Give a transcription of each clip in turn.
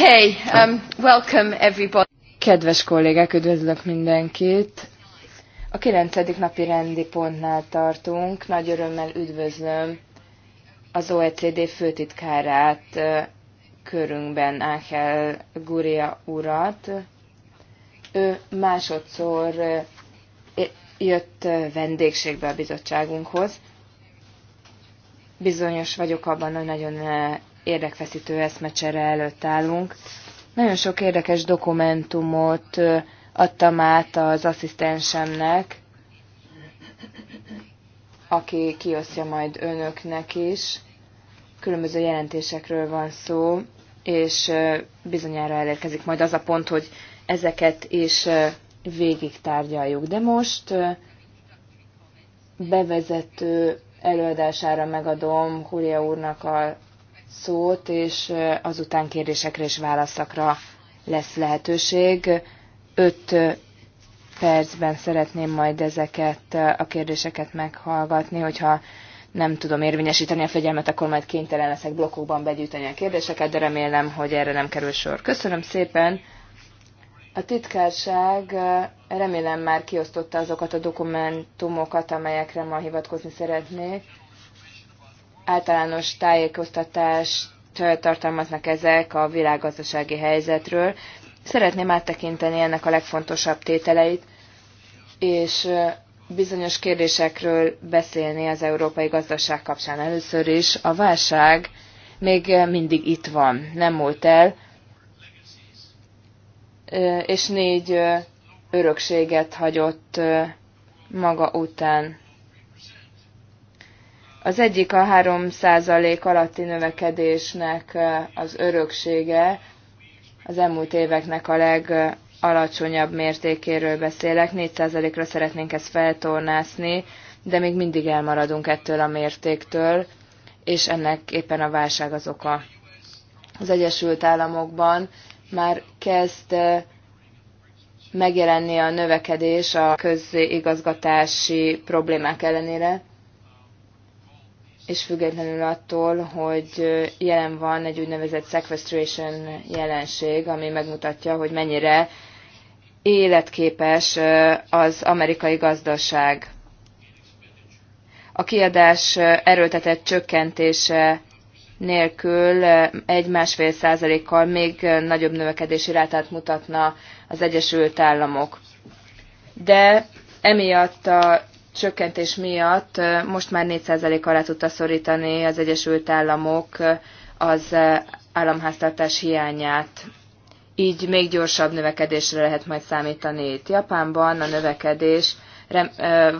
Okay, um, welcome everybody. Kedves kollégák, üdvözlök mindenkit. A 9. napi rendi pontnál tartunk. Nagy örömmel üdvözlöm az OECD főtitkárát körünkben, Ángel Guria urat. Ő másodszor jött vendégségbe a bizottságunkhoz bizonyos vagyok abban, hogy nagyon érdekfeszítő eszmecsere előtt állunk. Nagyon sok érdekes dokumentumot adtam át az asszisztensemnek, aki kiosztja majd önöknek is. Különböző jelentésekről van szó, és bizonyára elérkezik majd az a pont, hogy ezeket is végig tárgyaljuk. De most bevezető előadására megadom Hulia úrnak a szót, és azután kérdésekre és válaszokra lesz lehetőség. Öt percben szeretném majd ezeket a kérdéseket meghallgatni, hogyha nem tudom érvényesíteni a fegyelmet, akkor majd kénytelen leszek blokkokban begyűjteni a kérdéseket, de remélem, hogy erre nem kerül sor. Köszönöm szépen! A titkárság remélem már kiosztotta azokat a dokumentumokat, amelyekre ma hivatkozni szeretnék általános tájékoztatást tartalmaznak ezek a világgazdasági helyzetről. Szeretném áttekinteni ennek a legfontosabb tételeit, és bizonyos kérdésekről beszélni az európai gazdaság kapcsán. Először is a válság még mindig itt van, nem múlt el, és négy örökséget hagyott maga után. Az egyik a 3% alatti növekedésnek az öröksége, az elmúlt éveknek a legalacsonyabb mértékéről beszélek, 4%-ra szeretnénk ezt feltornászni, de még mindig elmaradunk ettől a mértéktől, és ennek éppen a válság az oka. Az Egyesült Államokban már kezd megjelenni a növekedés a közigazgatási problémák ellenére, és függetlenül attól, hogy jelen van egy úgynevezett sequestration jelenség, ami megmutatja, hogy mennyire életképes az amerikai gazdaság. A kiadás erőltetett csökkentése nélkül egy másfél százalékkal még nagyobb növekedési rátát mutatna az Egyesült Államok. De emiatt a csökkentés miatt most már 4% alá tudta szorítani az Egyesült Államok az államháztartás hiányát. Így még gyorsabb növekedésre lehet majd számítani itt. Japánban a növekedés rem,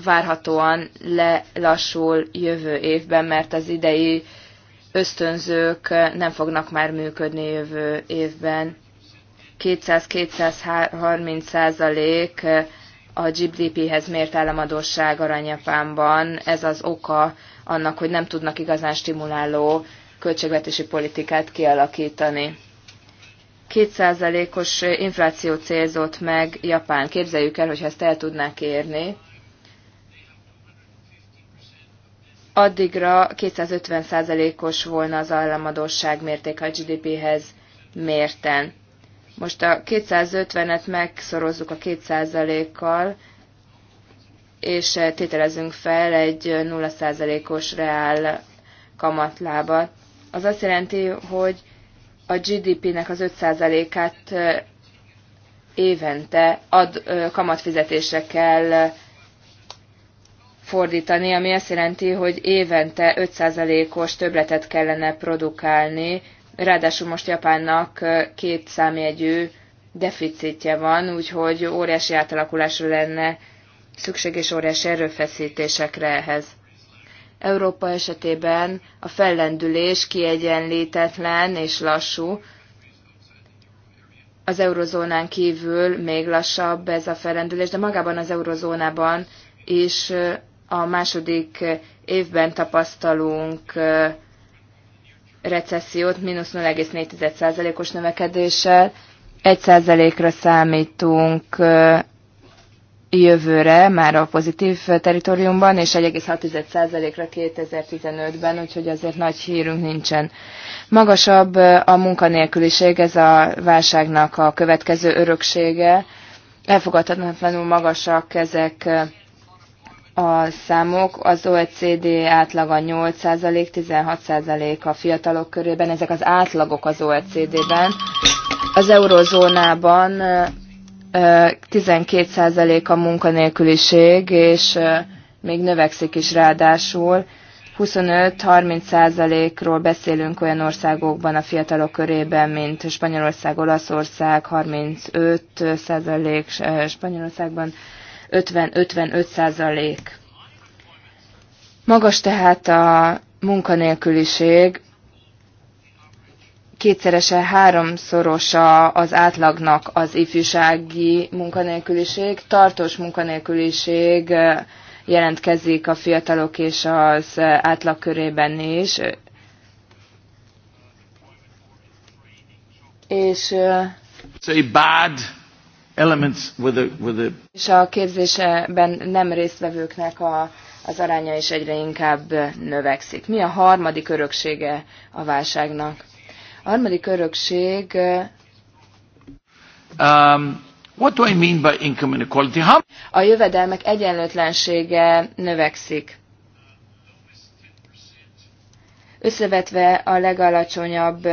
várhatóan lelassul jövő évben, mert az idei ösztönzők nem fognak már működni jövő évben. 200-230 százalék a GDP-hez mért államadóság arányapánban ez az oka annak, hogy nem tudnak igazán stimuláló költségvetési politikát kialakítani. 2%-os infláció célzott meg Japán. Képzeljük el, hogy ezt el tudnák érni, addigra 250%-os volna az államadóság mérték a GDP-hez mérten. Most a 250-et megszorozzuk a 2%-kal, és eh, tételezünk fel egy 0%-os reál kamatlábat. Az azt jelenti, hogy a GDP-nek az 5%-át eh, évente ad eh, kamatfizetésre kell fordítani, ami azt jelenti, hogy évente 5%-os többletet kellene produkálni Ráadásul most Japánnak két számjegyű deficitje van, úgyhogy óriási átalakulásra lenne szükség és óriási erőfeszítésekre ehhez. Európa esetében a fellendülés kiegyenlítetlen és lassú, az eurozónán kívül még lassabb ez a fellendülés, de magában az eurozónában is a második évben tapasztalunk recessziót mínusz 0,4%-os növekedéssel. 1%-ra számítunk jövőre, már a pozitív teritoriumban, és 1,6%-ra 2015-ben, úgyhogy azért nagy hírünk nincsen. Magasabb a munkanélküliség, ez a válságnak a következő öröksége. Elfogadhatatlanul magasak ezek a számok, az OECD átlaga 8%, 16% a fiatalok körében, ezek az átlagok az OECD-ben. Az eurozónában 12% a munkanélküliség, és még növekszik is ráadásul. 25-30%-ról beszélünk olyan országokban a fiatalok körében, mint Spanyolország, Olaszország, 35% Spanyolországban, 50-55 százalék. Magas tehát a munkanélküliség, kétszerese háromszorosa az átlagnak az ifjúsági munkanélküliség, tartós munkanélküliség jelentkezik a fiatalok és az átlag körében is. És Say bad elements with the, with the És a képzésben nem résztvevőknek a, az aránya is egyre inkább növekszik. Mi a harmadik öröksége a válságnak? A harmadik örökség... Um, what do I mean by income inequality? How... A jövedelmek egyenlőtlensége növekszik. Összevetve a legalacsonyabb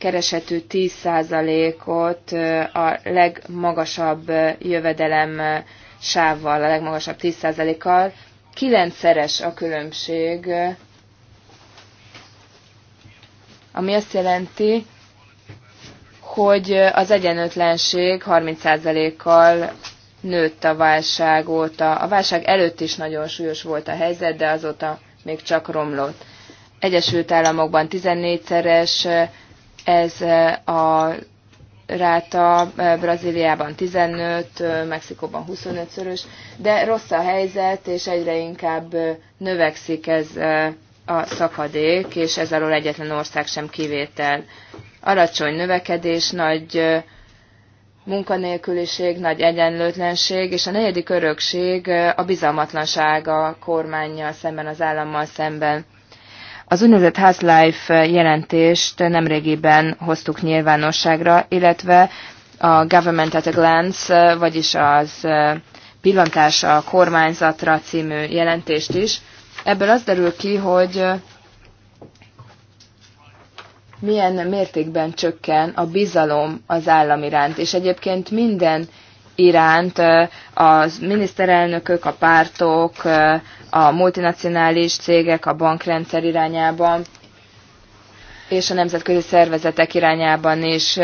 keresetű 10%-ot a legmagasabb jövedelem sávval, a legmagasabb 10%-kal. Kilencszeres a különbség, ami azt jelenti, hogy az egyenlőtlenség 30%-kal nőtt a válság óta. A válság előtt is nagyon súlyos volt a helyzet, de azóta még csak romlott. Egyesült Államokban 14-szeres ez a ráta Brazíliában 15, Mexikóban 25 szörös, de rossz a helyzet, és egyre inkább növekszik ez a szakadék, és ez alól egyetlen ország sem kivétel. Alacsony növekedés, nagy munkanélküliség, nagy egyenlőtlenség, és a negyedik örökség a bizalmatlanság a kormányjal szemben, az állammal szemben. Az úgynevezett Life jelentést nemrégiben hoztuk nyilvánosságra, illetve a Government at a Glance, vagyis az pillantás a kormányzatra című jelentést is. Ebből az derül ki, hogy milyen mértékben csökken a bizalom az állam iránt, és egyébként minden iránt az miniszterelnökök, a pártok, a multinacionális cégek, a bankrendszer irányában, és a nemzetközi szervezetek irányában is.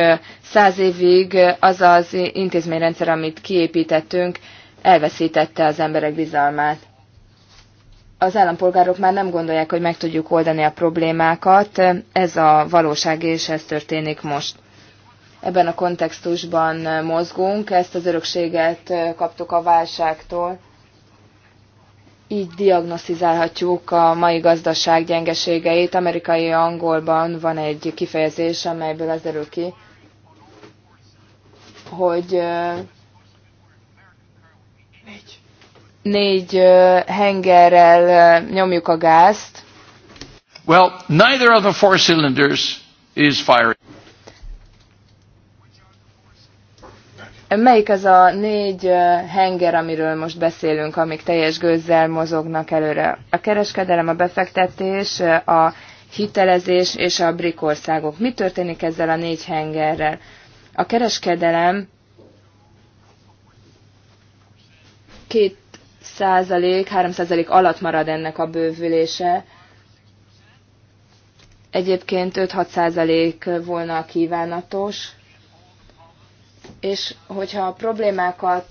Száz évig az az intézményrendszer, amit kiépítettünk, elveszítette az emberek bizalmát. Az állampolgárok már nem gondolják, hogy meg tudjuk oldani a problémákat, ez a valóság, és ez történik most. Ebben a kontextusban mozgunk, ezt az örökséget kaptuk a válságtól így diagnosztizálhatjuk a mai gazdaság gyengeségeit. Amerikai angolban van egy kifejezés, amelyből az derül ki, hogy négy hengerrel nyomjuk a gázt. Well, neither of the four cylinders is firing. Melyik az a négy henger, amiről most beszélünk, amik teljes gőzzel mozognak előre? A kereskedelem, a befektetés, a hitelezés és a brikországok. Mi történik ezzel a négy hengerrel? A kereskedelem 2 százalék, 3 százalék alatt marad ennek a bővülése. Egyébként 5-6 százalék volna a kívánatos és hogyha a problémákat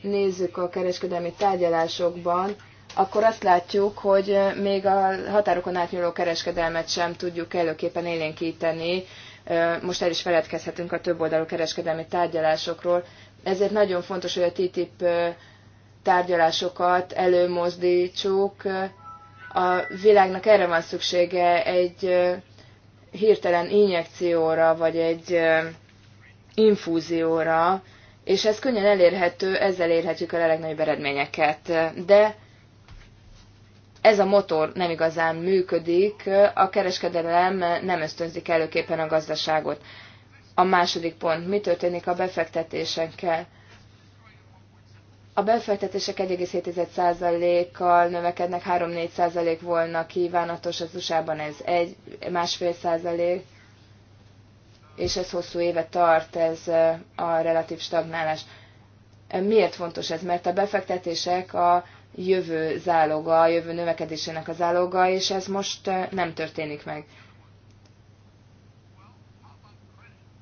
nézzük a kereskedelmi tárgyalásokban, akkor azt látjuk, hogy még a határokon átnyúló kereskedelmet sem tudjuk előképpen élénkíteni. Most el is feledkezhetünk a többoldalú kereskedelmi tárgyalásokról. Ezért nagyon fontos, hogy a TTIP tárgyalásokat előmozdítsuk. A világnak erre van szüksége egy hirtelen injekcióra, vagy egy infúzióra, és ez könnyen elérhető, ezzel érhetjük el a legnagyobb eredményeket. De ez a motor nem igazán működik, a kereskedelem nem ösztönzik előképpen a gazdaságot. A második pont, mi történik a befektetésekkel? A befektetések 1,7%-kal növekednek, 3-4% volna kívánatos, az USA-ban ez 1,5%. másfél százalék, és ez hosszú éve tart, ez a relatív stagnálás. Miért fontos ez? Mert a befektetések a jövő záloga, a jövő növekedésének a záloga, és ez most nem történik meg.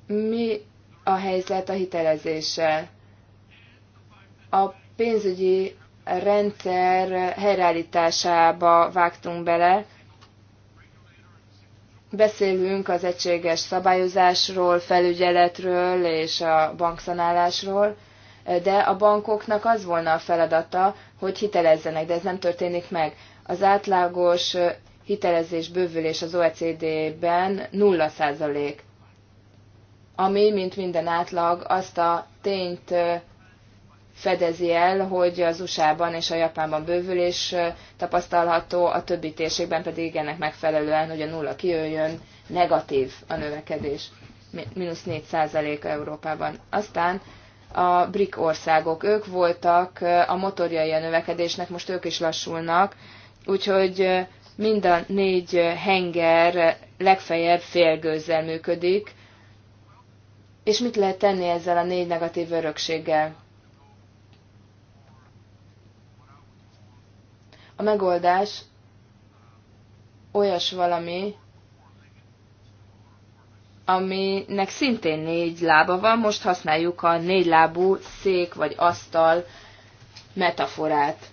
Mi a helyzet a hitelezéssel? A pénzügyi rendszer helyreállításába vágtunk bele, Beszélünk az egységes szabályozásról, felügyeletről és a bankszanálásról, de a bankoknak az volna a feladata, hogy hitelezzenek, de ez nem történik meg. Az átlagos hitelezés bővülés az OECD-ben 0 százalék, ami, mint minden átlag, azt a tényt fedezi el, hogy az USA-ban és a Japánban bővülés tapasztalható, a többi térségben pedig ennek megfelelően, hogy a nulla kijöjjön, negatív a növekedés, mínusz 4 százalék Európában. Aztán a BRIC országok, ők voltak a motorjai a növekedésnek, most ők is lassulnak, úgyhogy mind a négy henger legfeljebb félgőzzel működik, és mit lehet tenni ezzel a négy negatív örökséggel? megoldás olyas valami, aminek szintén négy lába van, most használjuk a négy lábú szék vagy asztal metaforát.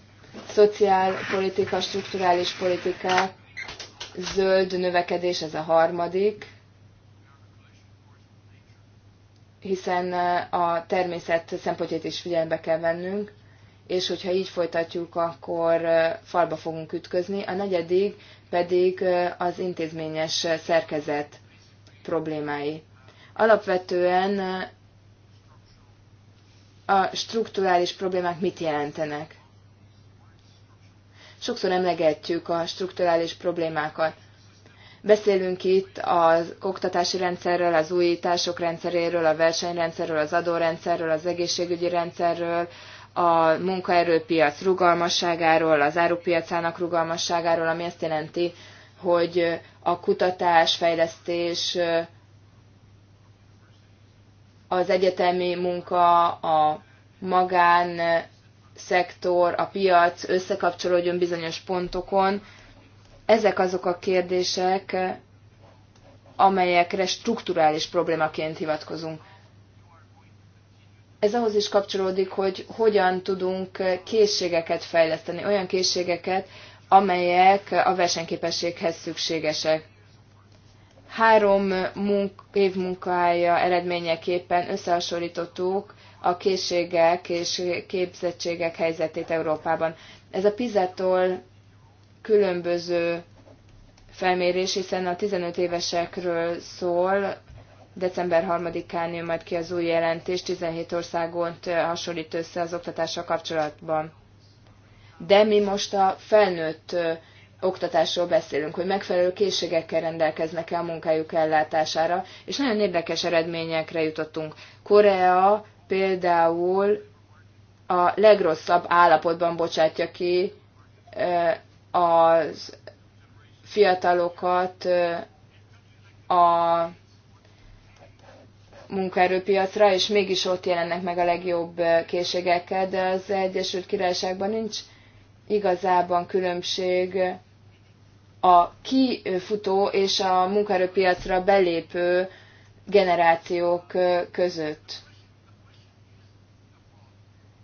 politika, strukturális politika, zöld növekedés, ez a harmadik, hiszen eh, a természet szempontjait is figyelembe kell vennünk és hogyha így folytatjuk, akkor falba fogunk ütközni. A negyedik pedig az intézményes szerkezet problémái. Alapvetően a strukturális problémák mit jelentenek? Sokszor emlegetjük a strukturális problémákat. Beszélünk itt az oktatási rendszerről, az újítások rendszeréről, a versenyrendszerről, az adórendszerről, az egészségügyi rendszerről, a munkaerőpiac rugalmasságáról, az árupiacának rugalmasságáról, ami azt jelenti, hogy a kutatás, fejlesztés, az egyetemi munka, a magán szektor, a piac összekapcsolódjon bizonyos pontokon. Ezek azok a kérdések, amelyekre strukturális problémaként hivatkozunk. Ez ahhoz is kapcsolódik, hogy hogyan tudunk készségeket fejleszteni, olyan készségeket, amelyek a versenyképességhez szükségesek. Három munk- év munkája eredményeképpen összehasonlítottuk a készségek és képzettségek helyzetét Európában. Ez a PISA-tól különböző felmérés, hiszen a 15 évesekről szól, December 3-án jön majd ki az új jelentés, 17 országot hasonlít össze az oktatással kapcsolatban. De mi most a felnőtt oktatásról beszélünk, hogy megfelelő készségekkel rendelkeznek-e a munkájuk ellátására, és nagyon érdekes eredményekre jutottunk. Korea például a legrosszabb állapotban bocsátja ki az fiatalokat a munkaerőpiacra, és mégis ott jelennek meg a legjobb készségekkel, de az Egyesült Királyságban nincs igazában különbség a kifutó és a munkaerőpiacra belépő generációk között.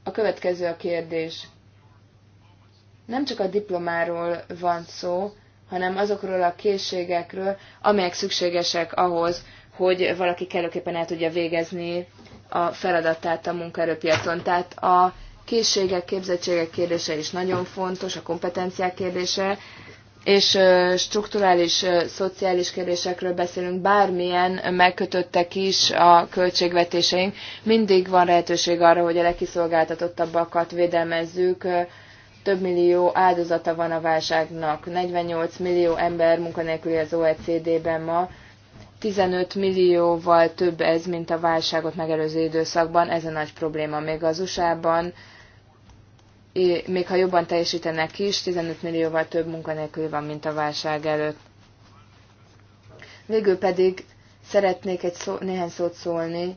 A következő a kérdés. Nem csak a diplomáról van szó, hanem azokról a készségekről, amelyek szükségesek ahhoz, hogy valaki kellőképpen el tudja végezni a feladatát a munkaerőpiacon. Tehát a készségek, képzettségek kérdése is nagyon fontos, a kompetenciák kérdése, és strukturális, szociális kérdésekről beszélünk, bármilyen megkötöttek is a költségvetéseink, mindig van lehetőség arra, hogy a legkiszolgáltatottabbakat védelmezzük, több millió áldozata van a válságnak, 48 millió ember munkanélküli az OECD-ben ma, 15 millióval több ez, mint a válságot megelőző időszakban, ez a nagy probléma még az USA-ban, még ha jobban teljesítenek is, 15 millióval több munkanélkül van, mint a válság előtt. Végül pedig szeretnék egy szó, néhány szót szólni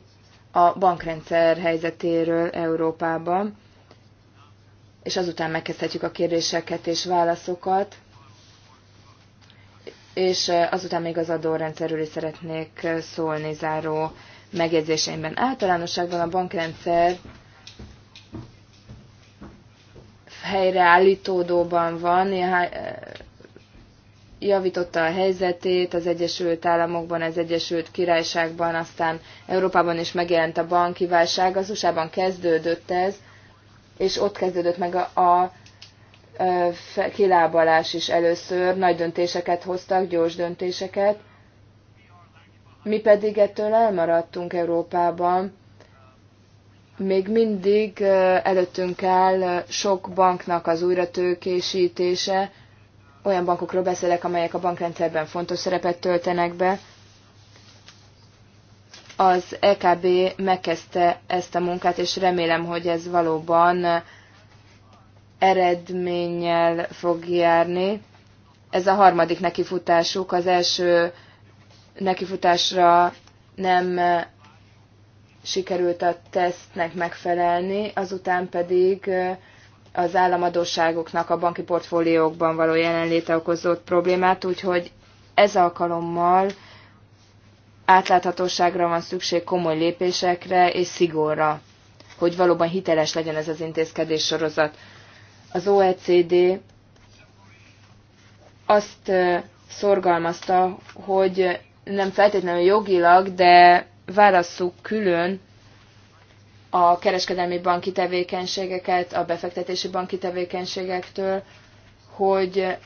a bankrendszer helyzetéről Európában, és azután megkezdhetjük a kérdéseket és válaszokat és azután még az adórendszerről is szeretnék szólni záró megjegyzéseimben. Általánosságban a bankrendszer helyreállítódóban van, javította a helyzetét az Egyesült Államokban, az Egyesült Királyságban, aztán Európában is megjelent a banki válság, az USA-ban kezdődött ez, és ott kezdődött meg a, a kilábalás is először. Nagy döntéseket hoztak, gyors döntéseket. Mi pedig ettől elmaradtunk Európában. Még mindig előttünk áll sok banknak az újratőkésítése. Olyan bankokról beszélek, amelyek a bankrendszerben fontos szerepet töltenek be. Az EKB megkezdte ezt a munkát, és remélem, hogy ez valóban eredménnyel fog járni. Ez a harmadik nekifutásuk, az első nekifutásra nem sikerült a tesztnek megfelelni, azután pedig az államadóságoknak a banki portfóliókban való jelenléte okozott problémát, úgyhogy ez alkalommal átláthatóságra van szükség, komoly lépésekre és szigorra, hogy valóban hiteles legyen ez az intézkedés sorozat az OECD azt szorgalmazta, hogy nem feltétlenül jogilag, de válasszuk külön a kereskedelmi banki tevékenységeket a befektetési banki tevékenységektől, hogy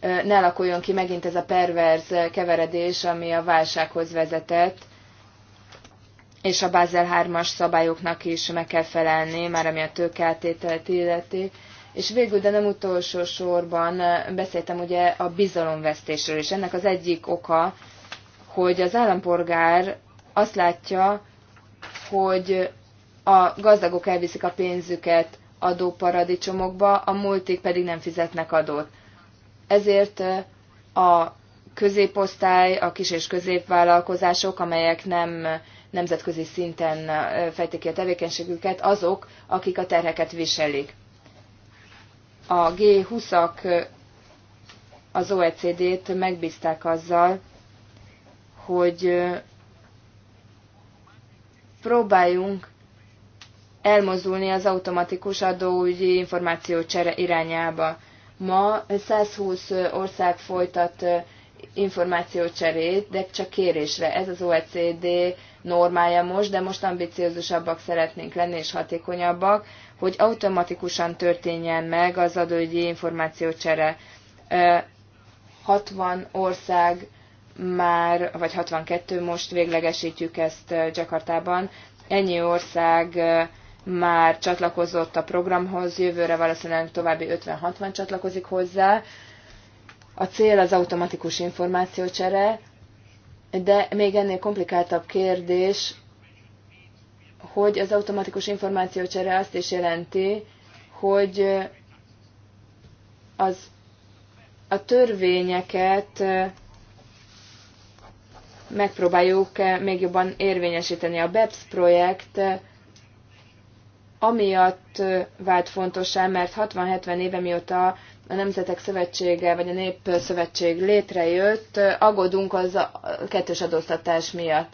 ne alakuljon ki megint ez a perverz keveredés, ami a válsághoz vezetett, és a Basel 3-as szabályoknak is meg kell felelni, már ami a tőkeátételt illeti. És végül, de nem utolsó sorban beszéltem ugye a bizalomvesztésről, és ennek az egyik oka, hogy az állampolgár azt látja, hogy a gazdagok elviszik a pénzüket adóparadicsomokba, a multik pedig nem fizetnek adót. Ezért eh, a középosztály, a kis- és középvállalkozások, amelyek nem nemzetközi szinten eh, fejtik ki a tevékenységüket, azok, akik a terheket viselik a G20-ak az OECD-t megbízták azzal, hogy próbáljunk elmozdulni az automatikus adóügyi információcsere irányába. Ma 120 ország folytat információcserét, de csak kérésre. Ez az OECD normája most, de most ambiciózusabbak szeretnénk lenni és hatékonyabbak, hogy automatikusan történjen meg az adóügyi információcsere. 60 ország már, vagy 62 most véglegesítjük ezt Jakartában. Ennyi ország már csatlakozott a programhoz, jövőre valószínűleg további 50-60 csatlakozik hozzá, a cél az automatikus információcsere, de még ennél komplikáltabb kérdés, hogy az automatikus információcsere azt is jelenti, hogy az a törvényeket megpróbáljuk még jobban érvényesíteni. A BEPS projekt amiatt vált fontosá, mert 60-70 éve mióta a Nemzetek Szövetsége vagy a Népszövetség létrejött, aggódunk az a kettős adóztatás miatt.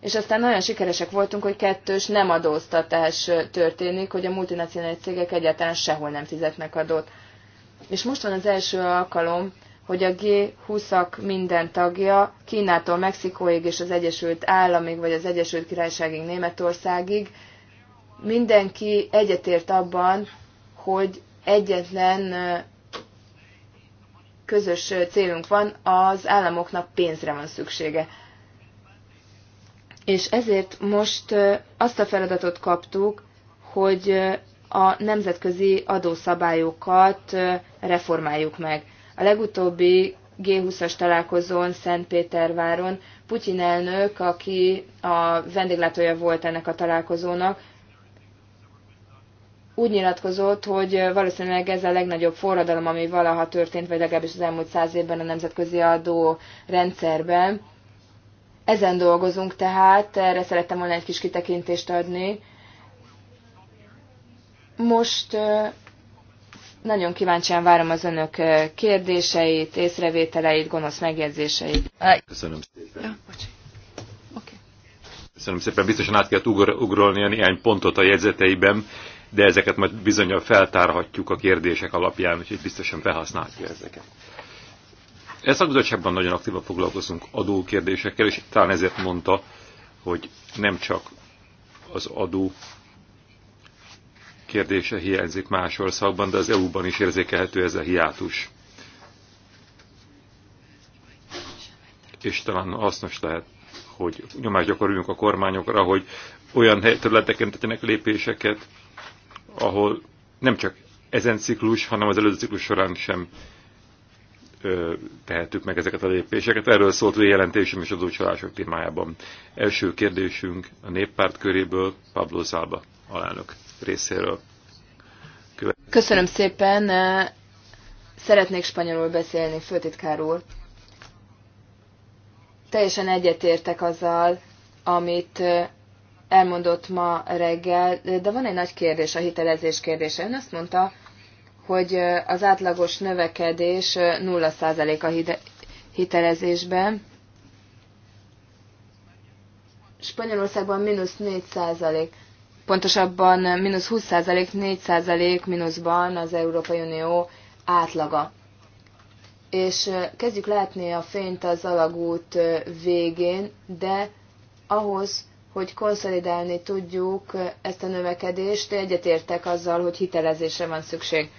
És aztán olyan sikeresek voltunk, hogy kettős nem adóztatás történik, hogy a multinacionális cégek egyáltalán sehol nem fizetnek adót. És most van az első alkalom, hogy a G20-ak minden tagja Kínától Mexikóig és az Egyesült Államig, vagy az Egyesült Királyságig, Németországig mindenki egyetért abban, hogy egyetlen közös célunk van, az államoknak pénzre van szüksége. És ezért most azt a feladatot kaptuk, hogy a nemzetközi adószabályokat reformáljuk meg. A legutóbbi G20-as találkozón Szentpéterváron Putyin elnök, aki a vendéglátója volt ennek a találkozónak, úgy nyilatkozott, hogy valószínűleg ez a legnagyobb forradalom, ami valaha történt, vagy legalábbis az elmúlt száz évben a nemzetközi adó rendszerben. Ezen dolgozunk tehát, erre szerettem volna egy kis kitekintést adni. Most nagyon kíváncsian várom az önök kérdéseit, észrevételeit, gonosz megjegyzéseit. Köszönöm szépen. Ja, okay. Köszönöm szépen, biztosan át kellett ugrolni a néhány pontot a jegyzeteiben de ezeket majd bizonyal feltárhatjuk a kérdések alapján, úgyhogy biztosan felhasználjuk ezeket. Ezt a bizottságban nagyon aktívan foglalkozunk adókérdésekkel, és talán ezért mondta, hogy nem csak az adó kérdése hiányzik más országban, de az EU-ban is érzékelhető ez a hiátus. És talán hasznos lehet, hogy nyomást gyakoroljunk a kormányokra, hogy olyan területeken tegyenek lépéseket, ahol nem csak ezen ciklus, hanem az előző ciklus során sem ö, tehettük meg ezeket a lépéseket. Erről szólt a jelentésem és az csalások témájában. Első kérdésünk a néppárt köréből Pablo Zába alelnök részéről. Követ... Köszönöm szépen. Szeretnék spanyolul beszélni, főtitkár úr. Teljesen egyetértek azzal, amit elmondott ma reggel, de van egy nagy kérdés, a hitelezés kérdése. Ön azt mondta, hogy az átlagos növekedés 0% a hitelezésben. Spanyolországban mínusz 4%, pontosabban mínusz 20%, 4% mínuszban az Európai Unió átlaga. És kezdjük látni a fényt az alagút végén, de ahhoz, hogy konszolidálni tudjuk ezt a növekedést, egyetértek azzal, hogy hitelezésre van szükség.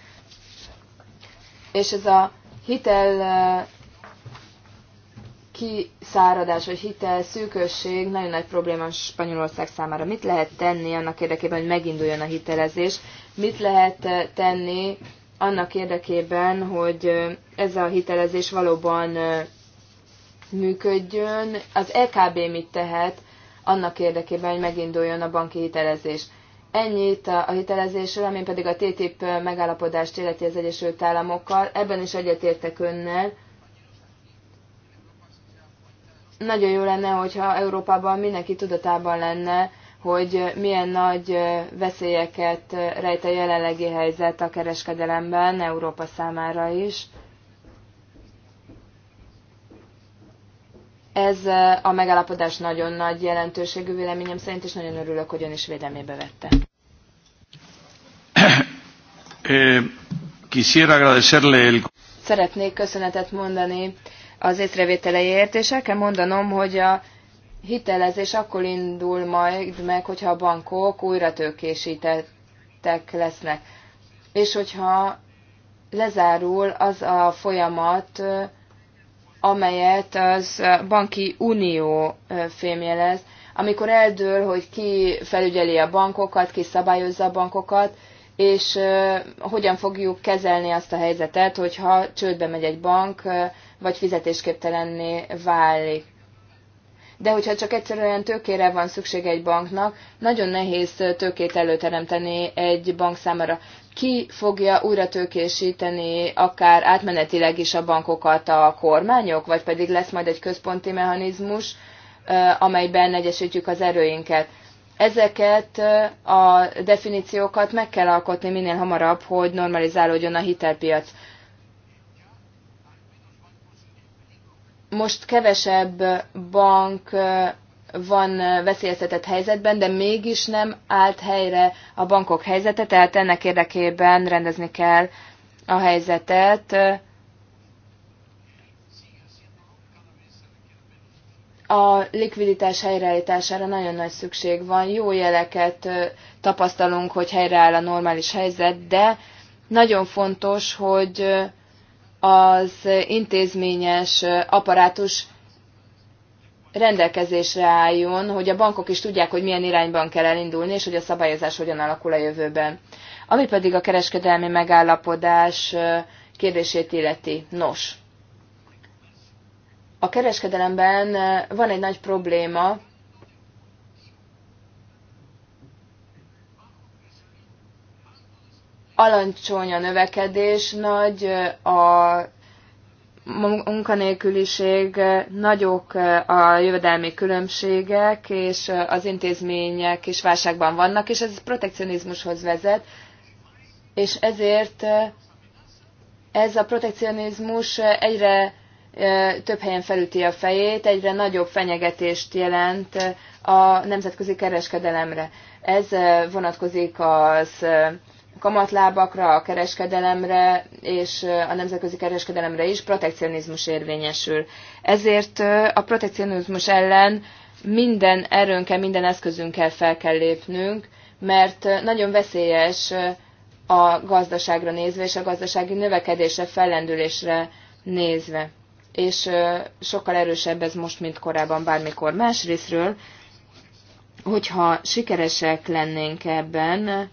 És ez a hitel eh, kiszáradás vagy hitel szűkösség nagyon nagy probléma Spanyolország számára. Mit lehet tenni annak érdekében, hogy meginduljon a hitelezés? Mit lehet eh, tenni annak érdekében, hogy eh, ez a hitelezés valóban működjön? Az EKB mit tehet annak érdekében, hogy meginduljon a banki hitelezés. Ennyit a hitelezésről, ami pedig a TTIP megállapodást illeti az Egyesült Államokkal. Ebben is egyetértek önnel. Nagyon jó lenne, hogyha Európában mindenki tudatában lenne, hogy milyen nagy veszélyeket rejt a jelenlegi helyzet a kereskedelemben Európa számára is. Ez eh, a megállapodás nagyon nagy jelentőségű véleményem szerint, és nagyon örülök, hogy ön is védelmébe vette. Eh, Szeretnék köszönetet mondani az észrevételeiért, és el kell mondanom, hogy a hitelezés akkor indul majd meg, hogyha a bankok újra tőkésítettek lesznek. És hogyha lezárul az a folyamat, eh, amelyet az banki unió fémjelez, amikor eldől, hogy ki felügyeli a bankokat, ki szabályozza a bankokat, és hogyan fogjuk kezelni azt a helyzetet, hogyha csődbe megy egy bank, vagy fizetésképtelenné válik de hogyha csak egyszerűen tőkére van szükség egy banknak, nagyon nehéz tőkét előteremteni egy bank számára. Ki fogja újra tőkésíteni akár átmenetileg is a bankokat a kormányok, vagy pedig lesz majd egy központi mechanizmus, amelyben egyesítjük az erőinket. Ezeket a definíciókat meg kell alkotni minél hamarabb, hogy normalizálódjon a hitelpiac. most kevesebb bank van veszélyeztetett helyzetben, de mégis nem állt helyre a bankok helyzete, tehát ennek érdekében rendezni kell a helyzetet. A likviditás helyreállítására nagyon nagy szükség van. Jó jeleket tapasztalunk, hogy helyreáll a normális helyzet, de nagyon fontos, hogy az intézményes aparátus rendelkezésre álljon, hogy a bankok is tudják, hogy milyen irányban kell elindulni, és hogy a szabályozás hogyan alakul a jövőben. Ami pedig a kereskedelmi megállapodás kérdését illeti. Nos, a kereskedelemben van egy nagy probléma, alacsony a növekedés, nagy a munkanélküliség, nagyok a jövedelmi különbségek, és az intézmények is válságban vannak, és ez protekcionizmushoz vezet, és ezért ez a protekcionizmus egyre több helyen felüti a fejét, egyre nagyobb fenyegetést jelent a nemzetközi kereskedelemre. Ez vonatkozik az kamatlábakra, a kereskedelemre és a nemzetközi kereskedelemre is protekcionizmus érvényesül. Ezért a protekcionizmus ellen minden erőnkkel, minden eszközünkkel fel kell lépnünk, mert nagyon veszélyes a gazdaságra nézve és a gazdasági növekedésre, fellendülésre nézve. És sokkal erősebb ez most, mint korábban bármikor. Másrésztről, hogyha sikeresek lennénk ebben,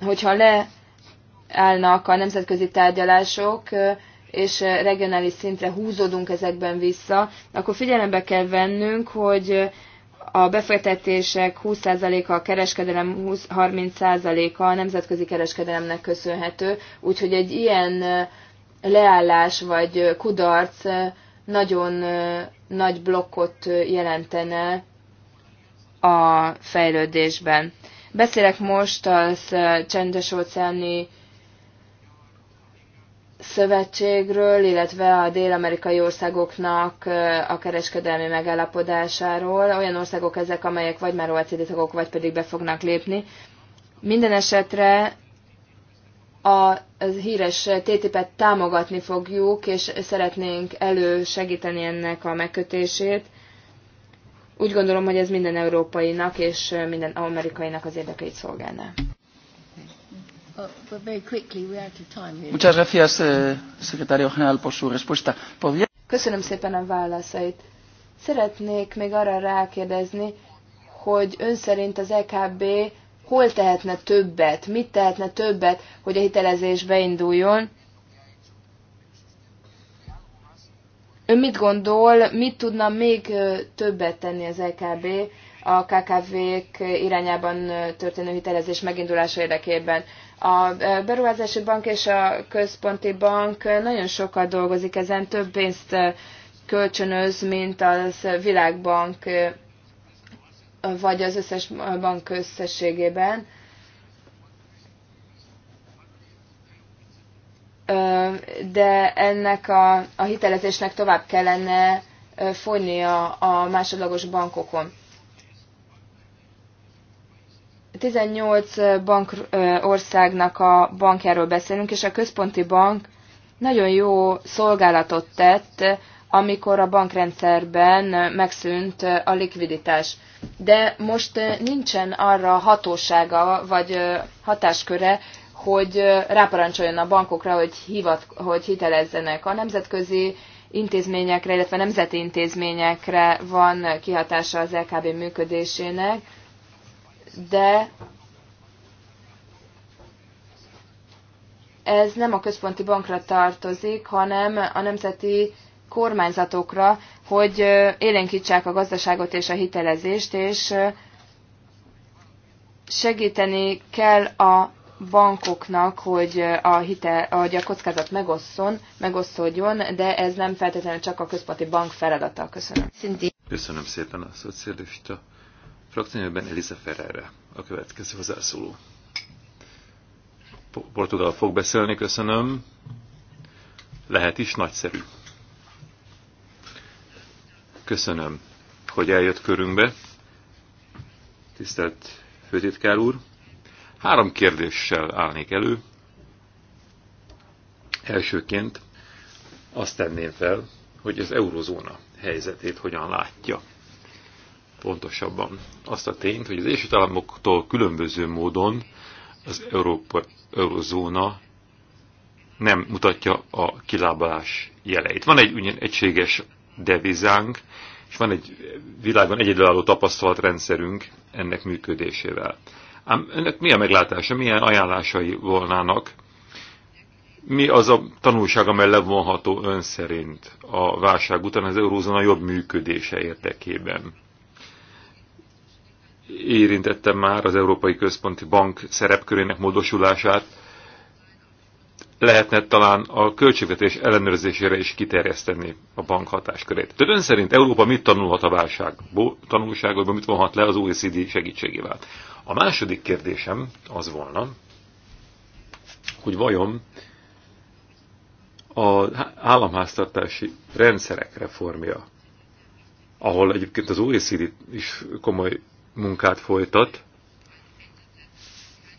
hogyha leállnak a nemzetközi tárgyalások, és regionális szintre húzódunk ezekben vissza, akkor figyelembe kell vennünk, hogy a befektetések 20%-a a kereskedelem, 30%-a a nemzetközi kereskedelemnek köszönhető, úgyhogy egy ilyen leállás vagy kudarc nagyon nagy blokkot jelentene a fejlődésben. Beszélek most az csendes óceáni szövetségről, illetve a dél-amerikai országoknak a kereskedelmi megállapodásáról. Olyan országok ezek, amelyek vagy már OECD tagok, vagy pedig be fognak lépni. Minden esetre a híres TTIP-et támogatni fogjuk, és szeretnénk elősegíteni ennek a megkötését úgy gondolom, hogy ez minden európainak és minden amerikainak az érdekeit szolgálná. Uh, Muchas gracias, eh, secretario general, por su respuesta. Köszönöm szépen a válaszait. Szeretnék még arra rákérdezni, hogy ön szerint az EKB hol tehetne többet, mit tehetne többet, hogy a hitelezés beinduljon, Ön mit gondol, mit tudna még többet tenni az LKB a KKV-k irányában történő hitelezés megindulása érdekében? A beruházási bank és a központi bank nagyon sokat dolgozik ezen, több pénzt kölcsönöz, mint az világbank vagy az összes bank összességében. de ennek a, a hitelezésnek tovább kellene folynia a másodlagos bankokon. 18 bank országnak a bankjáról beszélünk, és a központi bank nagyon jó szolgálatot tett, amikor a bankrendszerben megszűnt a likviditás. De most nincsen arra hatósága vagy hatásköre, hogy ráparancsoljon a bankokra, hogy, hivat, hogy hitelezzenek. A nemzetközi intézményekre, illetve nemzeti intézményekre van kihatása az LKB működésének, de ez nem a központi bankra tartozik, hanem a nemzeti kormányzatokra, hogy élénkítsák a gazdaságot és a hitelezést, és segíteni kell a bankoknak, hogy a, hite, hogy a kockázat megosszon, megosszódjon, de ez nem feltétlenül csak a központi bank feladata. Köszönöm. Köszönöm szépen a szocialista frakcióban Elisa Ferreira, a következő hozzászóló. Portugál fog beszélni, köszönöm. Lehet is nagyszerű. Köszönöm, hogy eljött körünkbe. Tisztelt Főtitkár úr! Három kérdéssel állnék elő. Elsőként azt tenném fel, hogy az eurozóna helyzetét hogyan látja. Pontosabban azt a tényt, hogy az Egyesült Államoktól különböző módon az Európa, eurozóna nem mutatja a kilábalás jeleit. Van egy ugyan egységes devizánk, és van egy világon egyedülálló tapasztalatrendszerünk ennek működésével. Ám önök mi a meglátása, milyen ajánlásai volnának? Mi az a tanulság, amely levonható ön szerint a válság után az eurózóna jobb működése érdekében? Érintettem már az Európai Központi Bank szerepkörének módosulását. Lehetne talán a költségvetés ellenőrzésére is kiterjeszteni a bank hatáskörét. Tehát ön szerint Európa mit tanulhat a válságból, tanulságokból, mit vonhat le az OECD segítségével? A második kérdésem az volna, hogy vajon az államháztartási rendszerek reformja, ahol egyébként az OECD is komoly munkát folytat,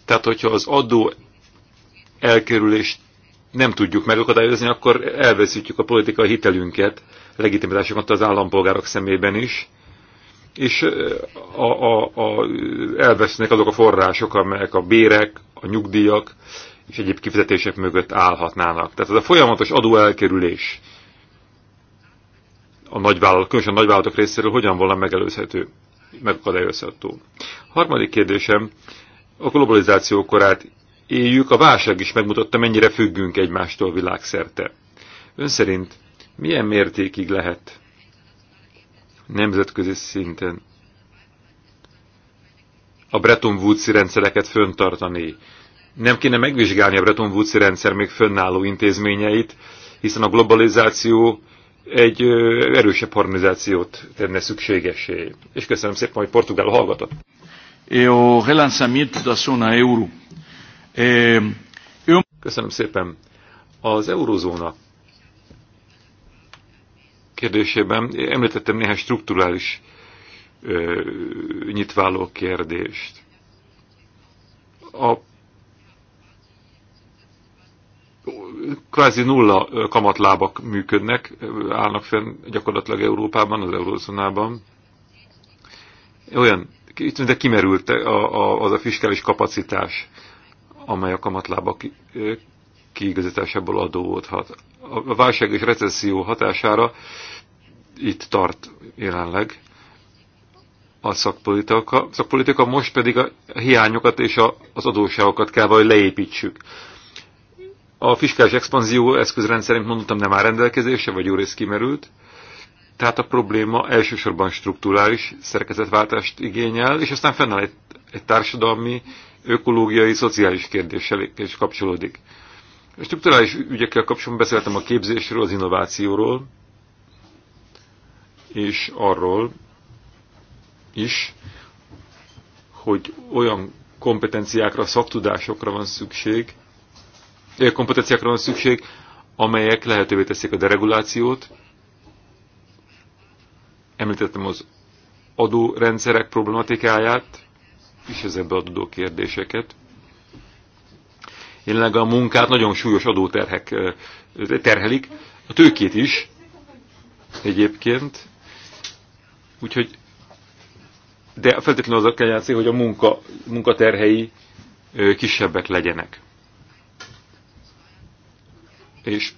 tehát hogyha az adó elkerülést nem tudjuk megakadályozni, akkor elveszítjük a politikai hitelünket, legitimitásokat az állampolgárok szemében is, és a, a, a, elvesznek azok a források, amelyek a bérek, a nyugdíjak és egyéb kifizetések mögött állhatnának. Tehát ez a folyamatos adóelkerülés a nagyvállalat, különösen a nagyvállalatok részéről hogyan volna megelőzhető, megakadályozható. Harmadik kérdésem, a globalizáció korát éljük, a válság is megmutatta, mennyire függünk egymástól világszerte. Ön szerint milyen mértékig lehet nemzetközi szinten a Bretton woods rendszereket föntartani. Nem kéne megvizsgálni a Bretton woods rendszer még fönnálló intézményeit, hiszen a globalizáció egy erősebb harmonizációt tenne szükségesé. És köszönöm szépen, hogy Portugál hallgatott. Eu relançamento da zona euro. Köszönöm szépen. Az eurozóna kérdésében említettem néhány strukturális ö, nyitváló kérdést. A kvázi nulla kamatlábak működnek, állnak fenn gyakorlatilag Európában, az eurozónában. Olyan, itt de kimerült a, a, az a fiskális kapacitás, amely a kamatlábak kiigazításából adódhat. A válság és recesszió hatására itt tart jelenleg a szakpolitika. A szakpolitika most pedig a hiányokat és a, az adósságokat kell valahogy leépítsük. A fiskális expanzió eszközrendszerint mondtam nem áll rendelkezésre, vagy jó rész kimerült. Tehát a probléma elsősorban strukturális szerkezetváltást igényel, és aztán fennáll egy, egy társadalmi, ökológiai, szociális kérdéssel is kapcsolódik. A struktúrális ügyekkel kapcsolatban beszéltem a képzésről, az innovációról, és arról is, hogy olyan kompetenciákra, szaktudásokra van szükség, kompetenciákra van szükség, amelyek lehetővé teszik a deregulációt. Említettem az adórendszerek problematikáját, és az ebbe adódó kérdéseket. Jelenleg a munkát nagyon súlyos adóterhek terhelik, a tőkét is egyébként, Úgyhogy, de feltétlenül az kell játszik, hogy a munka, munkaterhei kisebbek legyenek. És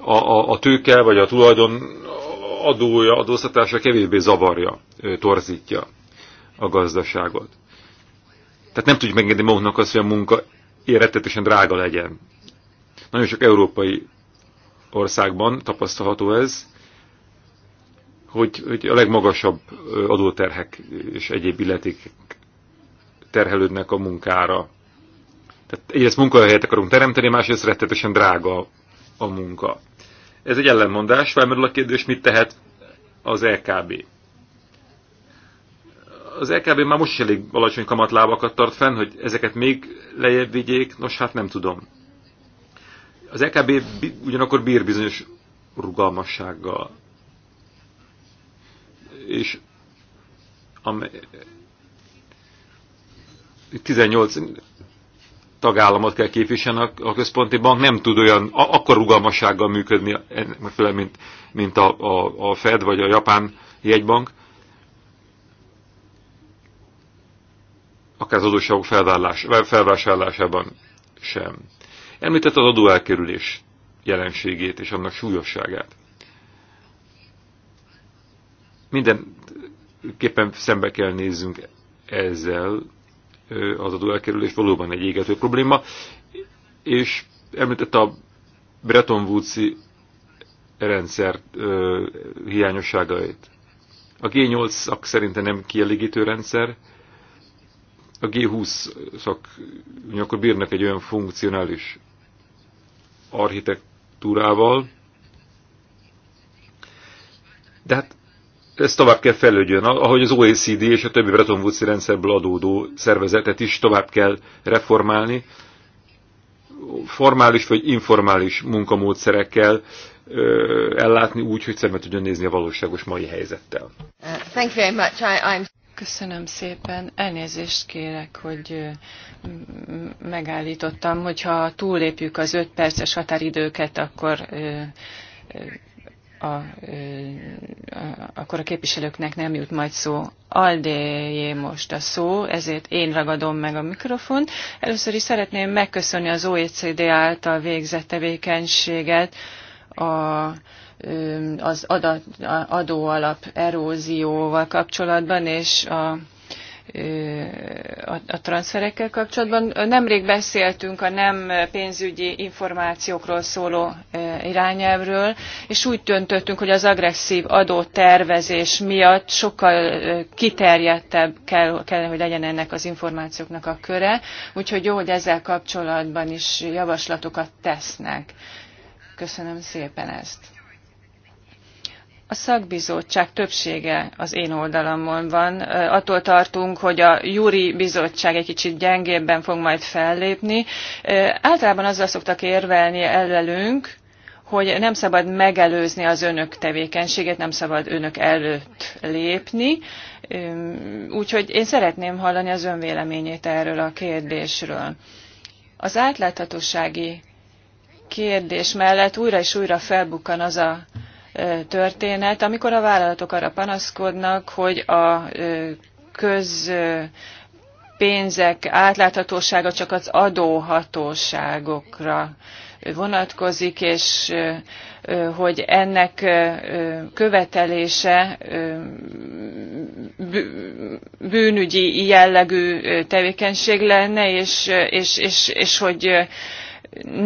a, a, a tőke vagy a tulajdon adója, adóztatása kevésbé zavarja, torzítja a gazdaságot. Tehát nem tudjuk megengedni magunknak azt, hogy a munka érettetesen drága legyen. Nagyon sok európai országban tapasztalható ez, hogy, hogy a legmagasabb adóterhek és egyéb illeték terhelődnek a munkára. Tehát egyrészt munkahelyet akarunk teremteni, másrészt rettetesen drága a munka. Ez egy ellenmondás, felmerül a kérdés, mit tehet az LKB. Az LKB már most is elég alacsony kamatlábakat tart fenn, hogy ezeket még lejjebb vigyék, nos hát nem tudom. Az LKB ugyanakkor bír bizonyos rugalmassággal és amely 18 tagállamot kell képviselni a központi bank, nem tud olyan, akkor rugalmassággal működni, megfelelően, mint, mint a, a, a Fed vagy a Japán jegybank. Akár az adósságok felvásárlásában sem. Említett az adóelkerülés jelenségét és annak súlyosságát. Mindenképpen szembe kell nézzünk ezzel, az adó elkerülés valóban egy égető probléma, és említett a Bretton woods rendszer ö, hiányosságait. A G8 szak szerintem nem kielégítő rendszer, a G20 szak akkor bírnak egy olyan funkcionális architektúrával, de hát ez tovább kell fejlődjön, ahogy az OECD és a többi Bretton Woods rendszerből adódó szervezetet is tovább kell reformálni, formális vagy informális munkamódszerekkel ö, ellátni úgy, hogy szemben tudjon nézni a valóságos mai helyzettel. thank you very much. I, I'm... Köszönöm szépen. Elnézést kérek, hogy megállítottam, hogyha túllépjük az öt perces határidőket, akkor a, akkor a képviselőknek nem jut majd szó. Aldéjé most a szó, ezért én ragadom meg a mikrofont. Először is szeretném megköszönni az OECD által végzett tevékenységet, a, az adat, adóalap erózióval kapcsolatban, és a a, a transferekkel kapcsolatban. Nemrég beszéltünk a nem pénzügyi információkról szóló irányelvről, és úgy döntöttünk, hogy az agresszív adótervezés miatt sokkal kiterjedtebb kell, kell, hogy legyen ennek az információknak a köre, úgyhogy jó, hogy ezzel kapcsolatban is javaslatokat tesznek. Köszönöm szépen ezt. A szakbizottság többsége az én oldalamon van. Attól tartunk, hogy a júri bizottság egy kicsit gyengébben fog majd fellépni. Általában azzal szoktak érvelni ellenünk, hogy nem szabad megelőzni az önök tevékenységét, nem szabad önök előtt lépni. Úgyhogy én szeretném hallani az ön véleményét erről a kérdésről. Az átláthatósági kérdés mellett újra és újra felbukkan az a történet, amikor a vállalatok arra panaszkodnak, hogy a köz pénzek átláthatósága csak az adóhatóságokra vonatkozik, és hogy ennek követelése bűnügyi jellegű tevékenység lenne, és, és, és, és hogy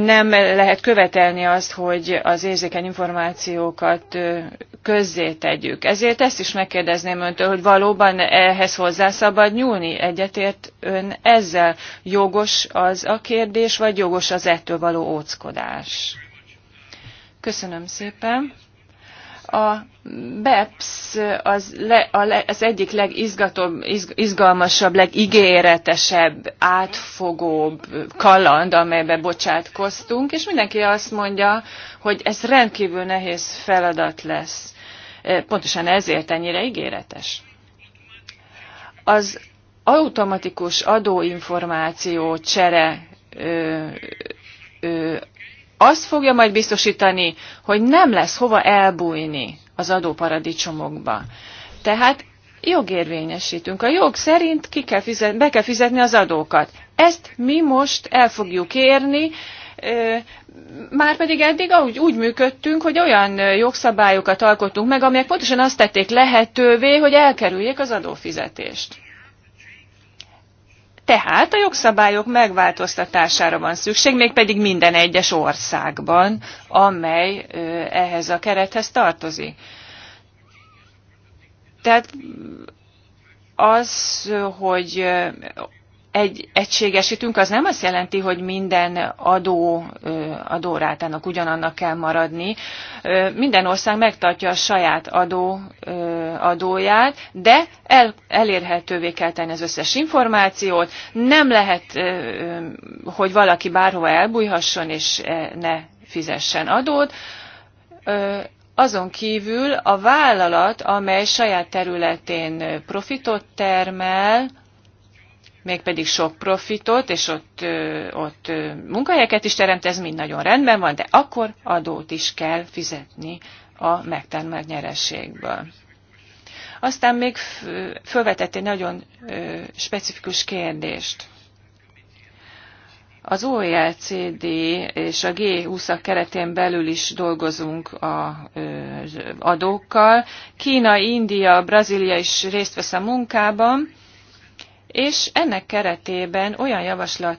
nem lehet követelni azt, hogy az érzékeny információkat közzétegyük. Ezért ezt is megkérdezném öntől, hogy valóban ehhez hozzá szabad nyúlni? Egyetért ön ezzel jogos az a kérdés, vagy jogos az ettől való óckodás? Köszönöm szépen. A BEPS az, le, a le, az egyik legizgatóbb, iz, izgalmasabb, legígéretesebb, átfogóbb kaland, amelybe bocsátkoztunk, és mindenki azt mondja, hogy ez rendkívül nehéz feladat lesz. E, pontosan ezért ennyire ígéretes. Az automatikus adóinformáció csere ö, ö, azt fogja majd biztosítani, hogy nem lesz hova elbújni az adóparadicsomokba. Tehát jogérvényesítünk. A jog szerint ki kell fizet, be kell fizetni az adókat. Ezt mi most el fogjuk érni, már pedig eddig úgy, úgy működtünk, hogy olyan jogszabályokat alkottunk meg, amelyek pontosan azt tették lehetővé, hogy elkerüljék az adófizetést. Tehát a jogszabályok megváltoztatására van szükség, mégpedig minden egyes országban, amely ehhez a kerethez tartozik. Tehát az, hogy egy, egységesítünk, az nem azt jelenti, hogy minden adó, adórátának ugyanannak kell maradni. Minden ország megtartja a saját adó, adóját, de el, elérhetővé kell tenni az összes információt. Nem lehet, hogy valaki bárhova elbújhasson és ne fizessen adót. Azon kívül a vállalat, amely saját területén profitot termel, mégpedig sok profitot, és ott, ott munkahelyeket is teremt, ez mind nagyon rendben van, de akkor adót is kell fizetni a megtermelt nyerességből. Aztán még felvetett egy nagyon specifikus kérdést. Az OECD és a G20-ak keretén belül is dolgozunk az adókkal. Kína, India, Brazília is részt vesz a munkában és ennek keretében olyan javaslat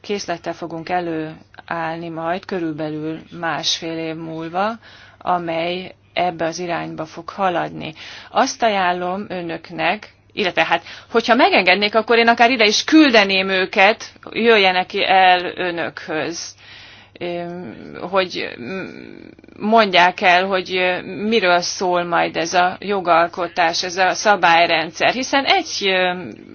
készlettel fogunk előállni majd körülbelül másfél év múlva, amely ebbe az irányba fog haladni. Azt ajánlom önöknek, illetve hát, hogyha megengednék, akkor én akár ide is küldeném őket, jöjjenek el önökhöz hogy mondják el, hogy miről szól majd ez a jogalkotás, ez a szabályrendszer. Hiszen egy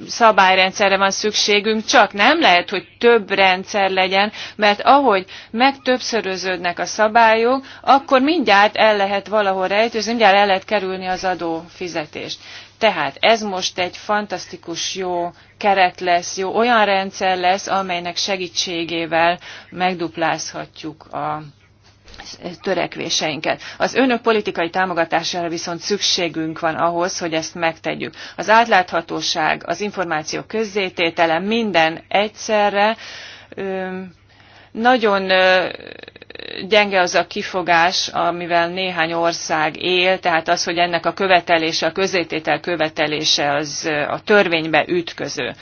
szabályrendszerre van szükségünk, csak nem lehet, hogy több rendszer legyen, mert ahogy megtöbbszöröződnek a szabályok, akkor mindjárt el lehet valahol rejtőzni, mindjárt el lehet kerülni az adófizetést. Tehát ez most egy fantasztikus jó keret lesz, jó olyan rendszer lesz, amelynek segítségével megduplázhatjuk a törekvéseinket. Az önök politikai támogatására viszont szükségünk van ahhoz, hogy ezt megtegyük. Az átláthatóság, az információ közzététele minden egyszerre, nagyon gyenge az a kifogás, amivel néhány ország él, tehát az, hogy ennek a követelése, a közététel követelése az a törvénybe ütköző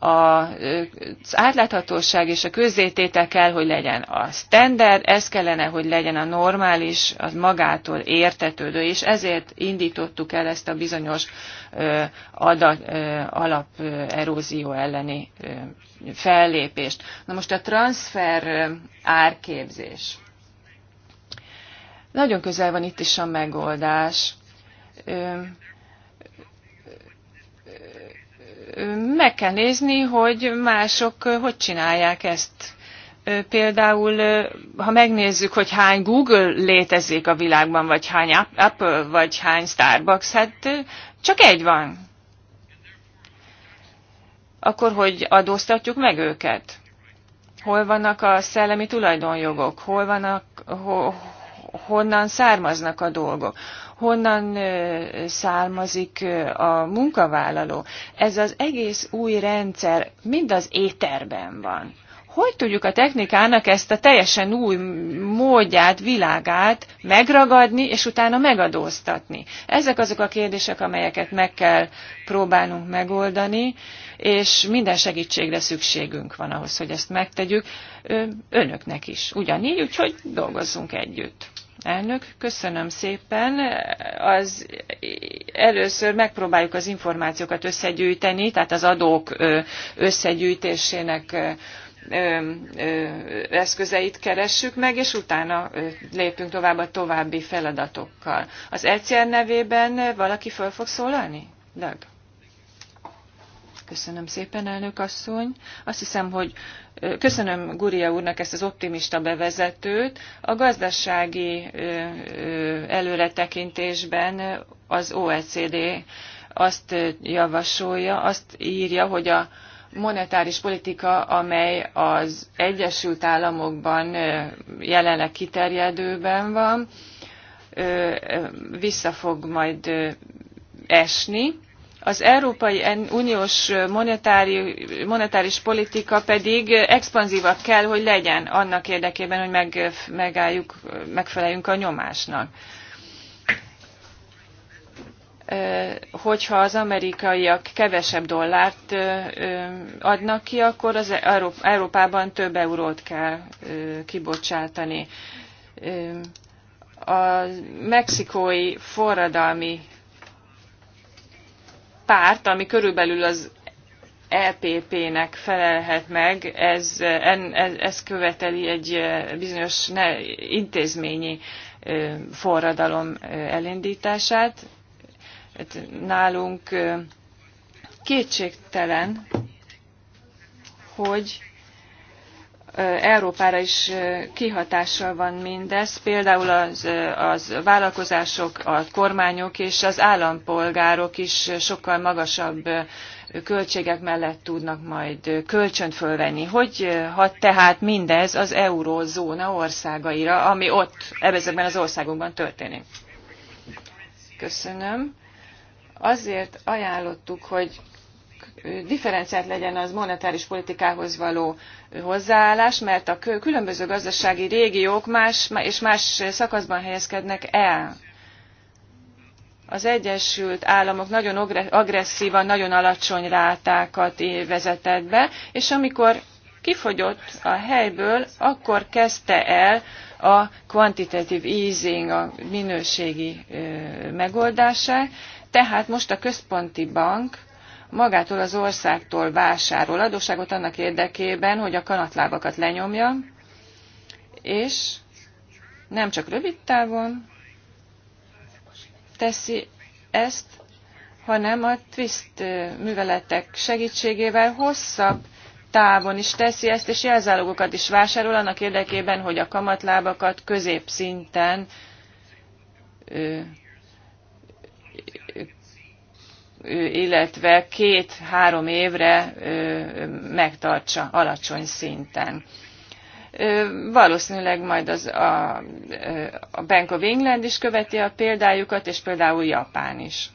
az átláthatóság és a közzététel kell, hogy legyen a standard, ez kellene, hogy legyen a normális, az magától értetődő, és ezért indítottuk el ezt a bizonyos alaperózió elleni fellépést. Na most a transfer árképzés. Nagyon közel van itt is a megoldás meg kell nézni, hogy mások eh, hogy csinálják ezt. Eh, például, eh, ha megnézzük, hogy hány Google létezik a világban, vagy hány Apple, vagy hány Starbucks, hát csak egy van. Akkor hogy adóztatjuk meg őket? Hol vannak a szellemi tulajdonjogok? Hol vannak, ho, honnan származnak a dolgok? honnan származik a munkavállaló. Ez az egész új rendszer mind az éterben van. Hogy tudjuk a technikának ezt a teljesen új módját, világát megragadni, és utána megadóztatni? Ezek azok a kérdések, amelyeket meg kell próbálnunk megoldani, és minden segítségre szükségünk van ahhoz, hogy ezt megtegyük önöknek is. Ugyanígy, úgyhogy dolgozzunk együtt. Elnök, köszönöm szépen. Az először megpróbáljuk az információkat összegyűjteni, tehát az adók összegyűjtésének eszközeit keressük meg, és utána lépünk tovább a további feladatokkal. Az ECR nevében valaki föl fog szólalni? Dag. Köszönöm szépen, elnök asszony. Azt hiszem, hogy köszönöm Guria úrnak ezt az optimista bevezetőt. A gazdasági előretekintésben az OECD azt javasolja, azt írja, hogy a monetáris politika, amely az Egyesült Államokban jelenleg kiterjedőben van, vissza fog majd esni, az Európai Uniós monetáris politika pedig expanzívabb kell, hogy legyen annak érdekében, hogy meg, megálljuk, megfeleljünk a nyomásnak hogyha az amerikaiak kevesebb dollárt adnak ki, akkor az Európában több eurót kell kibocsátani. A mexikói forradalmi párt, ami körülbelül az EPP-nek felelhet meg, ez, ez, ez követeli egy bizonyos ne, intézményi forradalom elindítását. Hát nálunk kétségtelen, hogy Európára is kihatással van mindez, például az, az vállalkozások, a kormányok és az állampolgárok is sokkal magasabb költségek mellett tudnak majd kölcsönt fölvenni. Hogy hat tehát mindez az eurózóna országaira, ami ott, ebben az országunkban történik? Köszönöm. Azért ajánlottuk, hogy differenciált legyen az monetáris politikához való hozzáállás, mert a különböző gazdasági régiók más és más szakaszban helyezkednek el. Az Egyesült Államok nagyon agresszívan, nagyon alacsony rátákat vezetett be, és amikor kifogyott a helyből, akkor kezdte el a quantitative easing, a minőségi megoldását, tehát most a központi bank magától az országtól vásárol adósságot annak érdekében, hogy a kanatlábakat lenyomja, és nem csak rövid távon teszi ezt, hanem a twist műveletek segítségével hosszabb távon is teszi ezt, és jelzálogokat is vásárol annak érdekében, hogy a kamatlábakat középszinten illetve két-három évre megtartsa alacsony szinten. Valószínűleg majd az a, a Bank of England is követi a példájukat, és például Japán is.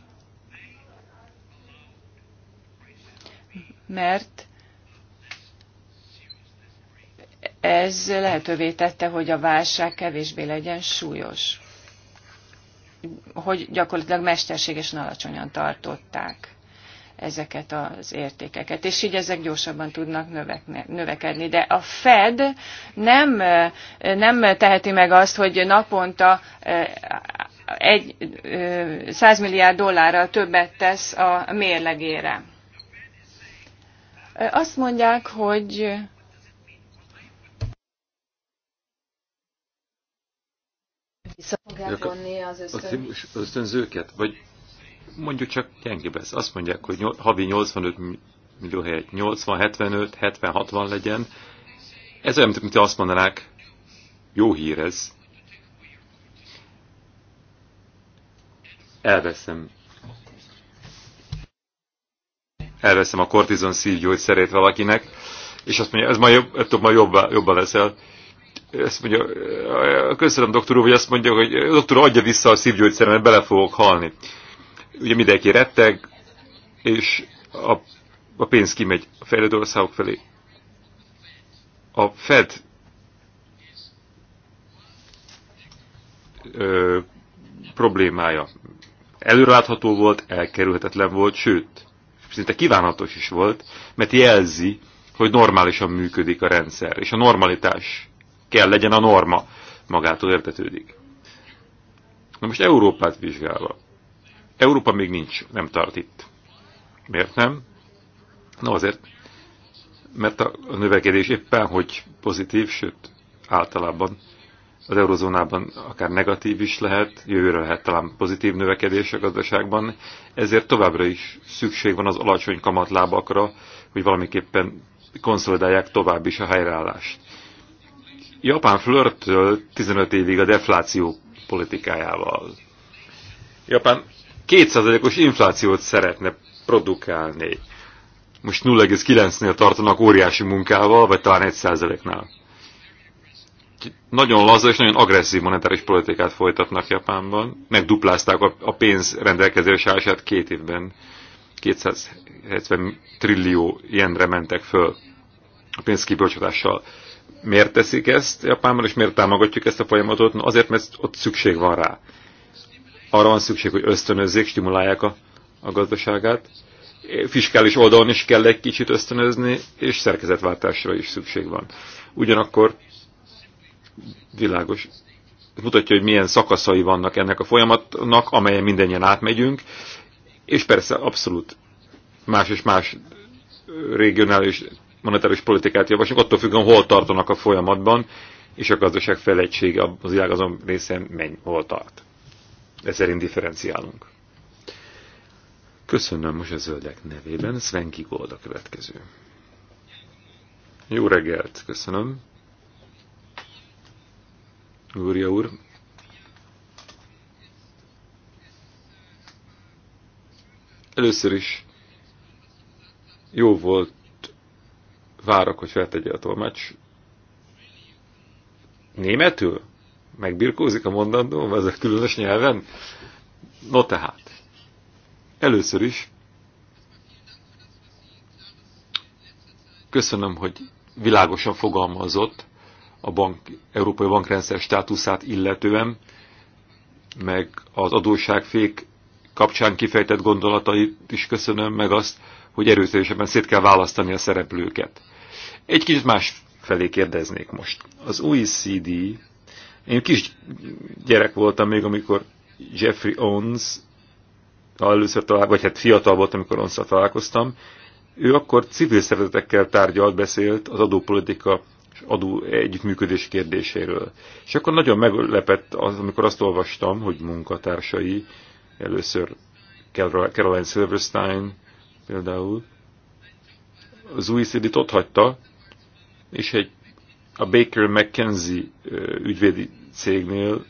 Mert ez lehetővé tette, hogy a válság kevésbé legyen súlyos hogy gyakorlatilag mesterségesen alacsonyan tartották ezeket az értékeket, és így ezek gyorsabban tudnak növekedni. De a Fed nem, nem teheti meg azt, hogy naponta eh, egy 100 eh, milliárd dollárral többet tesz a mérlegére. Eh, azt mondják, hogy az, az ösztönzőket, vagy mondjuk csak gyengébb ez. Azt mondják, hogy havi 85 millió helyett 80, 75, 70, 60 legyen. Ez olyan, mint azt mondanák, jó hír ez. Elveszem. Elveszem a kortizon szívgyógyszerét valakinek, és azt mondja, ez ma jobb, ettől jobban, jobban leszel. Ezt mondja, köszönöm doktor úr, hogy azt mondja, hogy doktor adja vissza a szívgyógyszeremet, bele fogok halni. Ugye mindenki retteg, és a, a pénz kimegy a fejlődő országok felé. A Fed ö, problémája előrelátható volt, elkerülhetetlen volt, sőt, szinte kívánatos is volt, mert jelzi, hogy normálisan működik a rendszer, és a normalitás kell legyen a norma. Magától értetődik. Na most Európát vizsgálva. Európa még nincs, nem tart itt. Miért nem? No azért, mert a növekedés éppen, hogy pozitív, sőt, általában az eurozónában akár negatív is lehet, jövőre lehet talán pozitív növekedés a gazdaságban, ezért továbbra is szükség van az alacsony kamatlábakra, hogy valamiképpen konszolidálják tovább is a helyreállást. Japán flörtöl 15 évig a defláció politikájával. Japán 200 os inflációt szeretne produkálni. Most 0,9-nél tartanak óriási munkával, vagy talán 1%-nál. Nagyon laza és nagyon agresszív monetáris politikát folytatnak Japánban. Megduplázták a pénz rendelkezés állását két évben. 270 trillió jenre mentek föl a pénzkibocsatással. Miért teszik ezt Japánban, és miért támogatjuk ezt a folyamatot? No, azért, mert ott szükség van rá. Arra van szükség, hogy ösztönözzék, stimulálják a, a gazdaságát. Fiskális oldalon is kell egy kicsit ösztönözni, és szerkezetváltásra is szükség van. Ugyanakkor világos, mutatja, hogy milyen szakaszai vannak ennek a folyamatnak, amelyen mindennyien átmegyünk, és persze abszolút más és más regionális monetáris politikát javaslunk, attól függően hol tartanak a folyamatban, és a gazdaság felegysége az azon részén menj, hol tart. Ez szerint differenciálunk. Köszönöm most a zöldek nevében. Sven Kigold a következő. Jó reggelt, köszönöm. Úrja úr. Először is jó volt Várok, hogy feltegye a tolmács. Németül? Megbirkózik a mondandóm ez a különös nyelven? No tehát. Először is köszönöm, hogy világosan fogalmazott a bank, európai bankrendszer státuszát illetően, meg az adósságfék kapcsán kifejtett gondolatait is köszönöm, meg azt, hogy erőteljesebben szét kell választani a szereplőket. Egy kicsit más felé kérdeznék most. Az OECD, én kis gyerek voltam még, amikor Jeffrey Owens, ha először talál, vagy hát fiatal voltam, amikor owens találkoztam, ő akkor civil szervezetekkel tárgyalt, beszélt az adópolitika és adó együttműködés kérdéséről. És akkor nagyon meglepett az, amikor azt olvastam, hogy munkatársai, először Caroline Silverstein például, az OECD-t ott hagyta, és egy, a Baker McKenzie ügyvédi cégnél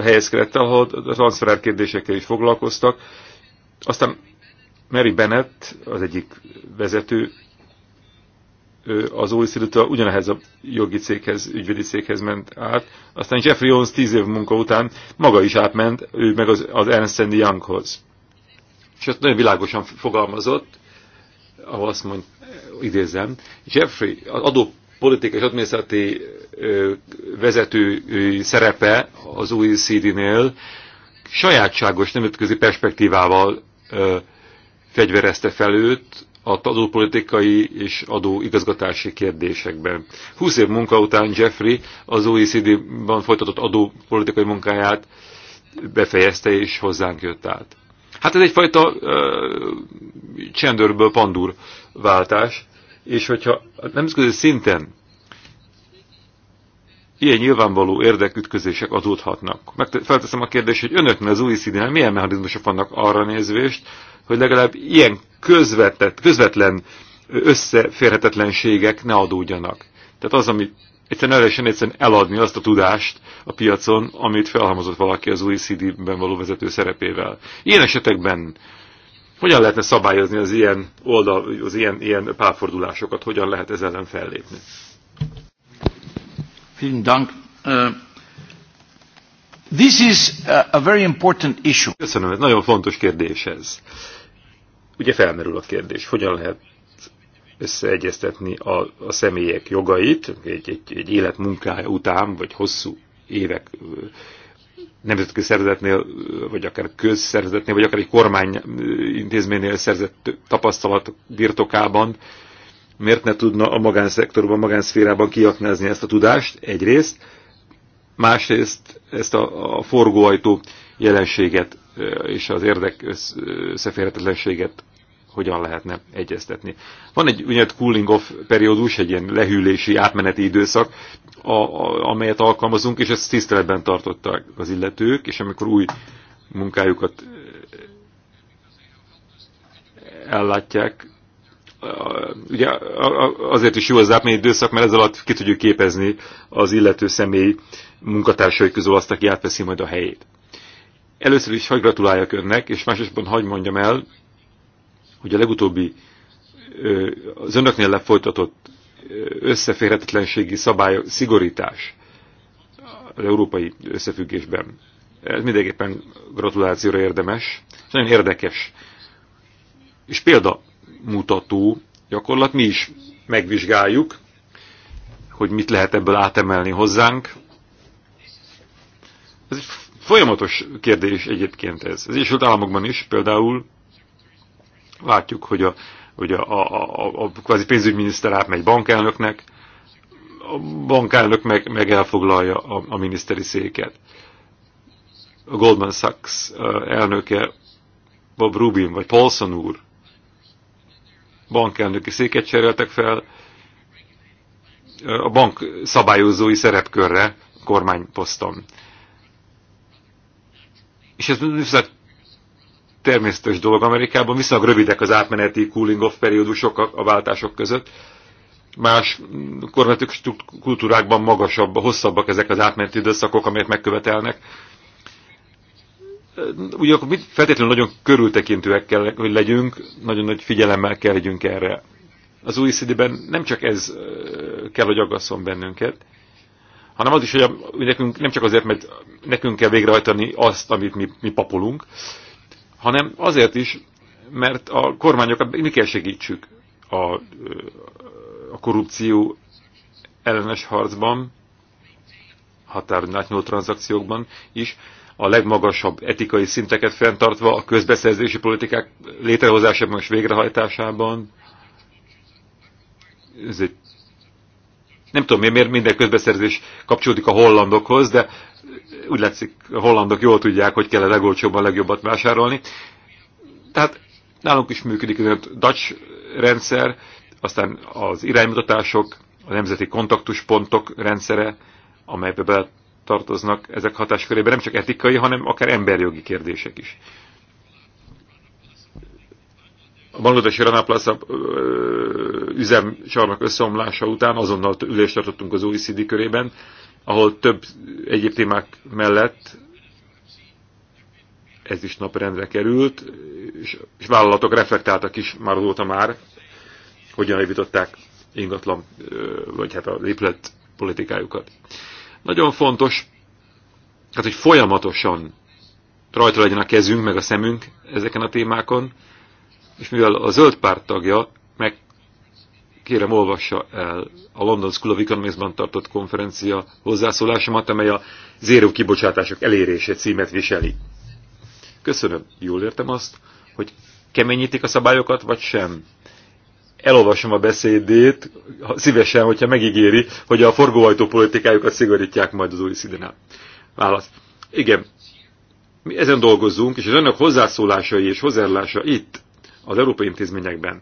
helyezkedett el, ahol a transferár kérdésekkel is foglalkoztak. Aztán Mary Bennett, az egyik vezető, az oecd ugyanehhez a jogi céghez, ügyvédi céghez ment át. Aztán Jeffrey Jones tíz év munka után maga is átment, ő meg az, az Ernst Younghoz. És ezt nagyon világosan fogalmazott, ahol azt mondta, idézem, Jeffrey, az adópolitikai és adminisztrati vezető szerepe az OECD-nél sajátságos nemzetközi perspektívával fegyverezte fel őt az adópolitikai és adóigazgatási kérdésekben. 20 év munka után Jeffrey az OECD-ban folytatott adópolitikai munkáját befejezte és hozzánk jött át. Hát ez egyfajta ö, csendőrből pandúr váltás, és hogyha a nemzetközi szinten ilyen nyilvánvaló érdekütközések adódhatnak. Meg felteszem a kérdést, hogy önöknek az új nál milyen mechanizmusok vannak arra nézvést, hogy legalább ilyen közvetett, közvetlen összeférhetetlenségek ne adódjanak. Tehát az, amit egyszerűen elősen egyszerűen eladni azt a tudást a piacon, amit felhalmozott valaki az OECD-ben való vezető szerepével. Ilyen esetekben hogyan lehetne szabályozni az ilyen, oldal, az ilyen, ilyen párfordulásokat? Hogyan lehet ezzel ellen fellépni? Vielen Dank. Äh, this is a very important issue. Köszönöm, ez nagyon fontos kérdés ez. Ugye felmerül a kérdés, hogyan lehet összeegyeztetni a, a személyek jogait egy, egy, egy élet munkája után, vagy hosszú évek nemzetközi szervezetnél, vagy akár közszervezetnél, vagy akár egy intézménynél szerzett tapasztalat birtokában, miért ne tudna a magánszektorban, magánszférában kiaknázni ezt a tudást egyrészt, másrészt ezt a, a forgóajtó jelenséget és az érdek összeférhetetlenséget hogyan lehetne egyeztetni. Van egy úgynevezett cooling off periódus, egy ilyen lehűlési átmeneti időszak, a, a, amelyet alkalmazunk, és ezt tiszteletben tartották az illetők, és amikor új munkájukat eh, ellátják, ugye azért is jó az átmeneti időszak, mert ez alatt ki tudjuk képezni az illető személy munkatársai közül azt, aki átveszi majd a helyét. Először is hagy gratuláljak önnek, és másosban hagy mondjam el, hogy a legutóbbi az önöknél lefolytatott összeférhetetlenségi szabály szigorítás az európai összefüggésben. Ez mindenképpen gratulációra érdemes, és nagyon érdekes. És példamutató gyakorlat, mi is megvizsgáljuk, hogy mit lehet ebből átemelni hozzánk. Ez egy folyamatos kérdés egyébként ez. Az Egyesült Államokban is például Látjuk, hogy a, hogy a, a, a, a kvázi pénzügyminiszter átmegy bankelnöknek, a bankelnök meg, meg elfoglalja a, a miniszteri széket. A Goldman Sachs elnöke Bob Rubin vagy Paulson úr bankelnöki széket cseréltek fel a bank szabályozói szerepkörre kormányposzton. És ez természetes dolog Amerikában, viszonylag rövidek az átmeneti cooling-off periódusok a váltások között. Más kormányzati kultúrákban magasabb, hosszabbak ezek az átmeneti időszakok, amelyek megkövetelnek. Ugye, akkor mit feltétlenül nagyon körültekintőek kell, hogy legyünk, nagyon nagy figyelemmel kell legyünk erre. Az OECD-ben nem csak ez kell, hogy aggasszon bennünket, hanem az is, hogy, hogy nekünk nem csak azért, mert nekünk kell végrehajtani azt, amit mi, mi papolunk, hanem azért is, mert a kormányokat mi kell segítsük a, a korrupció ellenes harcban, határon tranzakciókban is, a legmagasabb etikai szinteket fenntartva a közbeszerzési politikák létrehozásában és végrehajtásában. Ez egy... Nem tudom, miért minden közbeszerzés kapcsolódik a hollandokhoz, de úgy látszik, a hollandok jól tudják, hogy kell a legolcsóbban legjobbat vásárolni. Tehát nálunk is működik a Dutch rendszer, aztán az iránymutatások, a nemzeti kontaktuspontok rendszere, amelybe be tartoznak ezek hatáskörébe, nem csak etikai, hanem akár emberjogi kérdések is. A bangladesi Rana Plaza üzemcsarnok összeomlása után azonnal ülést tartottunk az OECD körében, ahol több egyéb témák mellett ez is naprendre került, és, és vállalatok reflektáltak is már azóta már, hogyan javították ingatlan, vagy hát a épület politikájukat. Nagyon fontos, hát hogy folyamatosan rajta legyen a kezünk, meg a szemünk ezeken a témákon, és mivel a zöld párt tagja, meg kérem olvassa el a London School of Economics-ban tartott konferencia hozzászólásomat, amely a zéró kibocsátások elérése címet viseli. Köszönöm, jól értem azt, hogy keményítik a szabályokat, vagy sem? Elolvasom a beszédét, szívesen, hogyha megígéri, hogy a forgóhajtó politikájukat szigorítják majd az OECD-nál. Válasz. Igen, mi ezen dolgozzunk, és az önök hozzászólásai és hozzállása itt, az európai intézményekben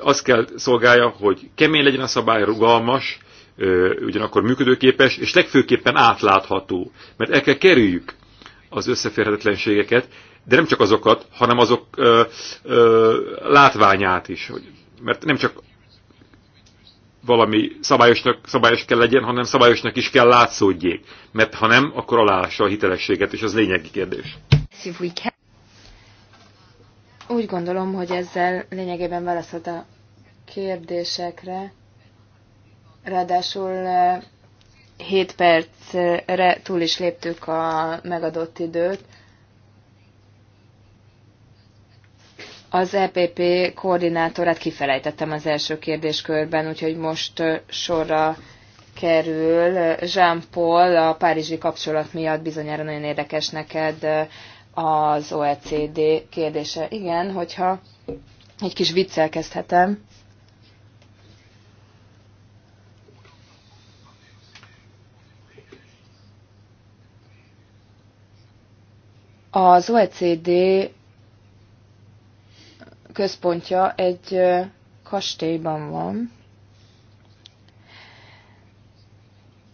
azt kell szolgálja, hogy kemény legyen a szabály, rugalmas, ugyanakkor működőképes, és legfőképpen átlátható. Mert el kell kerüljük az összeférhetetlenségeket, de nem csak azokat, hanem azok ö, ö, látványát is. Hogy, mert nem csak valami szabályosnak, szabályos kell legyen, hanem szabályosnak is kell látszódjék. Mert ha nem, akkor alássa a hitelességet, és az lényegi kérdés. Úgy gondolom, hogy ezzel lényegében válaszolt a kérdésekre. Ráadásul 7 eh, percre túl is léptük a megadott időt. Az EPP koordinátorát kifelejtettem az első kérdéskörben, úgyhogy most eh, sorra kerül. Eh, Jean-Paul a párizsi kapcsolat miatt bizonyára nagyon érdekes neked az OECD kérdése. Igen, hogyha egy kis viccel kezdhetem. Az OECD központja egy kastélyban van,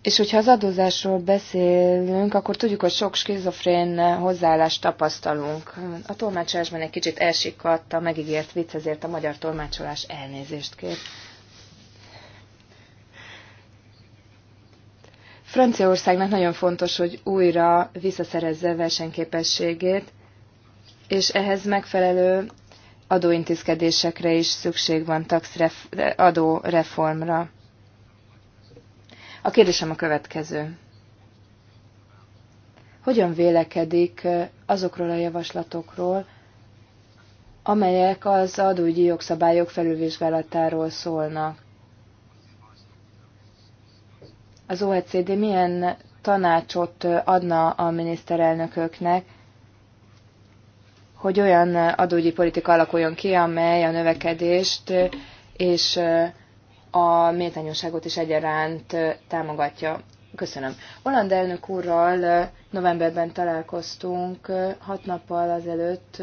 És hogyha az adózásról beszélünk, akkor tudjuk, hogy sok skizofrén hozzáállást tapasztalunk. A tolmácsolásban egy kicsit elsikadt a megígért vicc, ezért a magyar tolmácsolás elnézést kér. Franciaországnak nagyon fontos, hogy újra visszaszerezze versenyképességét, és ehhez megfelelő adóintézkedésekre is szükség van, taxref- adóreformra. A kérdésem a következő. Hogyan vélekedik azokról a javaslatokról, amelyek az adógyi jogszabályok felülvizsgálatáról szólnak? Az OECD milyen tanácsot adna a miniszterelnököknek, hogy olyan adógyi politika alakuljon ki, amely a növekedést és a méltányosságot is egyaránt támogatja. Köszönöm. Holland elnök úrral novemberben találkoztunk, hat nappal azelőtt,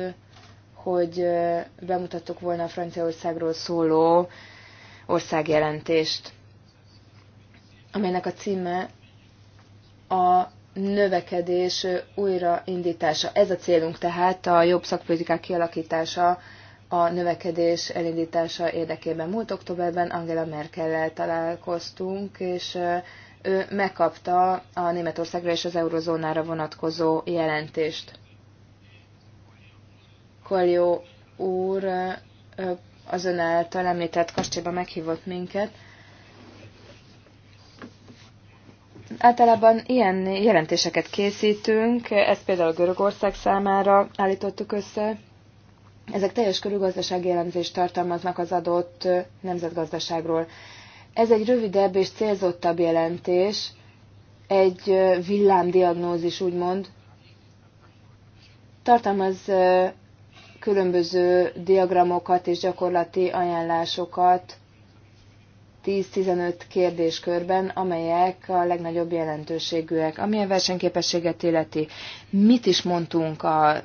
hogy bemutattuk volna a Franciaországról szóló országjelentést, amelynek a címe a növekedés újraindítása. Ez a célunk tehát a jobb szakpolitikák kialakítása a növekedés elindítása érdekében. Múlt októberben Angela Merkel-lel találkoztunk, és ő megkapta a Németországra és az eurozónára vonatkozó jelentést. Koljó úr az ön által említett kastélyba meghívott minket. Általában ilyen jelentéseket készítünk, ezt például Görögország számára állítottuk össze, ezek teljes körű gazdasági elemzést tartalmaznak az adott nemzetgazdaságról. Ez egy rövidebb és célzottabb jelentés, egy villámdiagnózis úgymond. Tartalmaz különböző diagramokat és gyakorlati ajánlásokat 10-15 kérdéskörben, amelyek a legnagyobb jelentőségűek, ami a versenyképességet illeti. Mit is mondtunk a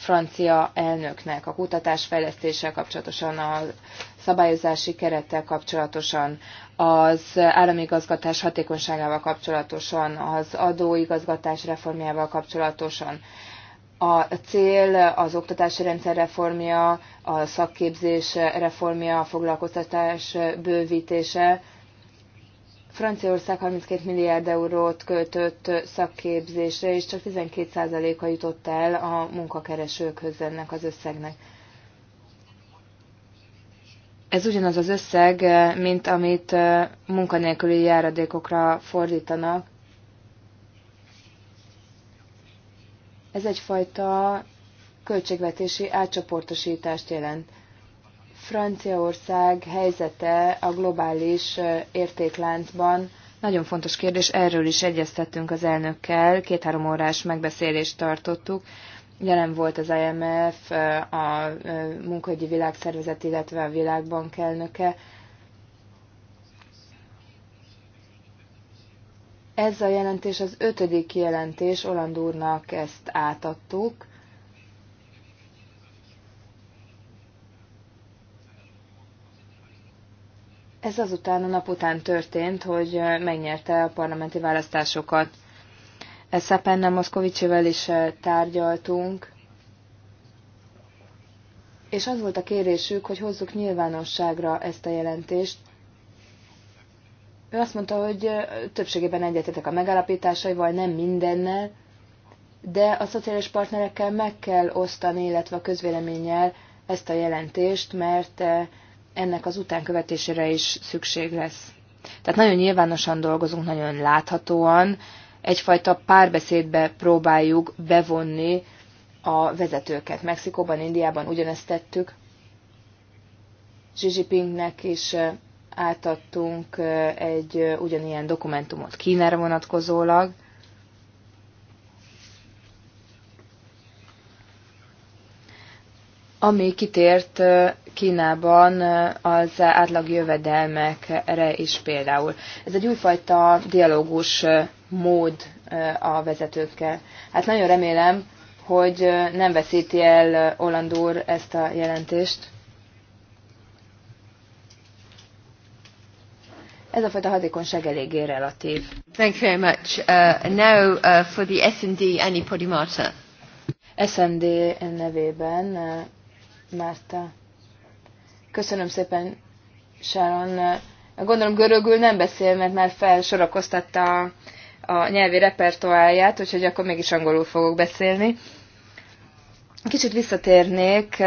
francia elnöknek a kutatásfejlesztéssel kapcsolatosan, a szabályozási kerettel kapcsolatosan, az állami igazgatás hatékonyságával kapcsolatosan, az adóigazgatás reformjával kapcsolatosan. A cél az oktatási rendszer reformja, a szakképzés reformja, a foglalkoztatás bővítése, Franciaország 32 milliárd eurót költött szakképzésre, és csak 12%-a jutott el a munkakeresőkhöz ennek az összegnek. Ez ugyanaz az összeg, mint amit munkanélküli járadékokra fordítanak. Ez egyfajta költségvetési átcsoportosítást jelent. Franciaország helyzete a globális értékláncban nagyon fontos kérdés, erről is egyeztettünk az elnökkel, két-három órás megbeszélést tartottuk. Jelen volt az IMF, a Munkahogyi Világszervezet, illetve a Világbank elnöke. Ez a jelentés az ötödik jelentés, Oland úrnak ezt átadtuk. Ez azután a nap után történt, hogy megnyerte a parlamenti választásokat. E Szepenna Moszkovicsivel is tárgyaltunk, és az volt a kérésük, hogy hozzuk nyilvánosságra ezt a jelentést. Ő azt mondta, hogy többségében egyetetek a megállapításaival, nem mindennel, de a szociális partnerekkel meg kell osztani, illetve a közvéleménnyel ezt a jelentést, mert ennek az utánkövetésére is szükség lesz. Tehát nagyon nyilvánosan dolgozunk, nagyon láthatóan, egyfajta párbeszédbe próbáljuk bevonni a vezetőket. Mexikóban, Indiában ugyanezt tettük. Xi Jinpingnek is átadtunk egy ugyanilyen dokumentumot Kínára vonatkozólag, ami kitért Kínában az átlag jövedelmekre is például. Ez egy újfajta dialógus mód a vezetőkkel. Hát nagyon remélem, hogy nem veszíti el Olandúr ezt a jelentést. Ez a fajta hatékonyság eléggé relatív. Thank you very much. Uh, now uh, for the S&D Annie Podimata. S&D nevében uh, Márta. Köszönöm szépen, Sharon. Gondolom görögül nem beszél, mert már felsorakoztatta a, a nyelvi repertoáját, úgyhogy akkor mégis angolul fogok beszélni. Kicsit visszatérnék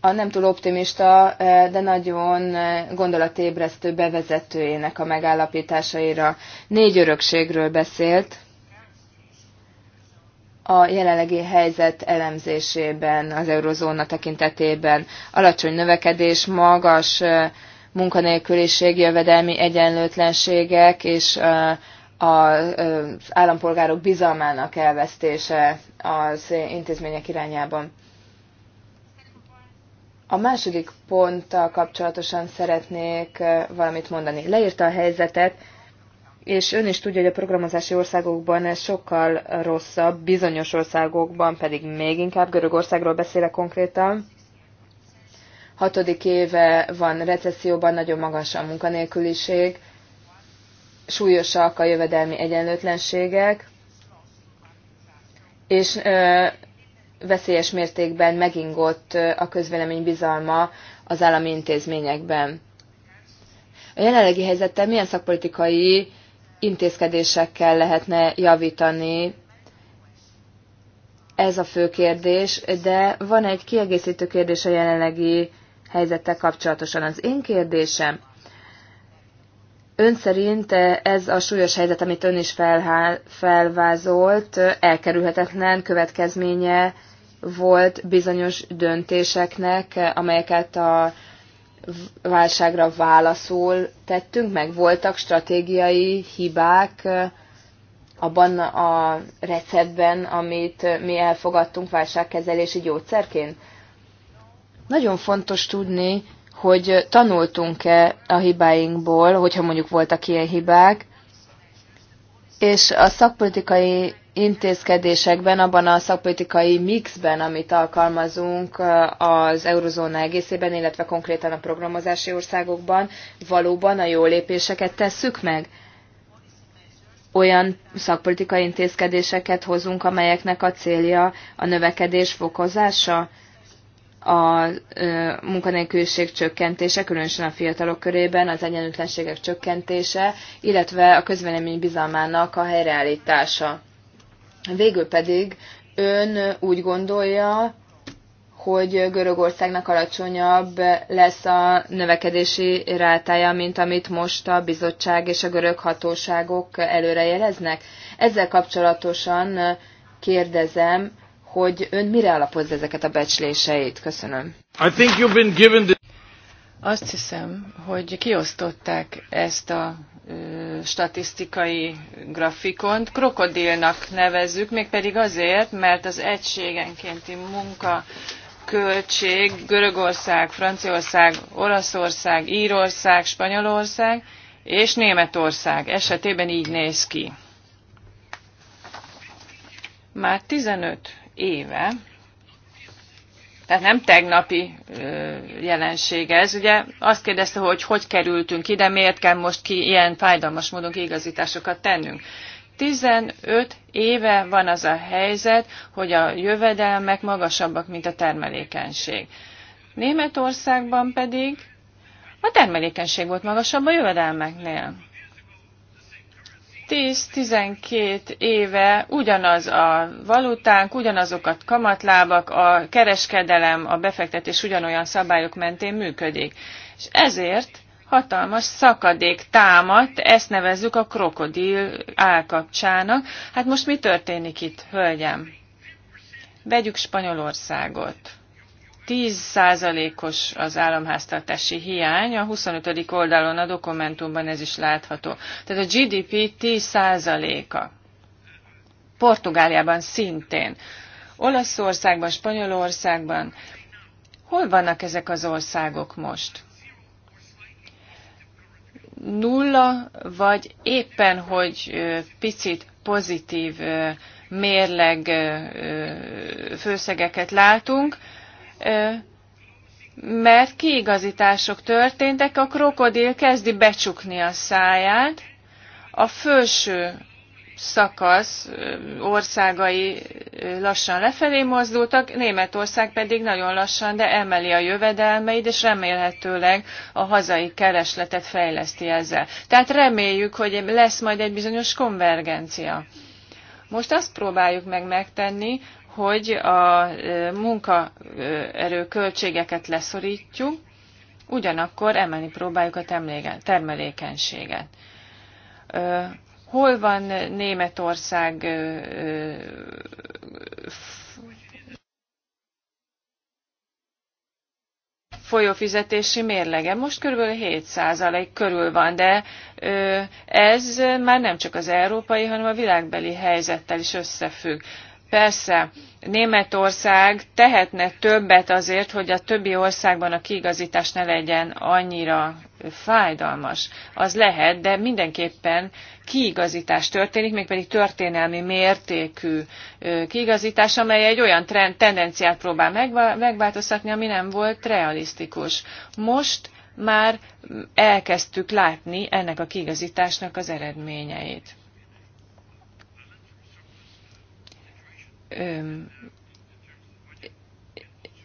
a nem túl optimista, de nagyon gondolatébresztő bevezetőjének a megállapításaira. Négy örökségről beszélt, a jelenlegi helyzet elemzésében, az eurozóna tekintetében alacsony növekedés, magas munkanélküliség, jövedelmi egyenlőtlenségek és az állampolgárok bizalmának elvesztése az intézmények irányában. A második ponttal kapcsolatosan szeretnék valamit mondani. Leírta a helyzetet, és ön is tudja, hogy a programozási országokban ez sokkal rosszabb, bizonyos országokban pedig még inkább, Görögországról beszélek konkrétan. Hatodik éve van recesszióban, nagyon magas a munkanélküliség, súlyosak a jövedelmi egyenlőtlenségek, és ö, veszélyes mértékben megingott a közvélemény bizalma az állami intézményekben. A jelenlegi helyzettel milyen szakpolitikai intézkedésekkel lehetne javítani. Ez a fő kérdés, de van egy kiegészítő kérdés a jelenlegi helyzettel kapcsolatosan. Az én kérdésem, ön szerint ez a súlyos helyzet, amit ön is felhál, felvázolt, elkerülhetetlen következménye volt bizonyos döntéseknek, amelyeket a válságra válaszul tettünk meg? Voltak stratégiai hibák abban a receptben, amit mi elfogadtunk válságkezelési gyógyszerként? Nagyon fontos tudni, hogy tanultunk-e a hibáinkból, hogyha mondjuk voltak ilyen hibák, és a szakpolitikai intézkedésekben, abban a szakpolitikai mixben, amit alkalmazunk az eurozóna egészében, illetve konkrétan a programozási országokban, valóban a jó lépéseket tesszük meg? Olyan szakpolitikai intézkedéseket hozunk, amelyeknek a célja a növekedés fokozása, a munkanélküliség csökkentése, különösen a fiatalok körében, az egyenlőtlenségek csökkentése, illetve a közvélemény bizalmának a helyreállítása Végül pedig ön úgy gondolja, hogy Görögországnak alacsonyabb lesz a növekedési rátája, mint amit most a bizottság és a görög hatóságok előrejeleznek. Ezzel kapcsolatosan kérdezem, hogy ön mire alapozza ezeket a becsléseit? Köszönöm. I think you've been given the... Azt hiszem, hogy kiosztották ezt a statisztikai grafikont krokodilnak nevezzük, mégpedig azért, mert az egységenkénti munka költség Görögország, Franciaország, Olaszország, Írország, Spanyolország és Németország esetében így néz ki. Már 15 éve tehát nem tegnapi jelenség ez. Ugye azt kérdezte, hogy hogy kerültünk ide, miért kell most ki ilyen fájdalmas módon kiigazításokat tennünk. 15 éve van az a helyzet, hogy a jövedelmek magasabbak, mint a termelékenység. Németországban pedig a termelékenység volt magasabb a jövedelmeknél. 10-12 éve ugyanaz a valutánk, ugyanazokat kamatlábak, a kereskedelem, a befektetés ugyanolyan szabályok mentén működik. És ezért hatalmas szakadék támadt, ezt nevezzük a krokodil állkapcsának. Hát most mi történik itt, hölgyem? Vegyük Spanyolországot. 10%-os az államháztartási hiány, a 25. oldalon a dokumentumban ez is látható. Tehát a GDP 10%-a. Portugáliában szintén. Olaszországban, Spanyolországban. Hol vannak ezek az országok most? Nulla, vagy éppen, hogy picit pozitív mérleg főszegeket látunk, mert kiigazítások történtek, a krokodil kezdi becsukni a száját, a felső szakasz országai lassan lefelé mozdultak, Németország pedig nagyon lassan, de emeli a jövedelmeit, és remélhetőleg a hazai keresletet fejleszti ezzel. Tehát reméljük, hogy lesz majd egy bizonyos konvergencia. Most azt próbáljuk meg megtenni, hogy a munkaerő költségeket leszorítjuk, ugyanakkor emelni próbáljuk a termelékenységet. Hol van Németország folyófizetési mérlege. Most kb. 7% körül van, de ez már nem csak az európai, hanem a világbeli helyzettel is összefügg. Persze, Németország tehetne többet azért, hogy a többi országban a kiigazítás ne legyen annyira fájdalmas. Az lehet, de mindenképpen kiigazítás történik, mégpedig történelmi mértékű kiigazítás, amely egy olyan trend, tendenciát próbál megváltoztatni, ami nem volt realisztikus. Most már elkezdtük látni ennek a kiigazításnak az eredményeit.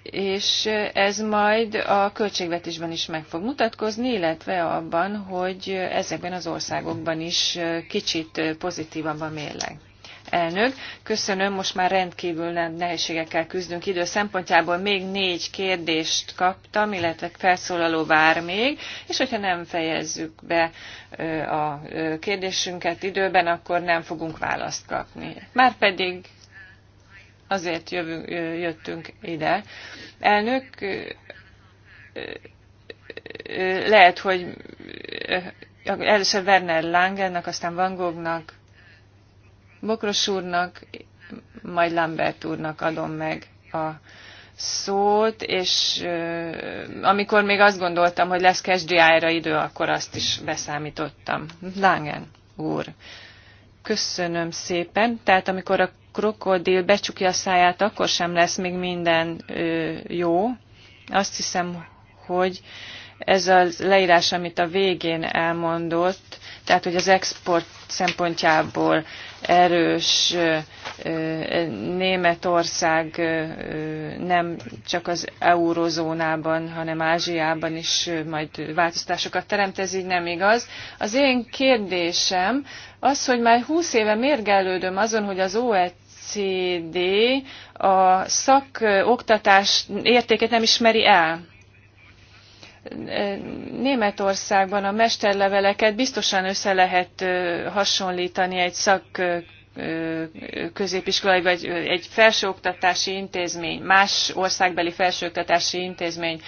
és ez majd a költségvetésben is meg fog mutatkozni, illetve abban, hogy ezekben az országokban is kicsit pozitívabb a mérleg. Elnök, köszönöm, most már rendkívül nehézségekkel küzdünk idő szempontjából. Még négy kérdést kaptam, illetve felszólaló vár még, és hogyha nem fejezzük be a kérdésünket időben, akkor nem fogunk választ kapni. Márpedig azért jövünk, jöttünk ide. Elnök, lehet, hogy először Werner Langennek, aztán Van Goghnak, Bokros úrnak, majd Lambert úrnak adom meg a szót, és amikor még azt gondoltam, hogy lesz ksdi idő, akkor azt is beszámítottam. Langen úr, köszönöm szépen. Tehát amikor a krokodil becsukja a száját, akkor sem lesz még minden jó. Azt hiszem, hogy ez a leírás, amit a végén elmondott, tehát hogy az export szempontjából erős Németország nem csak az eurozónában, hanem Ázsiában is majd változtásokat teremt, ez így nem igaz. Az én kérdésem az, hogy már 20 éve mérgelődöm azon, hogy az O.E.T. OECD a szakoktatás értékét nem ismeri el. Németországban a mesterleveleket biztosan össze lehet hasonlítani egy szak középiskolai vagy egy felsőoktatási intézmény, más országbeli felsőoktatási intézmény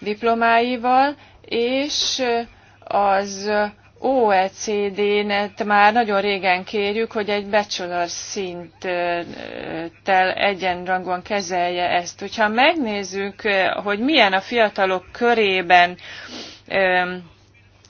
diplomáival, és az OECD-net már nagyon régen kérjük, hogy egy bachelor szinttel egyenrangúan kezelje ezt. Hogyha megnézzük, hogy milyen a fiatalok körében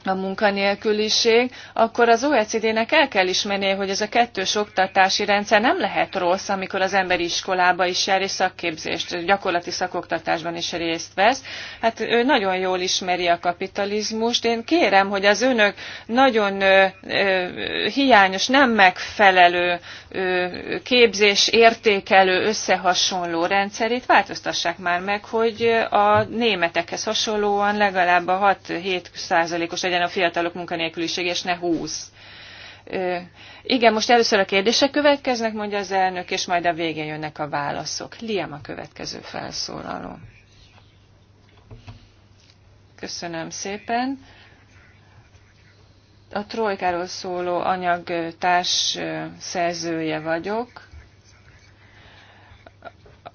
a munkanélküliség, akkor az OECD-nek el kell ismernie, hogy ez a kettős oktatási rendszer nem lehet rossz, amikor az ember iskolába is jár, és szakképzést, gyakorlati szakoktatásban is részt vesz. Hát ő nagyon jól ismeri a kapitalizmust. Én kérem, hogy az önök nagyon ö, ö, hiányos, nem megfelelő ö, képzés, értékelő, összehasonló rendszerét változtassák már meg, hogy a németekhez hasonlóan legalább a 6-7 százalékos egy legyen a fiatalok munkanélküliség, és ne 20. Igen, most először a kérdések következnek, mondja az elnök, és majd a végén jönnek a válaszok. Liam a következő felszólaló. Köszönöm szépen. A Trojkáról szóló anyag társ szerzője vagyok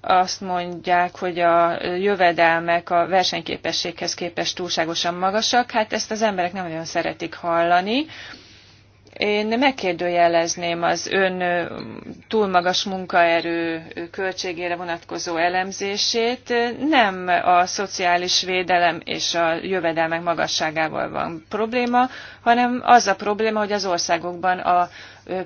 azt mondják, hogy a jövedelmek a versenyképességhez képest túlságosan magasak, hát ezt az emberek nem nagyon szeretik hallani. Én megkérdőjelezném az ön túl magas munkaerő költségére vonatkozó elemzését. Nem a szociális védelem és a jövedelmek magasságával van probléma, hanem az a probléma, hogy az országokban a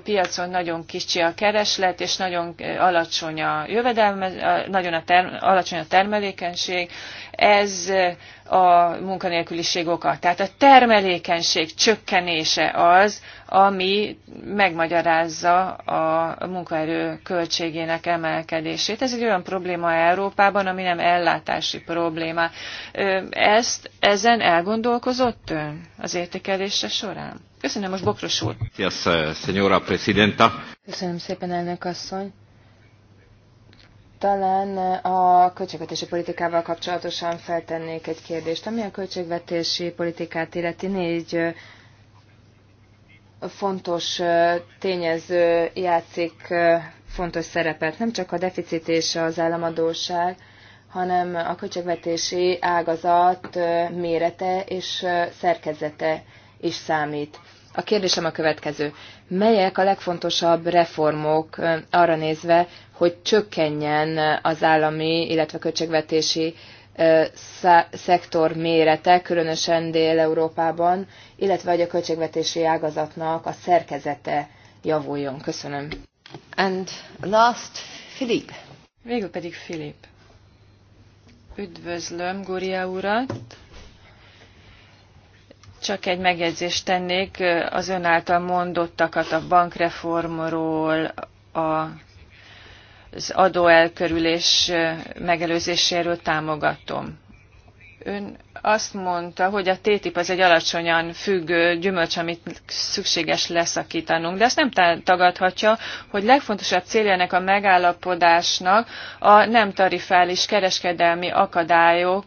piacon nagyon kicsi a kereslet, és nagyon alacsony a jövedelme, nagyon a term, alacsony a termelékenység. Ez a munkanélküliség oka. Tehát a termelékenység csökkenése az, ami megmagyarázza a munkaerő költségének emelkedését. Ez egy olyan probléma Európában, ami nem ellátási probléma. Ezt ezen elgondolkozott ön az értékelése során? Köszönöm, most Bokros úr. Uh, Köszönöm szépen, elnök asszony. Talán uh, a költségvetési politikával kapcsolatosan feltennék egy kérdést. Ami a költségvetési politikát illeti négy uh, fontos tényező játszik fontos szerepet. Nem csak a deficit és az államadóság, hanem a költségvetési ágazat mérete és szerkezete is számít. A kérdésem a következő. Melyek a legfontosabb reformok arra nézve, hogy csökkenjen az állami, illetve költségvetési szektor mérete, különösen Dél-Európában, illetve hogy a költségvetési ágazatnak a szerkezete javuljon. Köszönöm. And last, Philip. Végül pedig Philip. Üdvözlöm Guria urat. Csak egy megjegyzést tennék, az ön által mondottakat a bankreformról, a az adóelkerülés megelőzéséről támogatom. Ön azt mondta, hogy a TTIP az egy alacsonyan függő gyümölcs, amit szükséges leszakítanunk, de azt nem tagadhatja, hogy legfontosabb célja ennek a megállapodásnak a nem tarifális kereskedelmi akadályok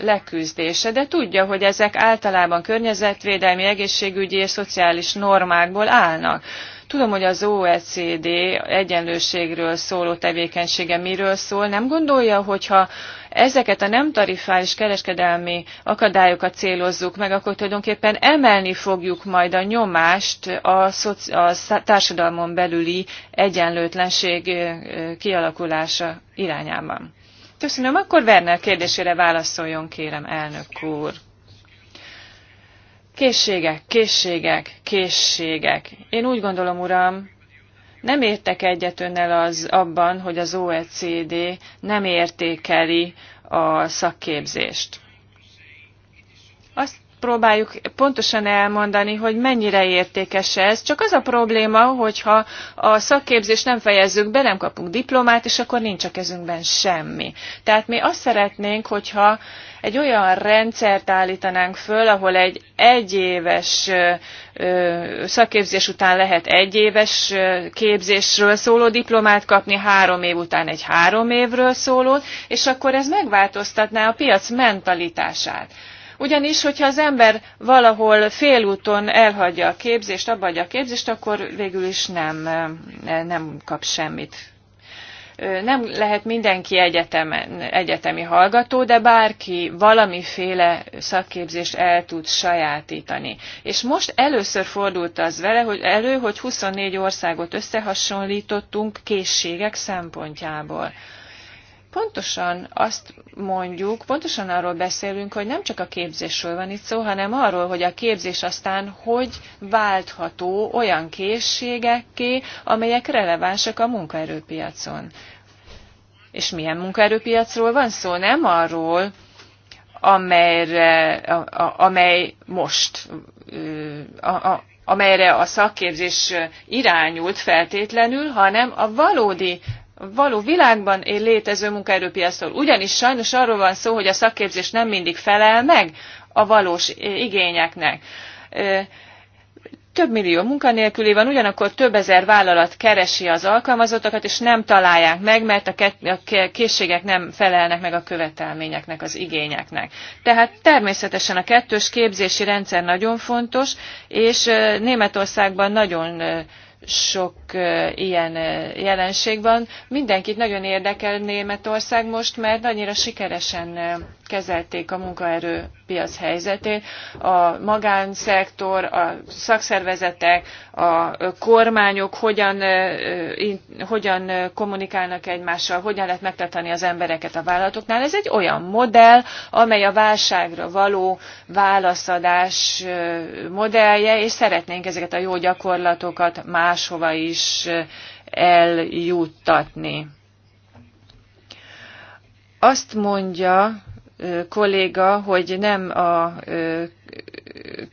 leküzdése, de tudja, hogy ezek általában környezetvédelmi, egészségügyi és szociális normákból állnak. Tudom, hogy az OECD egyenlőségről szóló tevékenysége miről szól. Nem gondolja, hogyha ezeket a nem tarifális kereskedelmi akadályokat célozzuk meg, akkor tulajdonképpen emelni fogjuk majd a nyomást a, a társadalmon belüli egyenlőtlenség kialakulása irányában. Köszönöm, akkor Werner kérdésére válaszoljon, kérem, elnök úr. Készségek, készségek, készségek. Én úgy gondolom, uram, nem értek egyet önnel az, abban, hogy az OECD nem értékeli a szakképzést. Azt próbáljuk pontosan elmondani, hogy mennyire értékes ez. Csak az a probléma, hogyha a szakképzést nem fejezzük be, nem kapunk diplomát, és akkor nincs a kezünkben semmi. Tehát mi azt szeretnénk, hogyha egy olyan rendszert állítanánk föl, ahol egy egyéves szakképzés után lehet egyéves képzésről szóló diplomát kapni, három év után egy három évről szóló, és akkor ez megváltoztatná a piac mentalitását. Ugyanis, hogyha az ember valahol félúton elhagyja a képzést, abba a képzést, akkor végül is nem, nem kap semmit nem lehet mindenki egyetemen, egyetemi hallgató, de bárki valamiféle szakképzést el tud sajátítani. És most először fordult az vele, hogy elő, hogy 24 országot összehasonlítottunk készségek szempontjából pontosan azt mondjuk, pontosan arról beszélünk, hogy nem csak a képzésről van itt szó, hanem arról, hogy a képzés aztán hogy váltható olyan készségekké, amelyek relevánsak a munkaerőpiacon. És milyen munkaerőpiacról van szó? Nem arról, amelyre, a, a, amely most, a, a, amelyre a szakképzés irányult feltétlenül, hanem a valódi való világban él létező munkaerőpiacról. Ugyanis sajnos arról van szó, hogy a szakképzés nem mindig felel meg a valós igényeknek. Több millió munkanélküli van, ugyanakkor több ezer vállalat keresi az alkalmazottakat, és nem találják meg, mert a készségek nem felelnek meg a követelményeknek, az igényeknek. Tehát természetesen a kettős képzési rendszer nagyon fontos, és Németországban nagyon sok ilyen jelenség van. Mindenkit nagyon érdekel Németország most, mert annyira sikeresen kezelték a munkaerőpiac helyzetét. A magánszektor, a szakszervezetek, a kormányok hogyan, hogyan kommunikálnak egymással, hogyan lehet megtartani az embereket a vállalatoknál. Ez egy olyan modell, amely a válságra való válaszadás modellje, és szeretnénk ezeket a jó gyakorlatokat máshova is eljuttatni azt mondja, kolléga, hogy nem a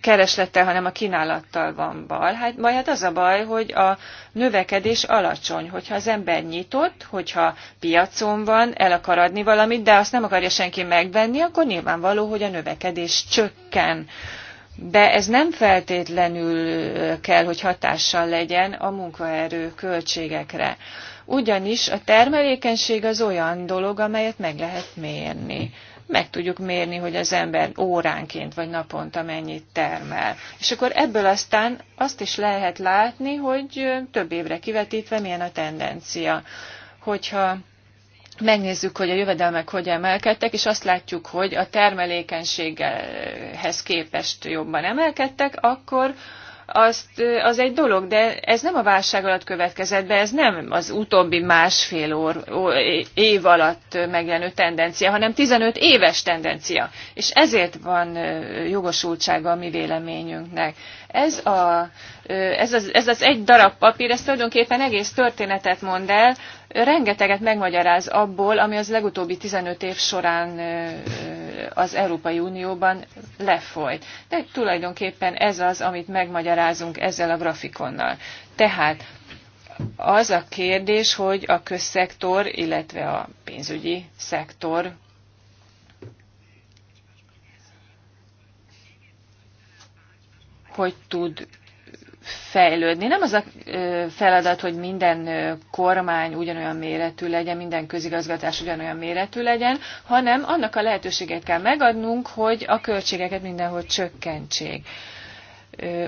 kereslettel, hanem a kínálattal van bal. Hát majd hát az a baj, hogy a növekedés alacsony, hogyha az ember nyitott, hogyha piacon van, el akar adni valamit, de azt nem akarja senki megvenni, akkor nyilvánvaló, hogy a növekedés csökken. De ez nem feltétlenül kell, hogy hatással legyen a munkaerő költségekre. Ugyanis a termelékenység az olyan dolog, amelyet meg lehet mérni meg tudjuk mérni, hogy az ember óránként vagy naponta mennyit termel. És akkor ebből aztán azt is lehet látni, hogy több évre kivetítve milyen a tendencia. Hogyha megnézzük, hogy a jövedelmek hogy emelkedtek, és azt látjuk, hogy a termelékenységhez képest jobban emelkedtek, akkor azt, az egy dolog, de ez nem a válság alatt következett be, ez nem az utóbbi másfél or, ó, év alatt megjelenő tendencia, hanem 15 éves tendencia. És ezért van jogosultsága a mi véleményünknek. Ez a ez az, ez az egy darab papír, ez tulajdonképpen egész történetet mond el, rengeteget megmagyaráz abból, ami az legutóbbi 15 év során az Európai Unióban lefolyt. De tulajdonképpen ez az, amit megmagyarázunk ezzel a grafikonnal. Tehát az a kérdés, hogy a közszektor, illetve a pénzügyi szektor hogy tud fejlődni. Nem az a feladat, hogy minden kormány ugyanolyan méretű legyen, minden közigazgatás ugyanolyan méretű legyen, hanem annak a lehetőséget kell megadnunk, hogy a költségeket mindenhol csökkentsék.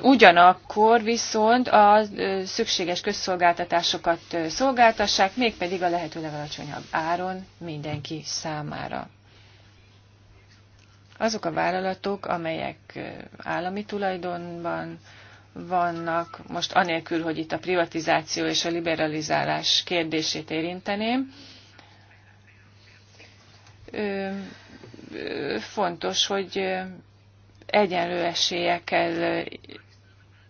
Ugyanakkor viszont a szükséges közszolgáltatásokat szolgáltassák, mégpedig a lehető legalacsonyabb áron mindenki számára. Azok a vállalatok, amelyek állami tulajdonban vannak, most anélkül, hogy itt a privatizáció és a liberalizálás kérdését érinteném. Fontos, hogy egyenlő esélyekkel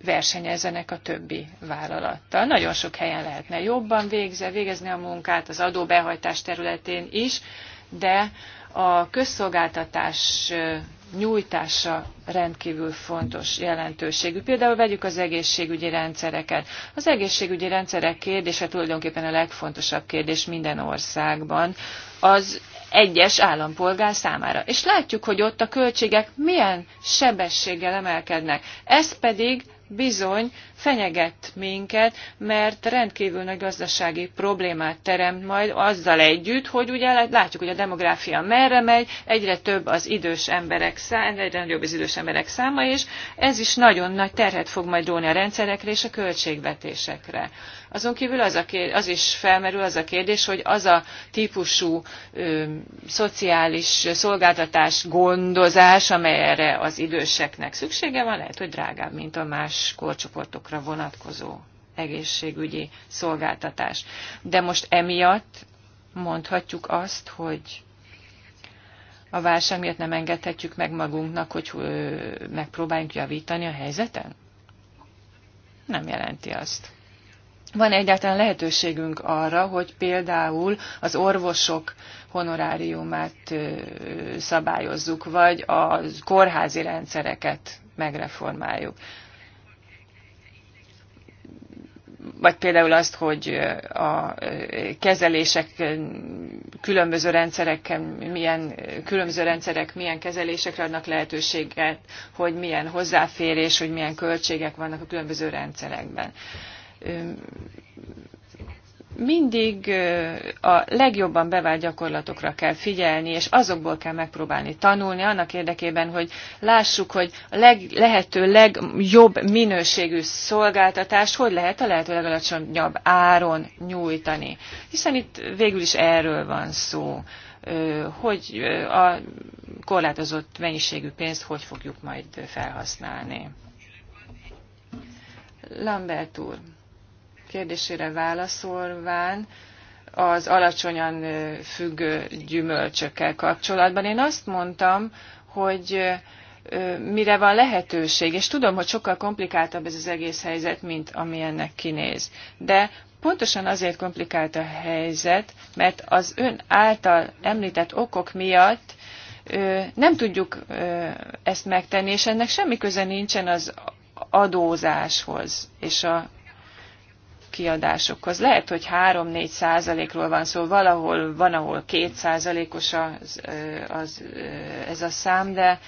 versenyezzenek a többi vállalattal. Nagyon sok helyen lehetne jobban végze, végezni a munkát, az adóbehajtás területén is, de a közszolgáltatás nyújtása rendkívül fontos jelentőségű. Például vegyük az egészségügyi rendszereket. Az egészségügyi rendszerek kérdése tulajdonképpen a legfontosabb kérdés minden országban az egyes állampolgár számára. És látjuk, hogy ott a költségek milyen sebességgel emelkednek. Ez pedig bizony fenyeget minket, mert rendkívül nagy gazdasági problémát teremt majd azzal együtt, hogy ugye látjuk, hogy a demográfia merre megy, egyre több az idős emberek száma, egyre nagyobb az idős emberek száma, és ez is nagyon nagy terhet fog majd róni a rendszerekre és a költségvetésekre. Azon kívül az, a kérdés, az is felmerül az a kérdés, hogy az a típusú ö, szociális szolgáltatás, gondozás, amelyre az időseknek szüksége van, lehet, hogy drágább, mint a más korcsoportokra vonatkozó egészségügyi szolgáltatás. De most emiatt mondhatjuk azt, hogy a válság miatt nem engedhetjük meg magunknak, hogy megpróbáljunk javítani a helyzeten? Nem jelenti azt van egyáltalán lehetőségünk arra, hogy például az orvosok honoráriumát szabályozzuk, vagy a kórházi rendszereket megreformáljuk. Vagy például azt, hogy a kezelések különböző rendszereken, milyen, különböző rendszerek milyen kezelésekre adnak lehetőséget, hogy milyen hozzáférés, hogy milyen költségek vannak a különböző rendszerekben mindig a legjobban bevált gyakorlatokra kell figyelni, és azokból kell megpróbálni tanulni, annak érdekében, hogy lássuk, hogy a leg, lehető legjobb minőségű szolgáltatást hogy lehet a lehető legalacsonyabb áron nyújtani. Hiszen itt végül is erről van szó, hogy a korlátozott mennyiségű pénzt hogy fogjuk majd felhasználni. Lambert úr kérdésére válaszolván, az alacsonyan függő gyümölcsökkel kapcsolatban. Én azt mondtam, hogy mire van lehetőség, és tudom, hogy sokkal komplikáltabb ez az egész helyzet, mint ami ennek kinéz. De pontosan azért komplikált a helyzet, mert az ön által említett okok miatt nem tudjuk ezt megtenni, és ennek semmi köze nincsen az adózáshoz és a kiadásokhoz. Lehet, hogy 3-4 százalékról van szó, valahol van, ahol 2 százalékos az, az, ez a szám, de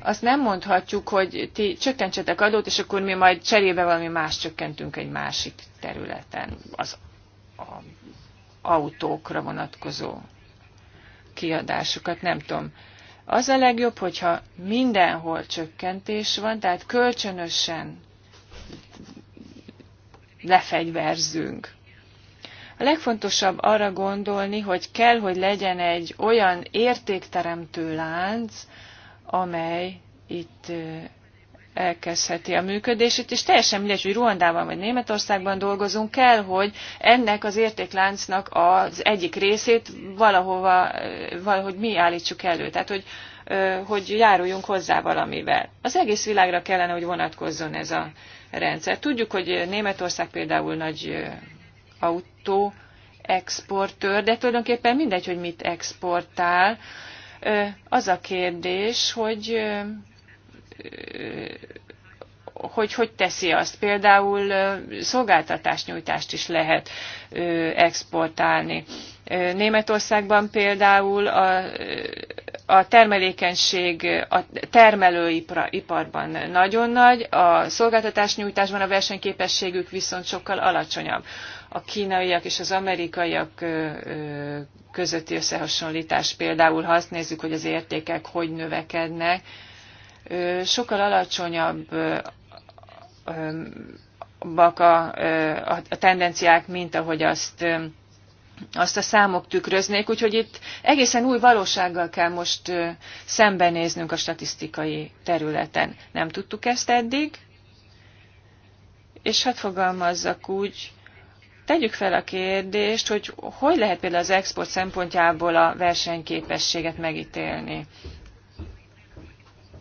azt nem mondhatjuk, hogy ti csökkentsetek adót, és akkor mi majd cserébe valami más csökkentünk egy másik területen, az a, autókra vonatkozó kiadásokat, nem tudom. Az a legjobb, hogyha mindenhol csökkentés van, tehát kölcsönösen lefegyverzünk. A legfontosabb arra gondolni, hogy kell, hogy legyen egy olyan értékteremtő lánc, amely itt elkezdheti a működését, és teljesen mindegy, hogy Ruandában vagy Németországban dolgozunk, kell, hogy ennek az értékláncnak az egyik részét valahova, valahogy mi állítsuk elő. Tehát, hogy hogy járuljunk hozzá valamivel. Az egész világra kellene, hogy vonatkozzon ez a rendszer. Tudjuk, hogy Németország például nagy autó exportőr, de tulajdonképpen mindegy, hogy mit exportál. Az a kérdés, hogy hogy hogy teszi azt. Például szolgáltatásnyújtást is lehet exportálni. Németországban például a a termelékenység a termelői iparban nagyon nagy, a szolgáltatásnyújtásban a versenyképességük viszont sokkal alacsonyabb. A kínaiak és az amerikaiak közötti összehasonlítás például, ha azt nézzük, hogy az értékek hogy növekednek, sokkal alacsonyabb a, a, a tendenciák, mint ahogy azt azt a számok tükröznék, úgyhogy itt egészen új valósággal kell most szembenéznünk a statisztikai területen. Nem tudtuk ezt eddig, és hát fogalmazzak úgy, tegyük fel a kérdést, hogy hogy lehet például az export szempontjából a versenyképességet megítélni.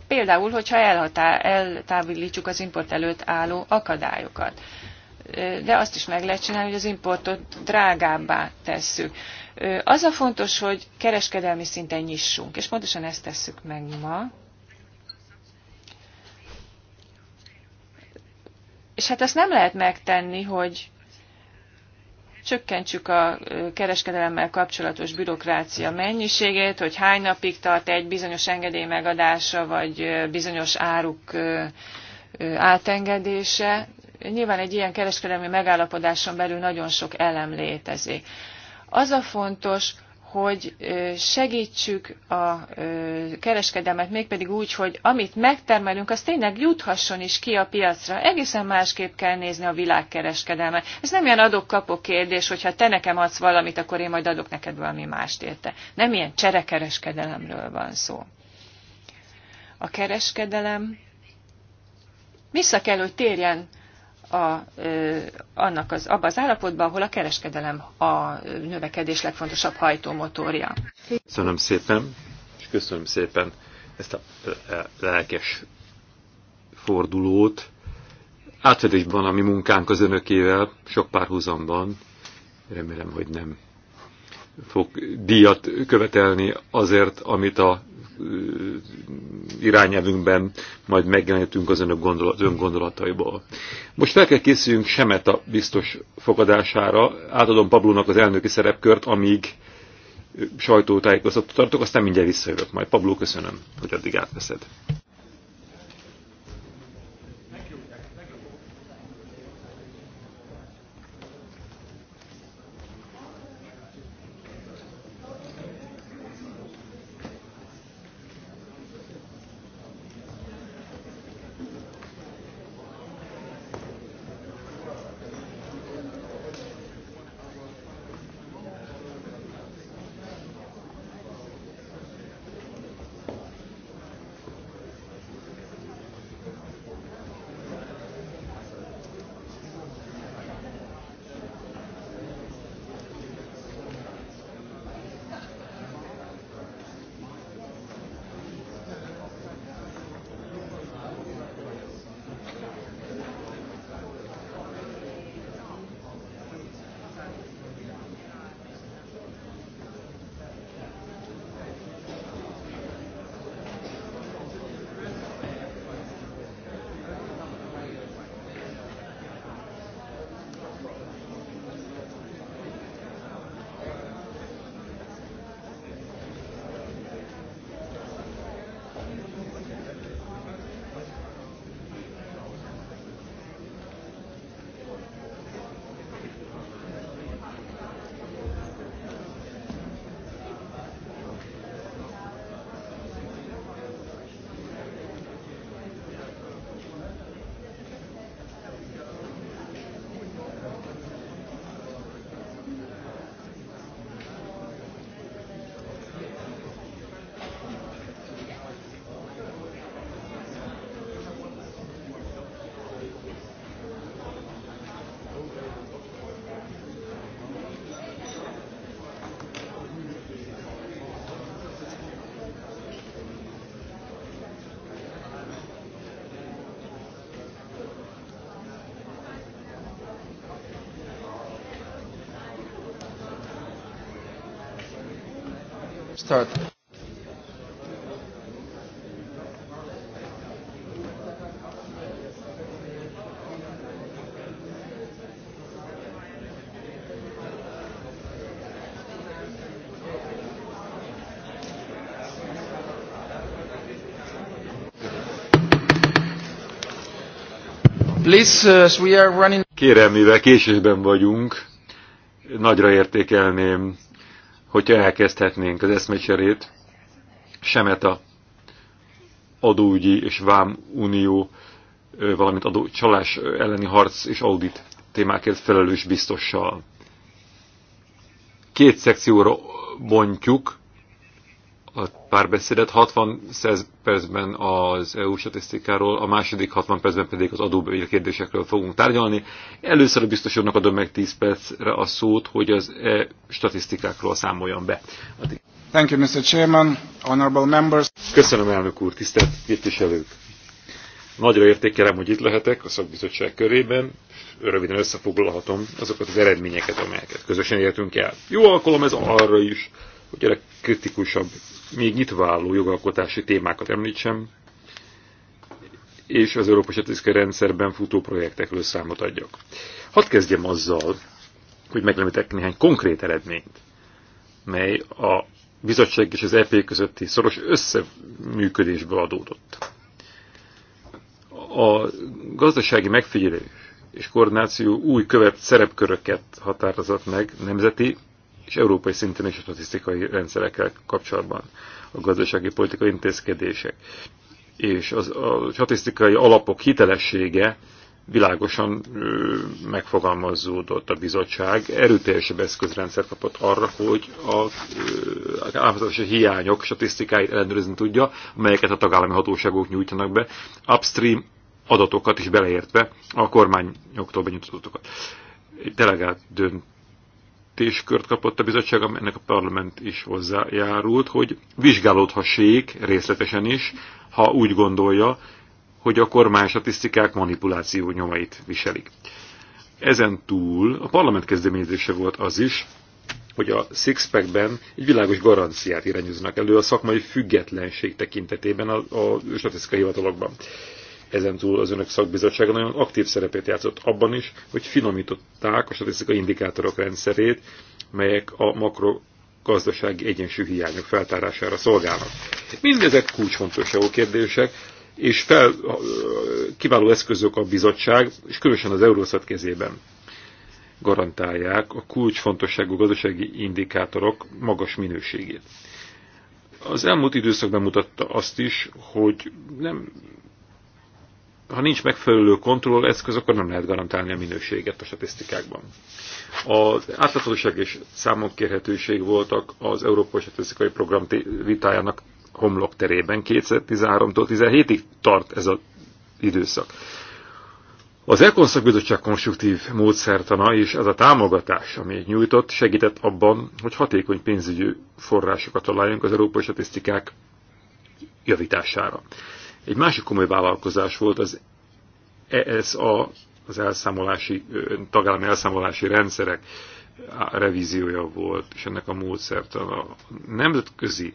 Például, hogyha eltávolítjuk az import előtt álló akadályokat de azt is meg lehet csinálni, hogy az importot drágábbá tesszük. Az a fontos, hogy kereskedelmi szinten nyissunk, és pontosan ezt tesszük meg ma. És hát ezt nem lehet megtenni, hogy csökkentsük a kereskedelemmel kapcsolatos bürokrácia mennyiségét, hogy hány napig tart egy bizonyos engedély megadása, vagy bizonyos áruk átengedése nyilván egy ilyen kereskedelmi megállapodáson belül nagyon sok elem létezik. Az a fontos, hogy segítsük a kereskedelmet, mégpedig úgy, hogy amit megtermelünk, az tényleg juthasson is ki a piacra. Egészen másképp kell nézni a világkereskedelmet. Ez nem ilyen adok-kapok kérdés, hogyha te nekem adsz valamit, akkor én majd adok neked valami mást érte. Nem ilyen cserekereskedelemről van szó. A kereskedelem vissza kell, hogy térjen a, annak az, abba az állapotba, ahol a kereskedelem a növekedés legfontosabb hajtómotorja. Köszönöm szépen, és köszönöm szépen ezt a lelkes fordulót. Átfedésben a mi munkánk az önökével, sok van, remélem, hogy nem fog díjat követelni azért, amit a irányelvünkben majd megjelenhetünk az önök gondolat, ön gondolataiból. Most fel kell készüljünk Semet a biztos fogadására. Átadom Pablónak az elnöki szerepkört, amíg sajtótájékoztatot tartok, aztán mindjárt visszajövök majd. Pabló, köszönöm, hogy addig átveszed. start. Uh, Kérem, mivel késésben vagyunk, nagyra értékelném hogyha elkezdhetnénk az eszmecserét a adóügyi és vám unió, valamint adó, csalás elleni harc és audit témákért felelős biztossal. Két szekcióra bontjuk párbeszédet, 60 percben az EU statisztikáról, a második 60 percben pedig az adóbevétel kérdésekről fogunk tárgyalni. Először a biztos úrnak adom meg 10 percre a szót, hogy az e statisztikákról számoljon be. Addig. Thank you, Mr. Chairman, honorable members. Köszönöm, elnök úr, tisztelt képviselők. Nagyra értékelem, hogy itt lehetek a szakbizottság körében. Röviden összefoglalhatom azokat az eredményeket, amelyeket közösen értünk el. Jó alkalom ez arra is, hogy a legkritikusabb, még nyitva álló jogalkotási témákat említsem, és az Európai Statisztikai Rendszerben futó projektekről számot adjak. Hadd kezdjem azzal, hogy meglemítek néhány konkrét eredményt, mely a bizottság és az EP közötti szoros összeműködésből adódott. A gazdasági megfigyelés és koordináció új követ szerepköröket határozott meg nemzeti és európai szinten is a statisztikai rendszerekkel kapcsolatban a gazdasági politikai intézkedések. És az, a statisztikai alapok hitelessége világosan ö, megfogalmazódott a bizottság. Erőteljesebb eszközrendszer kapott arra, hogy a államhatatási hiányok statisztikáit ellenőrizni tudja, amelyeket a tagállami hatóságok nyújtanak be, upstream adatokat is beleértve a kormányoktól Egy Delegált dönt jelentéskört kapott a bizottság, ennek a parlament is hozzájárult, hogy vizsgálódhassék részletesen is, ha úgy gondolja, hogy a kormány statisztikák manipuláció nyomait viselik. Ezen túl a parlament kezdeményezése volt az is, hogy a Sixpack-ben egy világos garanciát irányoznak elő a szakmai függetlenség tekintetében a, a statisztikai hivatalokban ezen túl az önök szakbizottsága nagyon aktív szerepét játszott abban is, hogy finomították a statisztikai indikátorok rendszerét, melyek a makrogazdasági hiányok feltárására szolgálnak. Mindezek kulcsfontosságú kérdések, és fel, kiváló eszközök a bizottság, és különösen az Eurószat kezében garantálják a kulcsfontosságú gazdasági indikátorok magas minőségét. Az elmúlt időszak bemutatta azt is, hogy nem ha nincs megfelelő kontrolleszköz, akkor nem lehet garantálni a minőséget a statisztikákban. Az átláthatóság és számok kérhetőség voltak az Európai Statisztikai Program vitájának homlok terében 2013-tól 17-ig tart ez az időszak. Az Econ szakbizottság konstruktív módszertana és ez a támogatás, amit nyújtott, segített abban, hogy hatékony pénzügyi forrásokat találjunk az európai statisztikák javítására. Egy másik komoly vállalkozás volt az ESA, az elszámolási, tagállami elszámolási rendszerek revíziója volt, és ennek a módszert a nemzetközi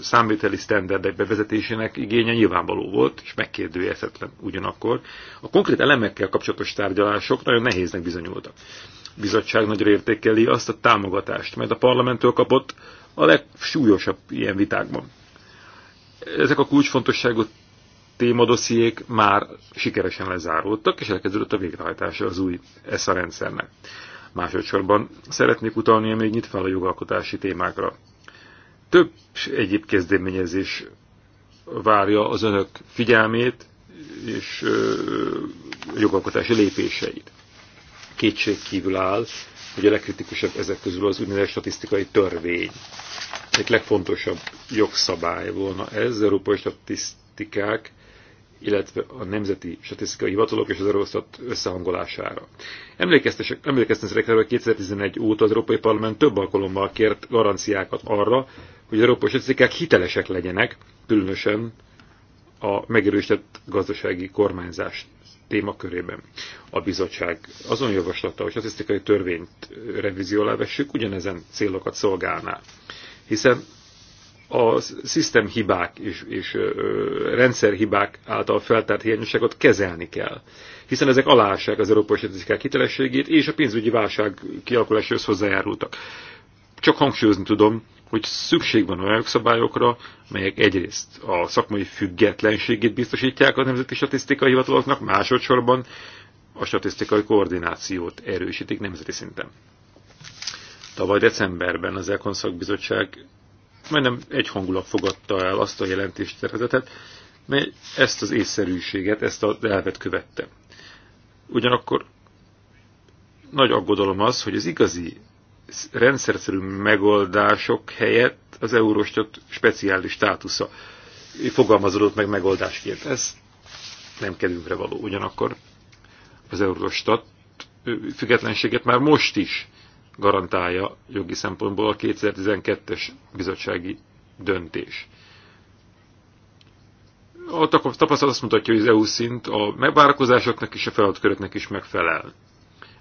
számviteli sztenderdek bevezetésének igénye nyilvánvaló volt, és megkérdőjelhetetlen ugyanakkor. A konkrét elemekkel kapcsolatos tárgyalások nagyon nehéznek bizonyultak. A bizottság nagyra értékeli azt a támogatást, mert a parlamenttől kapott a legsúlyosabb ilyen vitákban ezek a kulcsfontosságú témadossziék már sikeresen lezáródtak, és elkezdődött a végrehajtása az új ESZA rendszernek. Másodszorban szeretnék utalni a még nyitva a jogalkotási témákra. Több egyéb kezdeményezés várja az önök figyelmét és jogalkotási lépéseit. Kétség kívül áll, hogy a legkritikusabb ezek közül az úgynevezett statisztikai törvény. Egy legfontosabb jogszabály volna ez, az európai statisztikák, illetve a Nemzeti Statisztikai Hivatalok és az Eurostat összehangolására. Emlékeztetek rá, hogy 2011 óta az Európai Parlament több alkalommal kért garanciákat arra, hogy az európai statisztikák hitelesek legyenek, különösen a megerősített gazdasági kormányzás témakörében. A bizottság azon javaslata, hogy statisztikai törvényt revízió alá vessük, ugyanezen célokat szolgálná. Hiszen a system hibák és, és rendszerhibák által feltárt hiányosságot kezelni kell, hiszen ezek alássák az európai statisztikák hitelességét, és a pénzügyi válság kialakulásához hozzájárultak. Csak hangsúlyozni tudom, hogy szükség van olyan jogszabályokra, melyek egyrészt a szakmai függetlenségét biztosítják a Nemzeti Statisztikai Hivataloknak, másodszorban a statisztikai koordinációt erősítik nemzeti szinten. Tavaly decemberben az Econ szakbizottság majdnem hangulat fogadta el azt a jelentést, tervezetet, mely ezt az észszerűséget, ezt az elvet követte. Ugyanakkor nagy aggodalom az, hogy az igazi rendszerszerű megoldások helyett az Eurostat speciális státusza fogalmazódott meg megoldásként. Ez nem kedvünkre való. Ugyanakkor az Eurostat függetlenséget már most is garantálja jogi szempontból a 2012-es bizottsági döntés. A tapasztalat azt mutatja, hogy az EU szint a megvárakozásoknak és a feladatköröknek is megfelel.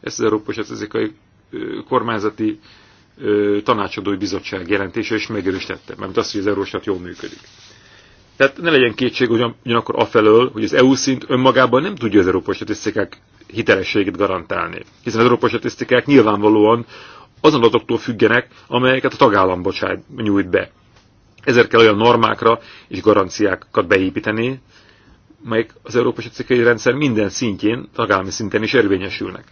Ezt az Európai Statisztikai kormányzati tanácsadói bizottság jelentése is megerősítette, mert azt, hogy az Eurostat jól működik. Tehát ne legyen kétség hogy ugyanakkor afelől, hogy az EU szint önmagában nem tudja az európai statisztikák hitelességét garantálni. Hiszen az európai statisztikák nyilvánvalóan azon adatoktól függenek, amelyeket a tagállam bocsájt, nyújt be. Ezért kell olyan normákra és garanciákat beépíteni, melyek az európai statisztikai rendszer minden szintjén, tagállami szinten is érvényesülnek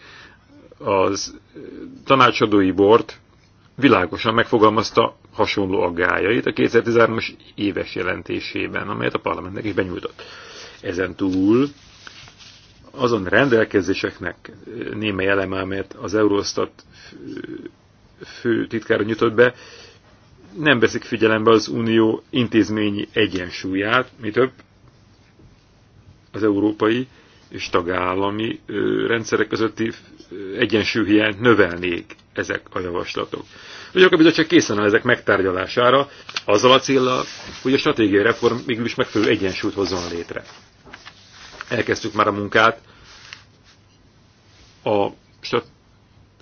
az tanácsadói bort világosan megfogalmazta hasonló aggájait a 2013-as éves jelentésében, amelyet a parlamentnek is benyújtott. Ezen túl azon rendelkezéseknek némely eleme, amelyet az Eurostat titkára nyújtott be, nem veszik figyelembe az unió intézményi egyensúlyát, mi több az európai és tagállami rendszerek közötti egyensúlyhiányt növelnék ezek a javaslatok. Vagyok a bizottság készen áll ezek megtárgyalására, azzal a célra, hogy a stratégiai reform mégis megfelelő egyensúlyt hozzon létre. Elkezdtük már a munkát a,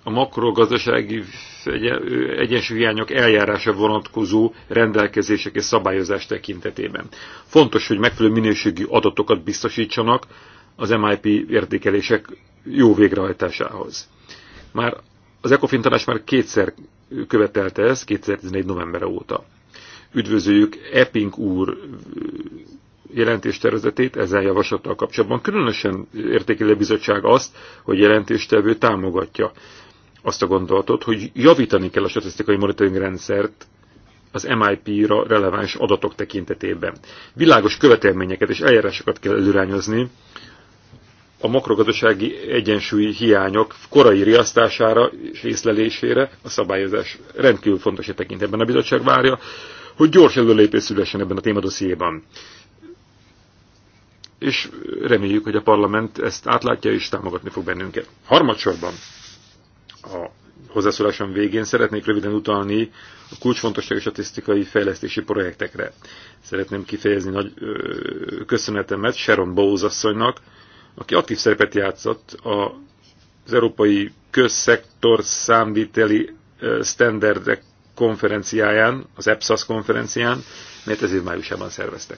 a makrogazdasági egyensúlyhiányok eljárása vonatkozó rendelkezések és szabályozás tekintetében. Fontos, hogy megfelelő minőségű adatokat biztosítsanak az MIP értékelések jó végrehajtásához. Már az ECOFIN tanács már kétszer követelte ezt, 2014. november óta. Üdvözöljük Epping úr jelentéstervezetét ezzel javaslattal kapcsolatban. Különösen értékeli a bizottság azt, hogy jelentéstevő támogatja azt a gondolatot, hogy javítani kell a statisztikai monitoring rendszert az MIP-ra releváns adatok tekintetében. Világos követelményeket és eljárásokat kell előrányozni a makrogazdasági egyensúlyi hiányok korai riasztására és észlelésére a szabályozás rendkívül fontos a e tekintetben. A bizottság várja, hogy gyors előlépés szülessen ebben a témadossziéban. És reméljük, hogy a parlament ezt átlátja és támogatni fog bennünket. Harmadsorban a hozzászólásom végén szeretnék röviden utalni a kulcsfontosságú statisztikai fejlesztési projektekre. Szeretném kifejezni nagy ö, köszönetemet Sharon Bowes asszonynak, aki aktív szerepet játszott az Európai Közszektor Számviteli Standardek konferenciáján, az EPSAS konferencián, mert ez év májusában szerveztek.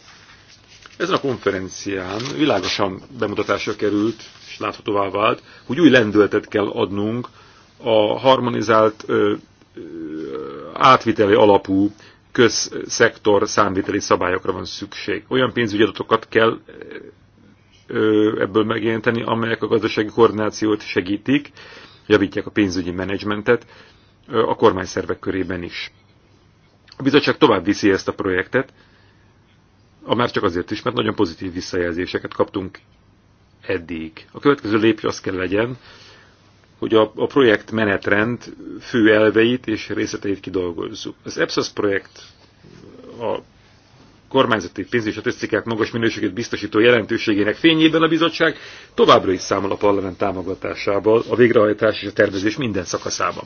Ezen a konferencián világosan bemutatásra került, és láthatóvá vált, hogy új lendületet kell adnunk a harmonizált ö, ö, átviteli alapú közszektor számviteli szabályokra van szükség. Olyan pénzügyi adatokat kell ebből megjelenteni, amelyek a gazdasági koordinációt segítik, javítják a pénzügyi menedzsmentet a kormányszervek körében is. A bizottság tovább viszi ezt a projektet, a már csak azért is, mert nagyon pozitív visszajelzéseket kaptunk eddig. A következő lépés az kell legyen, hogy a, a projekt menetrend fő elveit és részleteit kidolgozzuk. Az EPSAS projekt a kormányzati pénzügyi statisztikák magas minőségét biztosító jelentőségének fényében a bizottság továbbra is számol a parlament támogatásával a végrehajtás és a tervezés minden szakaszában.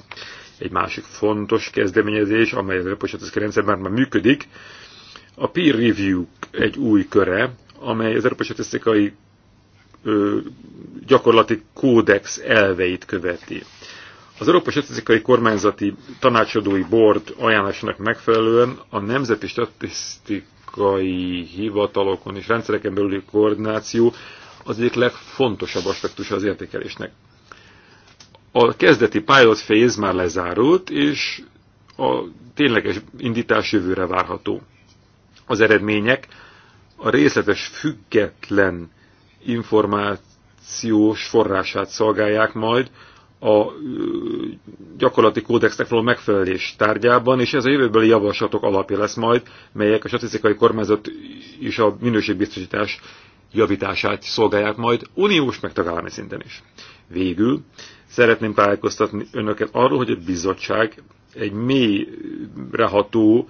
Egy másik fontos kezdeményezés, amely az európai rendszer már már működik, a peer review egy új köre, amely az európai statisztikai ö, gyakorlati kódex elveit követi. Az Európai Statisztikai Kormányzati Tanácsadói Board ajánlásának megfelelően a nemzeti Statisztikai politikai hivatalokon és rendszereken belüli koordináció az egyik legfontosabb aspektusa az értékelésnek. A kezdeti pilot phase már lezárult, és a tényleges indítás jövőre várható. Az eredmények a részletes független információs forrását szolgálják majd a gyakorlati kódexnek való megfelelés tárgyában, és ez a jövőbeli javaslatok alapja lesz majd, melyek a statisztikai kormányzat és a minőségbiztosítás javítását szolgálják majd uniós megtagállami szinten is. Végül szeretném tájékoztatni önöket arról, hogy a bizottság egy mélyreható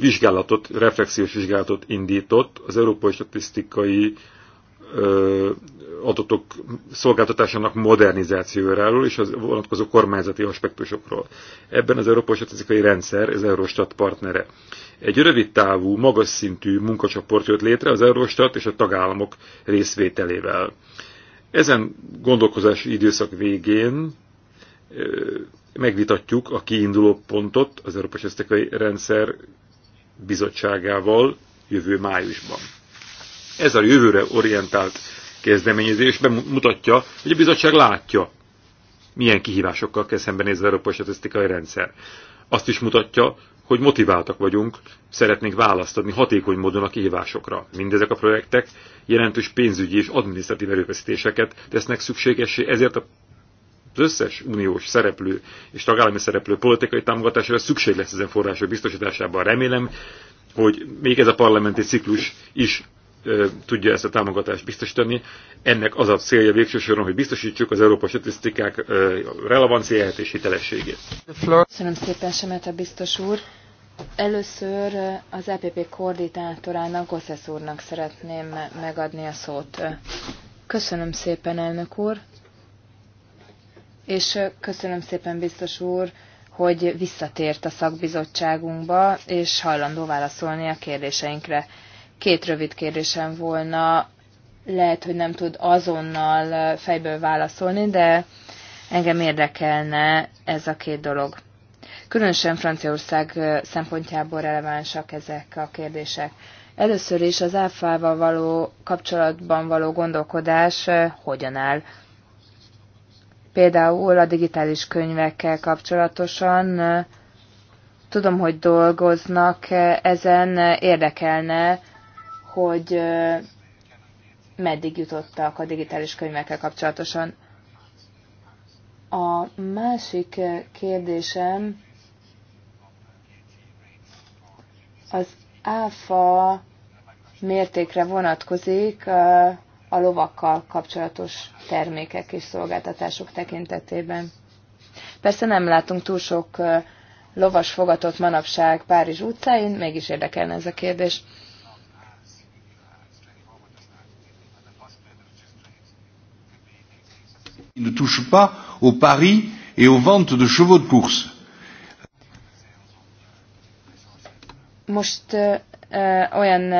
vizsgálatot, reflexiós vizsgálatot indított az európai statisztikai adatok szolgáltatásának modernizációjáról és az vonatkozó kormányzati aspektusokról. Ebben az Európai Statisztikai Rendszer az Eurostat partnere. Egy rövid távú, magas szintű munkacsoport jött létre az Eurostat és a tagállamok részvételével. Ezen gondolkozási időszak végén megvitatjuk a kiinduló pontot az Európai Statisztikai Rendszer bizottságával jövő májusban. Ez a jövőre orientált kezdeményezés mutatja, hogy a bizottság látja, milyen kihívásokkal kell szembenézni az európai statisztikai rendszer. Azt is mutatja, hogy motiváltak vagyunk, szeretnénk választ adni hatékony módon a kihívásokra. Mindezek a projektek jelentős pénzügyi és adminisztratív erőfeszítéseket tesznek szükségessé, ezért az összes uniós szereplő és tagállami szereplő politikai támogatásra szükség lesz ezen források biztosításában. Remélem, hogy még ez a parlamenti ciklus is tudja ezt a támogatást biztosítani. Ennek az a célja végső soron, hogy biztosítsuk az európai statisztikák relevanciáját és hitelességét. Köszönöm szépen, Semete biztos úr. Először az EPP koordinátorának, Gosszesz úrnak szeretném megadni a szót. Köszönöm szépen, elnök úr, és köszönöm szépen, biztos úr, hogy visszatért a szakbizottságunkba, és hajlandó válaszolni a kérdéseinkre. Két rövid kérdésem volna, lehet, hogy nem tud azonnal fejből válaszolni, de engem érdekelne ez a két dolog. Különösen Franciaország szempontjából relevánsak ezek a kérdések. Először is az áfával való kapcsolatban való gondolkodás hogyan áll? Például a digitális könyvekkel kapcsolatosan tudom, hogy dolgoznak ezen, érdekelne, hogy meddig jutottak a digitális könyvekkel kapcsolatosan. A másik kérdésem az áfa mértékre vonatkozik a lovakkal kapcsolatos termékek és szolgáltatások tekintetében. Persze nem látunk túl sok lovas fogatott manapság Párizs utcáin, mégis érdekelne ez a kérdés. ne touche pas aux paris et aux ventes de chevaux de course. Most olyan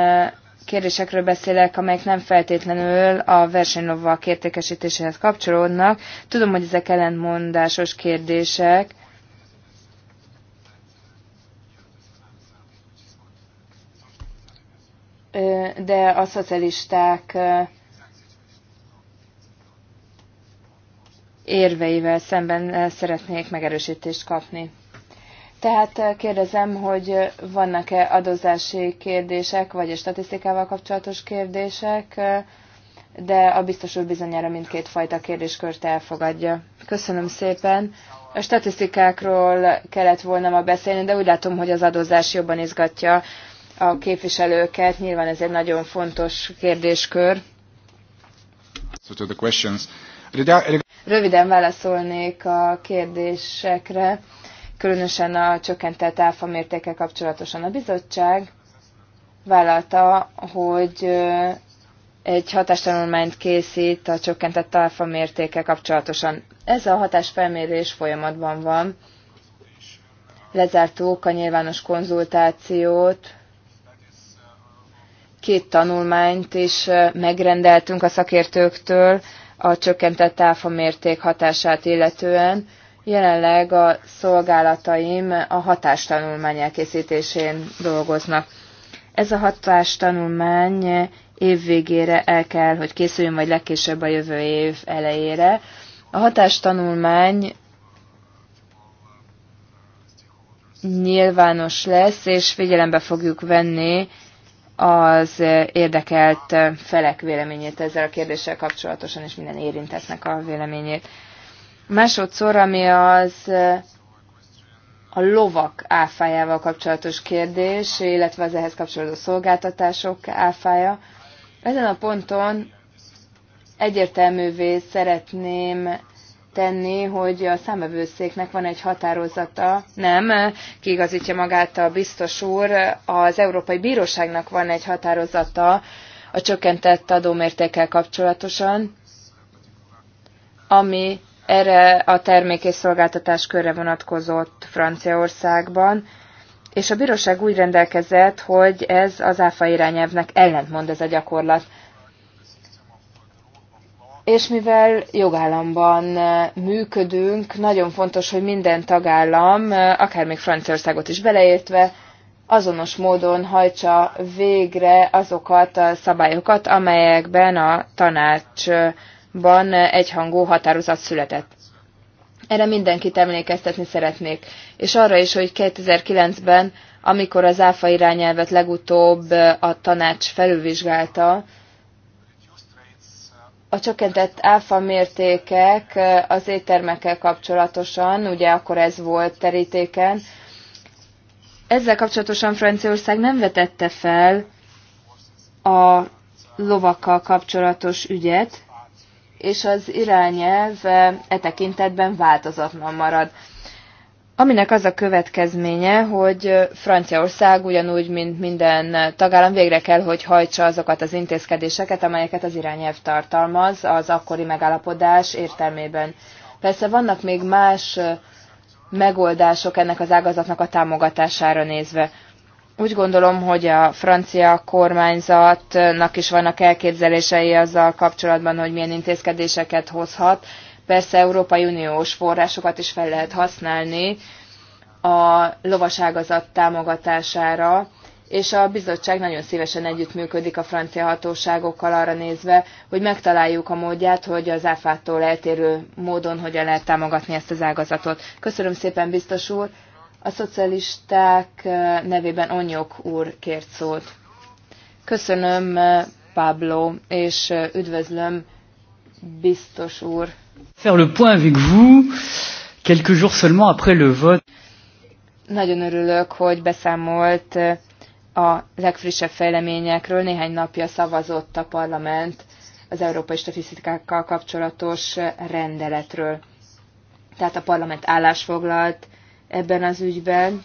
kérdésekről beszélek, amelyek nem feltétlenül a versenylovak értékesítéséhez kapcsolódnak. Tudom, hogy ezek ellentmondásos kérdések, de a szocialisták érveivel szemben eh, szeretnék megerősítést kapni. Tehát eh, kérdezem, hogy vannak-e adózási kérdések, vagy a statisztikával kapcsolatos kérdések, eh, de a biztos úr bizonyára mindkét fajta kérdéskört elfogadja. Köszönöm szépen. A statisztikákról kellett volna ma beszélni, de úgy látom, hogy az adózás jobban izgatja a képviselőket. Nyilván ez egy nagyon fontos kérdéskör. So to the questions. Röviden válaszolnék a kérdésekre, különösen a csökkentett áfa mértéke kapcsolatosan. A bizottság vállalta, hogy egy hatástanulmányt készít a csökkentett áfa mértéke kapcsolatosan. Ez a hatásfelmérés folyamatban van. Lezártuk a nyilvános konzultációt, két tanulmányt is megrendeltünk a szakértőktől, a csökkentett mérték hatását illetően. Jelenleg a szolgálataim a hatástanulmány elkészítésén dolgoznak. Ez a hatástanulmány évvégére el kell, hogy készüljön, vagy legkésőbb a jövő év elejére. A hatástanulmány nyilvános lesz, és figyelembe fogjuk venni az érdekelt felek véleményét ezzel a kérdéssel kapcsolatosan, és minden érintetnek a véleményét. Másodszor, ami az a lovak áfájával kapcsolatos kérdés, illetve az ehhez kapcsolódó szolgáltatások áfája. Ezen a ponton egyértelművé szeretném tenni, hogy a számövőszéknek van egy határozata, nem, kiigazítja magát a biztos úr, az Európai Bíróságnak van egy határozata a csökkentett adómértékkel kapcsolatosan, ami erre a termék és szolgáltatás körre vonatkozott Franciaországban, és a bíróság úgy rendelkezett, hogy ez az áfa irányelvnek ellentmond ez a gyakorlat és mivel jogállamban működünk, nagyon fontos, hogy minden tagállam, akár még Franciaországot is beleértve, azonos módon hajtsa végre azokat a szabályokat, amelyekben a tanácsban egyhangú határozat született. Erre mindenkit emlékeztetni szeretnék, és arra is, hogy 2009-ben, amikor az áfa irányelvet legutóbb a tanács felülvizsgálta, a csökkentett áfa mértékek az éttermekkel kapcsolatosan, ugye akkor ez volt terítéken. Ezzel kapcsolatosan Franciaország nem vetette fel a lovakkal kapcsolatos ügyet, és az irányelv e tekintetben változatlan marad aminek az a következménye, hogy Franciaország ugyanúgy, mint minden tagállam végre kell, hogy hajtsa azokat az intézkedéseket, amelyeket az irányelv tartalmaz az akkori megállapodás értelmében. Persze vannak még más megoldások ennek az ágazatnak a támogatására nézve. Úgy gondolom, hogy a francia kormányzatnak is vannak elképzelései azzal kapcsolatban, hogy milyen intézkedéseket hozhat, Persze Európai Uniós forrásokat is fel lehet használni a lovaságazat támogatására, és a bizottság nagyon szívesen együttműködik a francia hatóságokkal arra nézve, hogy megtaláljuk a módját, hogy az áfától eltérő módon hogyan lehet támogatni ezt az ágazatot. Köszönöm szépen, biztos úr! A szocialisták eh, nevében Onyok úr kért szót. Köszönöm, eh, Pablo, és eh, üdvözlöm, biztos úr! faire le point avec vous quelques jours seulement après le vote. Nagyon örülök, hogy beszámolt eh, a legfrissebb fejleményekről. Néhány napja szavazott a parlament az európai statisztikákkal kapcsolatos eh, rendeletről. Tehát a parlament állásfoglalt ebben az ügyben.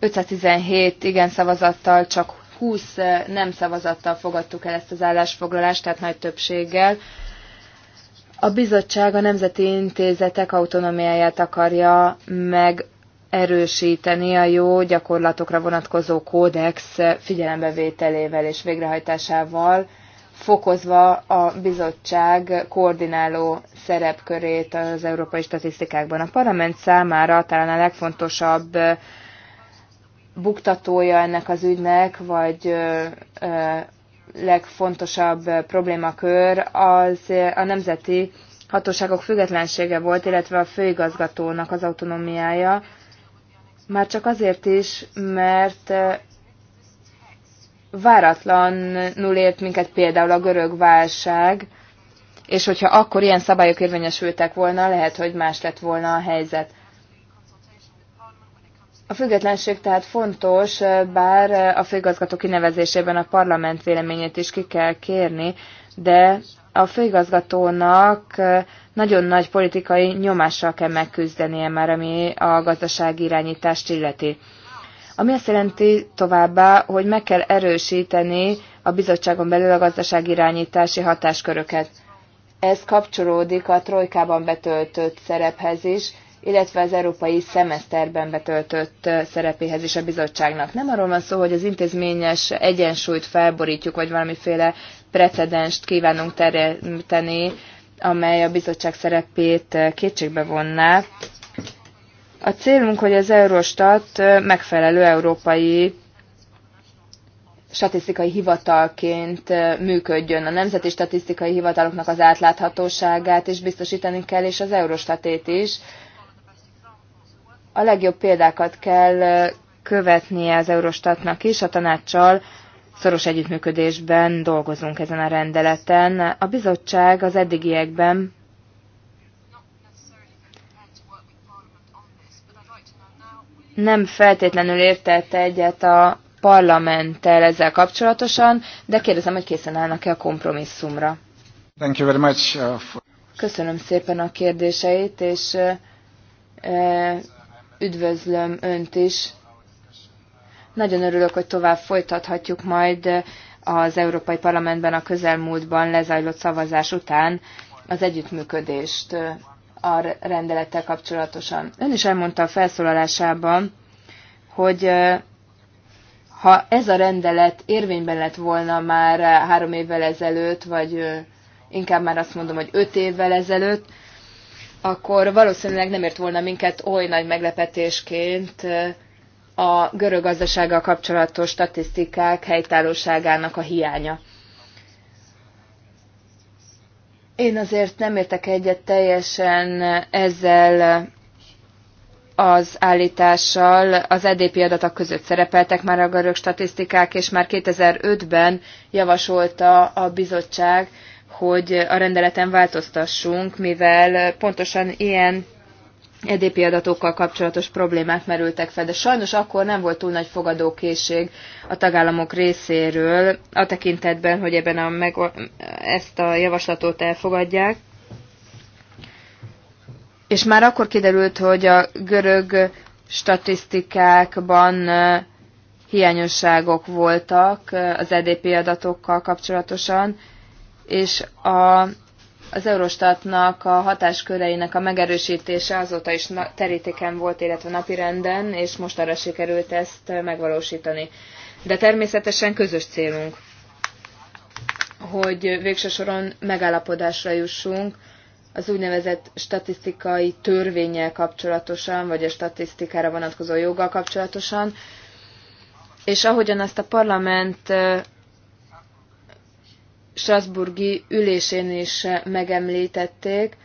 ...517 igen szavazattal csak 20 eh, nem szavazattal fogadtuk el ezt az állásfoglalást, tehát nagy többséggel. A bizottság a nemzeti intézetek autonomiáját akarja meg erősíteni a jó gyakorlatokra vonatkozó kódex figyelembevételével és végrehajtásával, fokozva a bizottság koordináló szerepkörét az európai statisztikákban. A parlament számára talán a legfontosabb eh, buktatója ennek az ügynek, vagy legfontosabb problémakör az a nemzeti hatóságok függetlensége volt, illetve a főigazgatónak az autonómiája. Már csak azért is, mert váratlanul ért minket például a görög válság, és hogyha akkor ilyen szabályok érvényesültek volna, lehet, hogy más lett volna a helyzet. A függetlenség tehát fontos, bár a főigazgató kinevezésében a parlament véleményét is ki kell kérni, de a főigazgatónak nagyon nagy politikai nyomással kell megküzdenie már, ami a gazdasági irányítást illeti. Ami azt jelenti továbbá, hogy meg kell erősíteni a bizottságon belül a gazdaságirányítási hatásköröket. Ez kapcsolódik a trojkában betöltött szerephez is, illetve az európai szemeszterben betöltött eh, szerepéhez is a bizottságnak. Nem arról van szó, hogy az intézményes egyensúlyt felborítjuk, vagy valamiféle precedenst kívánunk teremteni, amely a bizottság szerepét eh, kétségbe vonná. A célunk, hogy az Eurostat eh, megfelelő európai statisztikai hivatalként működjön. A nemzeti statisztikai hivataloknak az átláthatóságát is biztosítani kell, és az Eurostatét is, a legjobb példákat kell követnie az Eurostatnak is, a tanácssal szoros együttműködésben dolgozunk ezen a rendeleten. A bizottság az eddigiekben nem feltétlenül értette egyet a parlamenttel ezzel kapcsolatosan, de kérdezem, hogy készen állnak-e a kompromisszumra. Thank you very much. Uh, for... Köszönöm szépen a kérdéseit, és üdvözlöm Önt is. Nagyon örülök, hogy tovább folytathatjuk majd az Európai Parlamentben a közelmúltban lezajlott szavazás után az együttműködést a rendelettel kapcsolatosan. Ön is elmondta a felszólalásában, hogy eh, ha ez a rendelet érvényben lett volna már három évvel ezelőtt, vagy eh, inkább már azt mondom, hogy öt évvel ezelőtt, akkor valószínűleg nem ért volna minket oly nagy meglepetésként a görög gazdasággal kapcsolatos statisztikák helytállóságának a hiánya. Én azért nem értek egyet teljesen ezzel az állítással. Az EDP adatok között szerepeltek már a görög statisztikák, és már 2005-ben javasolta a bizottság, hogy a rendeleten változtassunk, mivel pontosan ilyen EDP adatokkal kapcsolatos problémák merültek fel, de sajnos akkor nem volt túl nagy fogadókészség a tagállamok részéről a tekintetben, hogy ebben a meg, ezt a javaslatot elfogadják. És már akkor kiderült, hogy a görög statisztikákban hiányosságok voltak az EDP adatokkal kapcsolatosan, és a, az Eurostatnak a hatásköreinek a megerősítése azóta is terítéken volt, illetve napirenden, és most arra sikerült ezt megvalósítani. De természetesen közös célunk, hogy végső soron megállapodásra jussunk az úgynevezett statisztikai törvényel kapcsolatosan, vagy a statisztikára vonatkozó joggal kapcsolatosan, és ahogyan azt a parlament Strasburgi ülésén is megemlítették,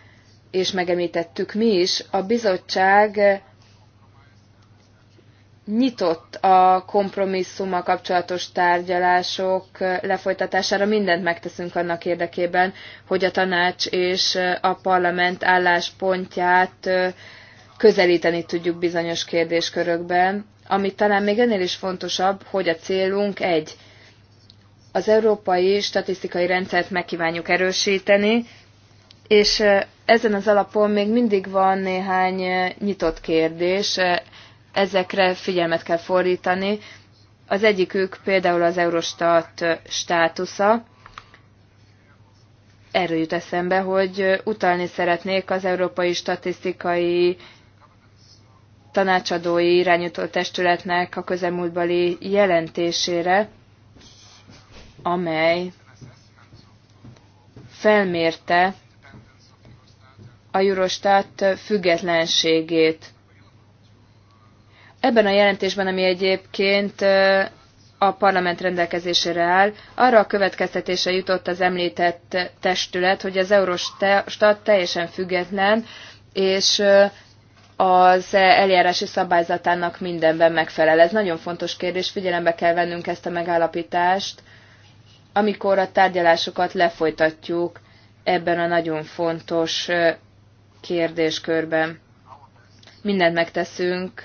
és megemlítettük mi is, a bizottság nyitott a kompromisszuma kapcsolatos tárgyalások lefolytatására, mindent megteszünk annak érdekében, hogy a tanács és a parlament álláspontját közelíteni tudjuk bizonyos kérdéskörökben, ami talán még ennél is fontosabb, hogy a célunk egy – az európai statisztikai rendszert megkívánjuk erősíteni, és ezen az alapon még mindig van néhány nyitott kérdés, ezekre figyelmet kell fordítani. Az egyikük például az Eurostat státusza. Erről jut eszembe, hogy utalni szeretnék az Európai Statisztikai Tanácsadói Irányító Testületnek a közelmúltbali jelentésére, amely felmérte a Eurostat függetlenségét. Ebben a jelentésben, ami egyébként a parlament rendelkezésére áll, arra a következtetése jutott az említett testület, hogy az Eurostat teljesen független, és az e eljárási szabályzatának mindenben megfelel. Ez nagyon fontos kérdés, figyelembe kell vennünk ezt a megállapítást, amikor a tárgyalásokat lefolytatjuk ebben a nagyon fontos kérdéskörben. Mindent megteszünk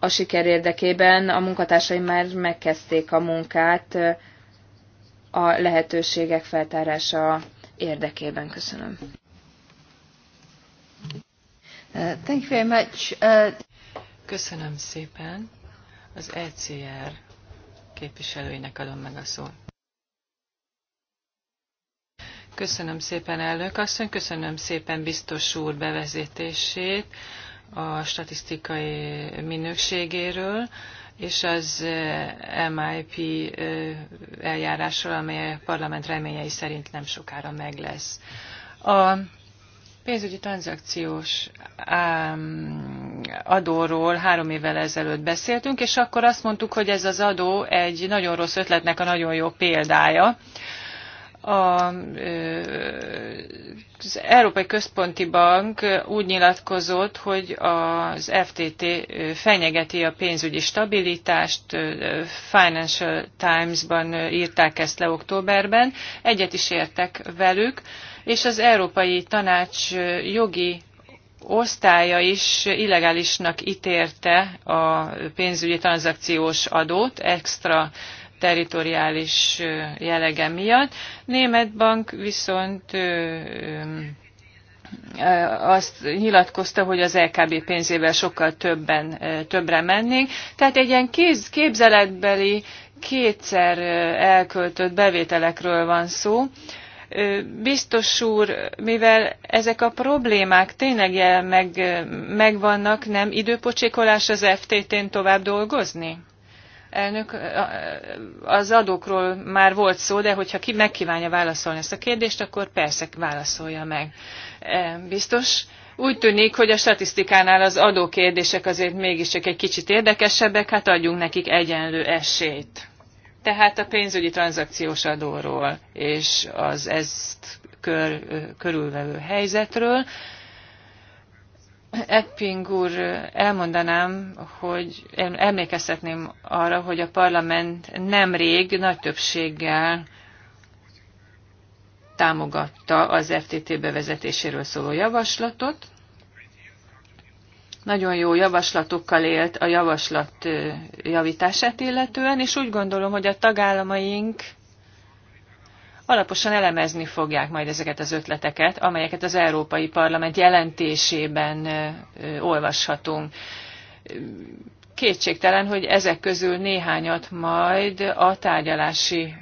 a siker érdekében. A munkatársaim már megkezdték a munkát a lehetőségek feltárása érdekében. Köszönöm. Uh, thank you very much. Uh, Köszönöm szépen. Az ECR képviselőinek adom meg a szót. Köszönöm szépen, elnök asszony, köszönöm szépen biztos úr bevezetését a statisztikai minőségéről és az eh, MIP eh, eljárásról, amely a parlament reményei szerint nem sokára meg lesz. A pénzügyi tranzakciós adóról három évvel ezelőtt beszéltünk, és akkor azt mondtuk, hogy ez az adó egy nagyon rossz ötletnek a nagyon jó példája. A, az Európai Központi Bank úgy nyilatkozott, hogy az FTT fenyegeti a pénzügyi stabilitást, Financial Times-ban írták ezt le októberben, egyet is értek velük, és az Európai Tanács jogi osztálya is illegálisnak ítérte a pénzügyi tranzakciós adót extra territoriális jellege miatt. Német bank viszont azt nyilatkozta, hogy az LKB pénzével sokkal többen, többre mennénk. Tehát egy ilyen kéz, képzeletbeli kétszer elköltött bevételekről van szó Biztos úr, mivel ezek a problémák tényleg jel meg, megvannak, nem időpocsékolás az FTT-n tovább dolgozni? Elnök, az adókról már volt szó, de hogyha ki megkívánja válaszolni ezt a kérdést, akkor persze válaszolja meg. Biztos? Úgy tűnik, hogy a statisztikánál az adókérdések azért mégiscsak egy kicsit érdekesebbek, hát adjunk nekik egyenlő esélyt. Tehát a pénzügyi tranzakciós adóról és az ezt kör, körülvevő helyzetről. Epping úr, elmondanám, hogy emlékeztetném arra, hogy a parlament nemrég nagy többséggel támogatta az FTT bevezetéséről szóló javaslatot, nagyon jó javaslatokkal élt a javaslat javítását illetően, és úgy gondolom, hogy a tagállamaink alaposan elemezni fogják majd ezeket az ötleteket, amelyeket az Európai Parlament jelentésében olvashatunk. Kétségtelen, hogy ezek közül néhányat majd a tárgyalási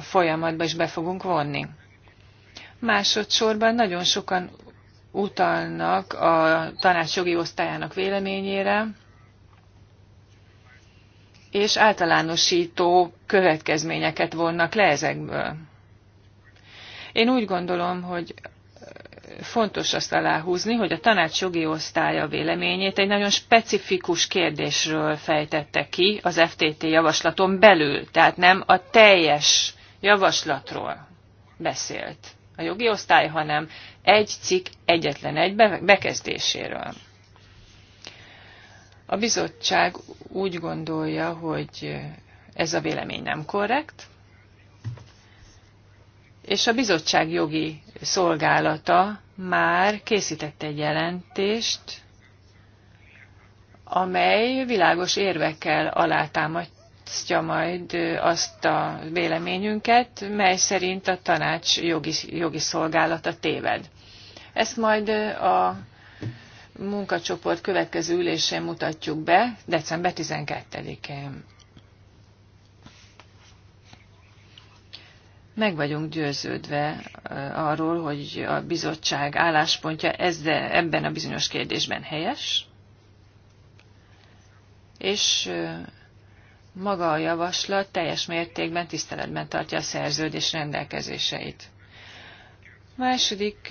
folyamatba is be fogunk vonni. Másodszorban nagyon sokan utalnak a tanács jogi osztályának véleményére, és általánosító következményeket vonnak le ezekből. Én úgy gondolom, hogy fontos azt aláhúzni, hogy a tanács jogi osztálya véleményét egy nagyon specifikus kérdésről fejtette ki az FTT javaslaton belül, tehát nem a teljes javaslatról beszélt a jogi osztály, hanem egy cikk egyetlen egy bekezdéséről. A bizottság úgy gondolja, hogy ez a vélemény nem korrekt, és a bizottság jogi szolgálata már készített egy jelentést, amely világos érvekkel alátámadja osztja majd azt a véleményünket, mely szerint a tanács jogi, jogi szolgálata téved. Ezt majd a munkacsoport következő ülésén mutatjuk be, december 12-én. Meg vagyunk győződve arról, hogy a bizottság álláspontja ezzel, ebben a bizonyos kérdésben helyes, és maga a javaslat teljes mértékben tiszteletben tartja a szerződés rendelkezéseit. Második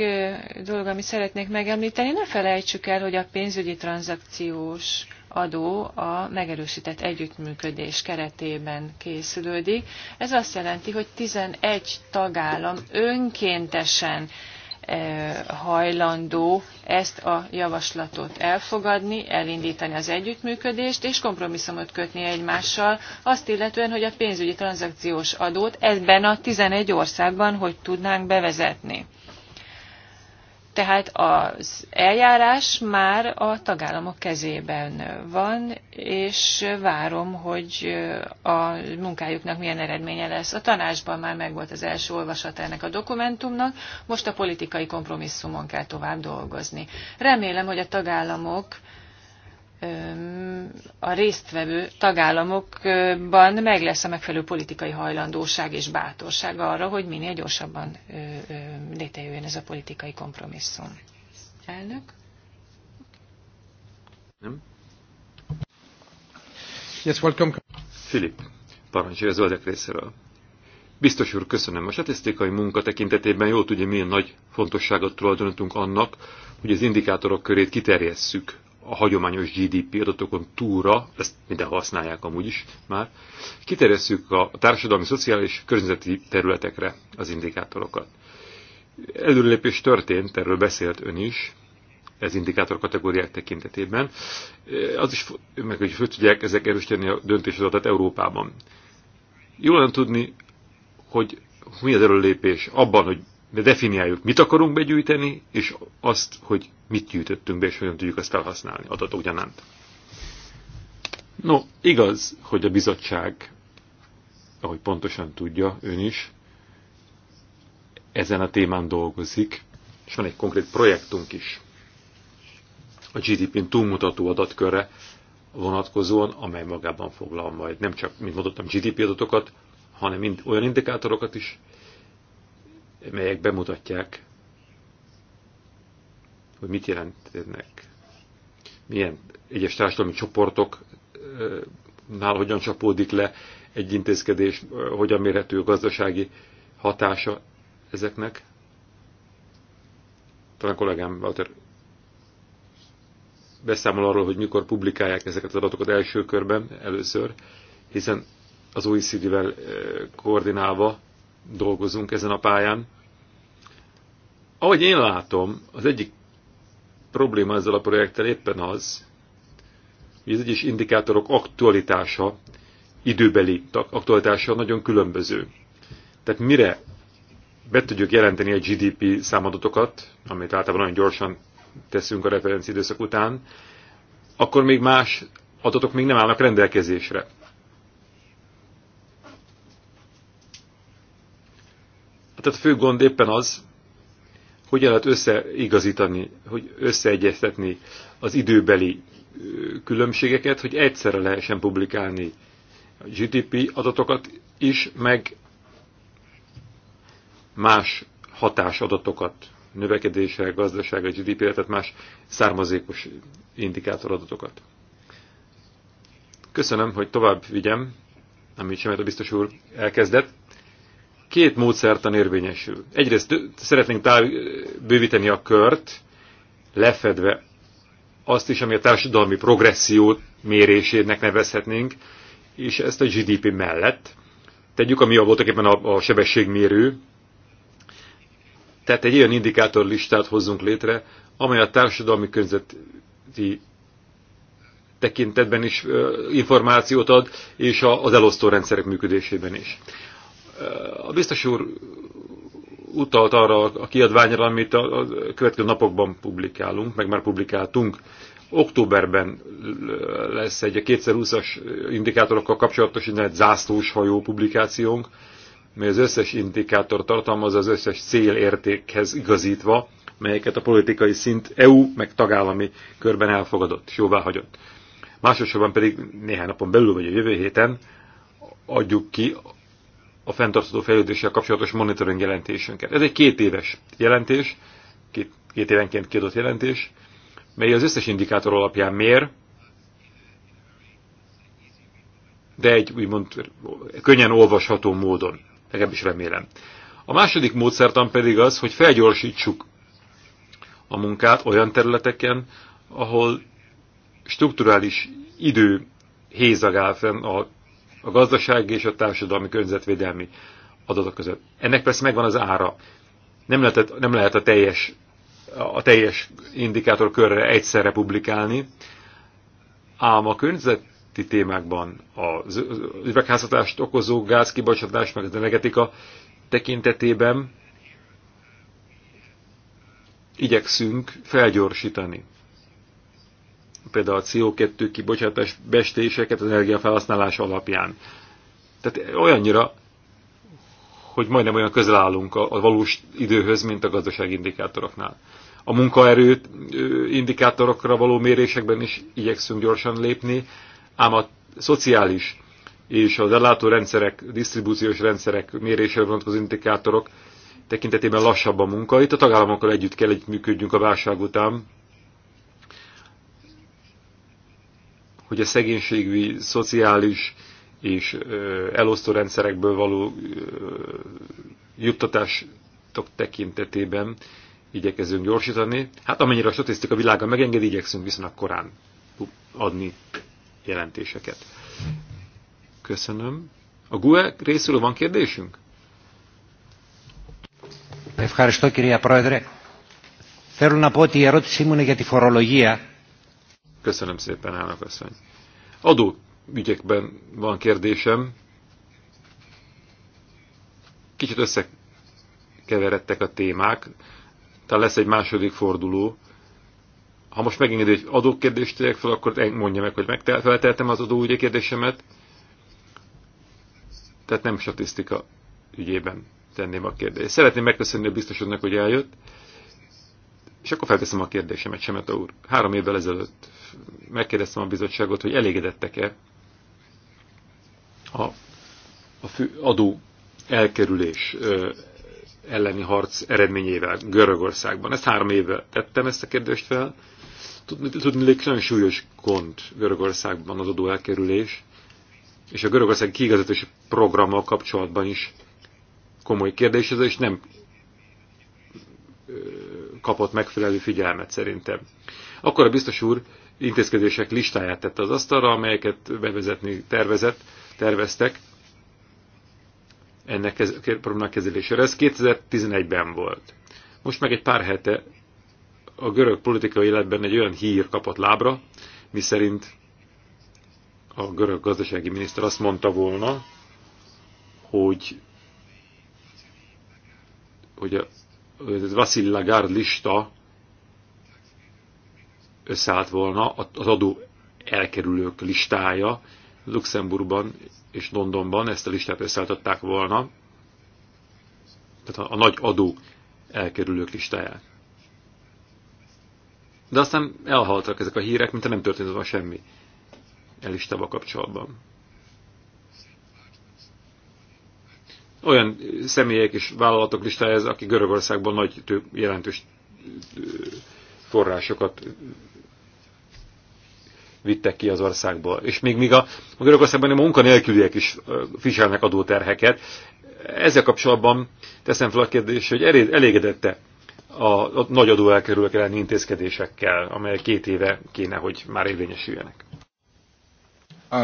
dolog, amit szeretnék megemlíteni, ne felejtsük el, hogy a pénzügyi tranzakciós adó a megerősített együttműködés keretében készülődik. Ez azt jelenti, hogy 11 tagállam önkéntesen hajlandó ezt a javaslatot elfogadni, elindítani az együttműködést, és kompromisszumot kötni egymással, azt illetően, hogy a pénzügyi tranzakciós adót ebben a 11 országban hogy tudnánk bevezetni. Tehát az eljárás már a tagállamok kezében van, és várom, hogy a munkájuknak milyen eredménye lesz. A tanácsban már megvolt az első olvasat ennek a dokumentumnak, most a politikai kompromisszumon kell tovább dolgozni. Remélem, hogy a tagállamok a résztvevő tagállamokban meg lesz a megfelelő politikai hajlandóság és bátorság arra, hogy minél gyorsabban létejöjjön ez a politikai kompromisszum. Elnök? Nem? Yes, welcome. Filip, parancsolja a zöldek részéről. Biztos úr, köszönöm. A statisztikai munka tekintetében jól tudja, milyen nagy fontosságot tulajdonítunk annak, hogy az indikátorok körét kiterjesszük a hagyományos GDP adatokon túlra, ezt minden használják amúgy is már, kiterjesszük a társadalmi, szociális, környezeti területekre az indikátorokat. Előrelépés történt, erről beszélt ön is, ez indikátor kategóriák tekintetében. Az is, meg hogy föl tudják ezek erősíteni a döntéshozatat Európában. Jól lenne tudni, hogy mi az előlépés abban, hogy definiáljuk, mit akarunk begyűjteni, és azt, hogy mit gyűjtöttünk be, és hogyan tudjuk azt felhasználni adatok gyanánt. No, igaz, hogy a bizottság, ahogy pontosan tudja ön is, ezen a témán dolgozik, és van egy konkrét projektunk is a GDP-n túlmutató adatkörre vonatkozóan, amely magában foglal majd nem csak, mint mondottam, GDP adatokat, hanem olyan indikátorokat is, melyek bemutatják hogy mit jelentnek, milyen egyes társadalmi csoportoknál hogyan csapódik le egy intézkedés, hogyan mérhető a gazdasági hatása ezeknek. Talán kollégám Walter beszámol arról, hogy mikor publikálják ezeket az adatokat első körben, először, hiszen az OECD-vel koordinálva dolgozunk ezen a pályán. Ahogy én látom, az egyik probléma ezzel a projekttel éppen az, hogy az egyes indikátorok aktualitása, időbeli aktualitása nagyon különböző. Tehát mire be tudjuk jelenteni a GDP számadatokat, amit általában nagyon gyorsan teszünk a referenci időszak után, akkor még más adatok még nem állnak rendelkezésre. Tehát a fő gond éppen az, hogyan lehet összeigazítani, hogy összeegyeztetni az időbeli különbségeket, hogy egyszerre lehessen publikálni a GDP adatokat is, meg más hatásadatokat, növekedésre, gazdaságra, GDP-re, tehát más származékos indikátoradatokat. Köszönöm, hogy tovább vigyem, amit Semeta biztos úr elkezdett két módszertan érvényesül. Egyrészt szeretnénk táv, bővíteni a kört, lefedve azt is, ami a társadalmi progresszió mérésének nevezhetnénk, és ezt a GDP mellett tegyük, ami a voltak éppen a, a sebességmérő. Tehát egy olyan indikátorlistát hozzunk létre, amely a társadalmi környezeti tekintetben is információt ad, és az elosztó rendszerek működésében is. A biztos úr utalt arra a kiadványra, amit a következő napokban publikálunk, meg már publikáltunk. Októberben lesz egy a 2020-as indikátorokkal kapcsolatos egy zászlós hajó publikációnk, mely az összes indikátor tartalmaz az összes célértékhez igazítva, melyeket a politikai szint EU meg tagállami körben elfogadott jóvá hagyott. Másosorban pedig néhány napon belül, vagy a jövő héten adjuk ki a fenntartható fejlődéssel kapcsolatos monitoring jelentésünket. Ez egy két éves jelentés, két, két évenként kiadott jelentés, mely az összes indikátor alapján mér, de egy úgymond könnyen olvasható módon, legalábbis remélem. A második módszertan pedig az, hogy felgyorsítsuk a munkát olyan területeken, ahol strukturális idő hézag áll fenn a a gazdasági és a társadalmi környezetvédelmi adatok között. Ennek persze megvan az ára. Nem lehet, nem lehet a teljes, a teljes indikátor körre egyszerre publikálni, ám a környezeti témákban az üvegházhatást okozó gázkibocsátás, meg az energetika tekintetében igyekszünk felgyorsítani például a CO2 kibocsátás bestéseket az energiafelhasználás alapján. Tehát olyannyira, hogy majdnem olyan közel állunk a, a valós időhöz, mint a gazdasági indikátoroknál. A munkaerőt indikátorokra való mérésekben is igyekszünk gyorsan lépni, ám a szociális és az ellátórendszerek, disztribúciós rendszerek mérésére vonatkozó indikátorok tekintetében lassabb a munka. Itt a tagállamokkal együtt kell működjünk a válság után, hogy a szegénységű, szociális és elosztó rendszerekből való juttatások tekintetében igyekezünk gyorsítani. Hát amennyire a statisztika világa megengedi, igyekszünk viszonylag korán adni jelentéseket. Köszönöm. A GUE részéről van kérdésünk? Ευχαριστώ κυρία Πρόεδρε. Θέλω να πω ότι η ερώτησή μου είναι για τη φορολογία Köszönöm szépen, állnak asszony. Adó ügyekben van kérdésem. Kicsit összekeveredtek a témák, tehát lesz egy második forduló. Ha most megint egy adókérdést tegyek fel, akkor mondja meg, hogy megfelteltem az adó ügyek kérdésemet. Tehát nem statisztika ügyében tenném a kérdést. Szeretném megköszönni a biztosodnak, hogy eljött. És akkor felteszem a kérdésemet, Semeta úr. Három évvel ezelőtt megkérdeztem a bizottságot, hogy elégedettek-e a, a fő adó elkerülés ö, elleni harc eredményével Görögországban. Ezt három évvel tettem ezt a kérdést fel. Tudni, tudni nagyon súlyos gond Görögországban az adó elkerülés, és a Görögország kiigazatási programmal kapcsolatban is komoly kérdés ez, és nem kapott megfelelő figyelmet szerintem. Akkor a biztos úr intézkedések listáját tette az asztalra, amelyeket bevezetni tervezett, terveztek ennek kez, problémák kezelésére. Ez 2011-ben volt. Most meg egy pár hete a görög politikai életben egy olyan hír kapott lábra, miszerint a görög gazdasági miniszter azt mondta volna, hogy, hogy a Vasil Lagard lista összeállt volna az adó elkerülők listája Luxemburgban és Londonban ezt a listát összeálltották volna, tehát a, nagy adó elkerülők listáját. De aztán elhaltak ezek a hírek, mintha nem történt volna semmi elistával kapcsolatban. olyan személyek és vállalatok listája ez, aki Görögországban nagy több jelentős forrásokat vittek ki az országból. És még míg a, a Görögországban a munkanélküliek is viselnek adóterheket, ezzel kapcsolatban teszem fel a kérdést, hogy elégedette a, a nagy adóelkerülők elleni intézkedésekkel, amelyek két éve kéne, hogy már érvényesüljenek. Uh,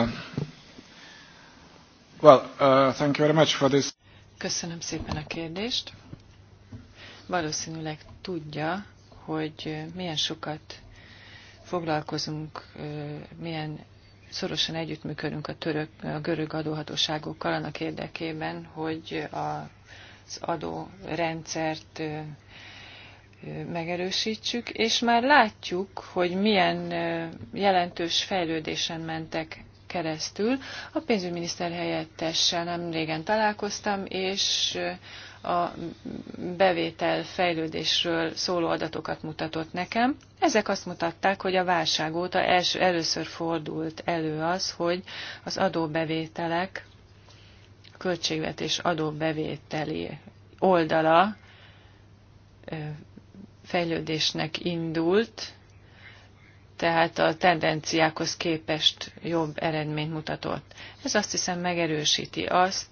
well, uh, thank you very much for this. Köszönöm szépen a kérdést. Valószínűleg tudja, hogy milyen sokat foglalkozunk, milyen szorosan együttműködünk a, török, a görög adóhatóságokkal annak érdekében, hogy az adórendszert megerősítsük, és már látjuk, hogy milyen jelentős fejlődésen mentek keresztül. A pénzügyminiszter helyettessel nem régen találkoztam, és a bevétel fejlődésről szóló adatokat mutatott nekem. Ezek azt mutatták, hogy a válság óta els, először fordult elő az, hogy az adóbevételek, a költségvetés adóbevételi oldala fejlődésnek indult, tehát a tendenciákhoz képest jobb eredményt mutatott. Ez azt hiszem megerősíti azt,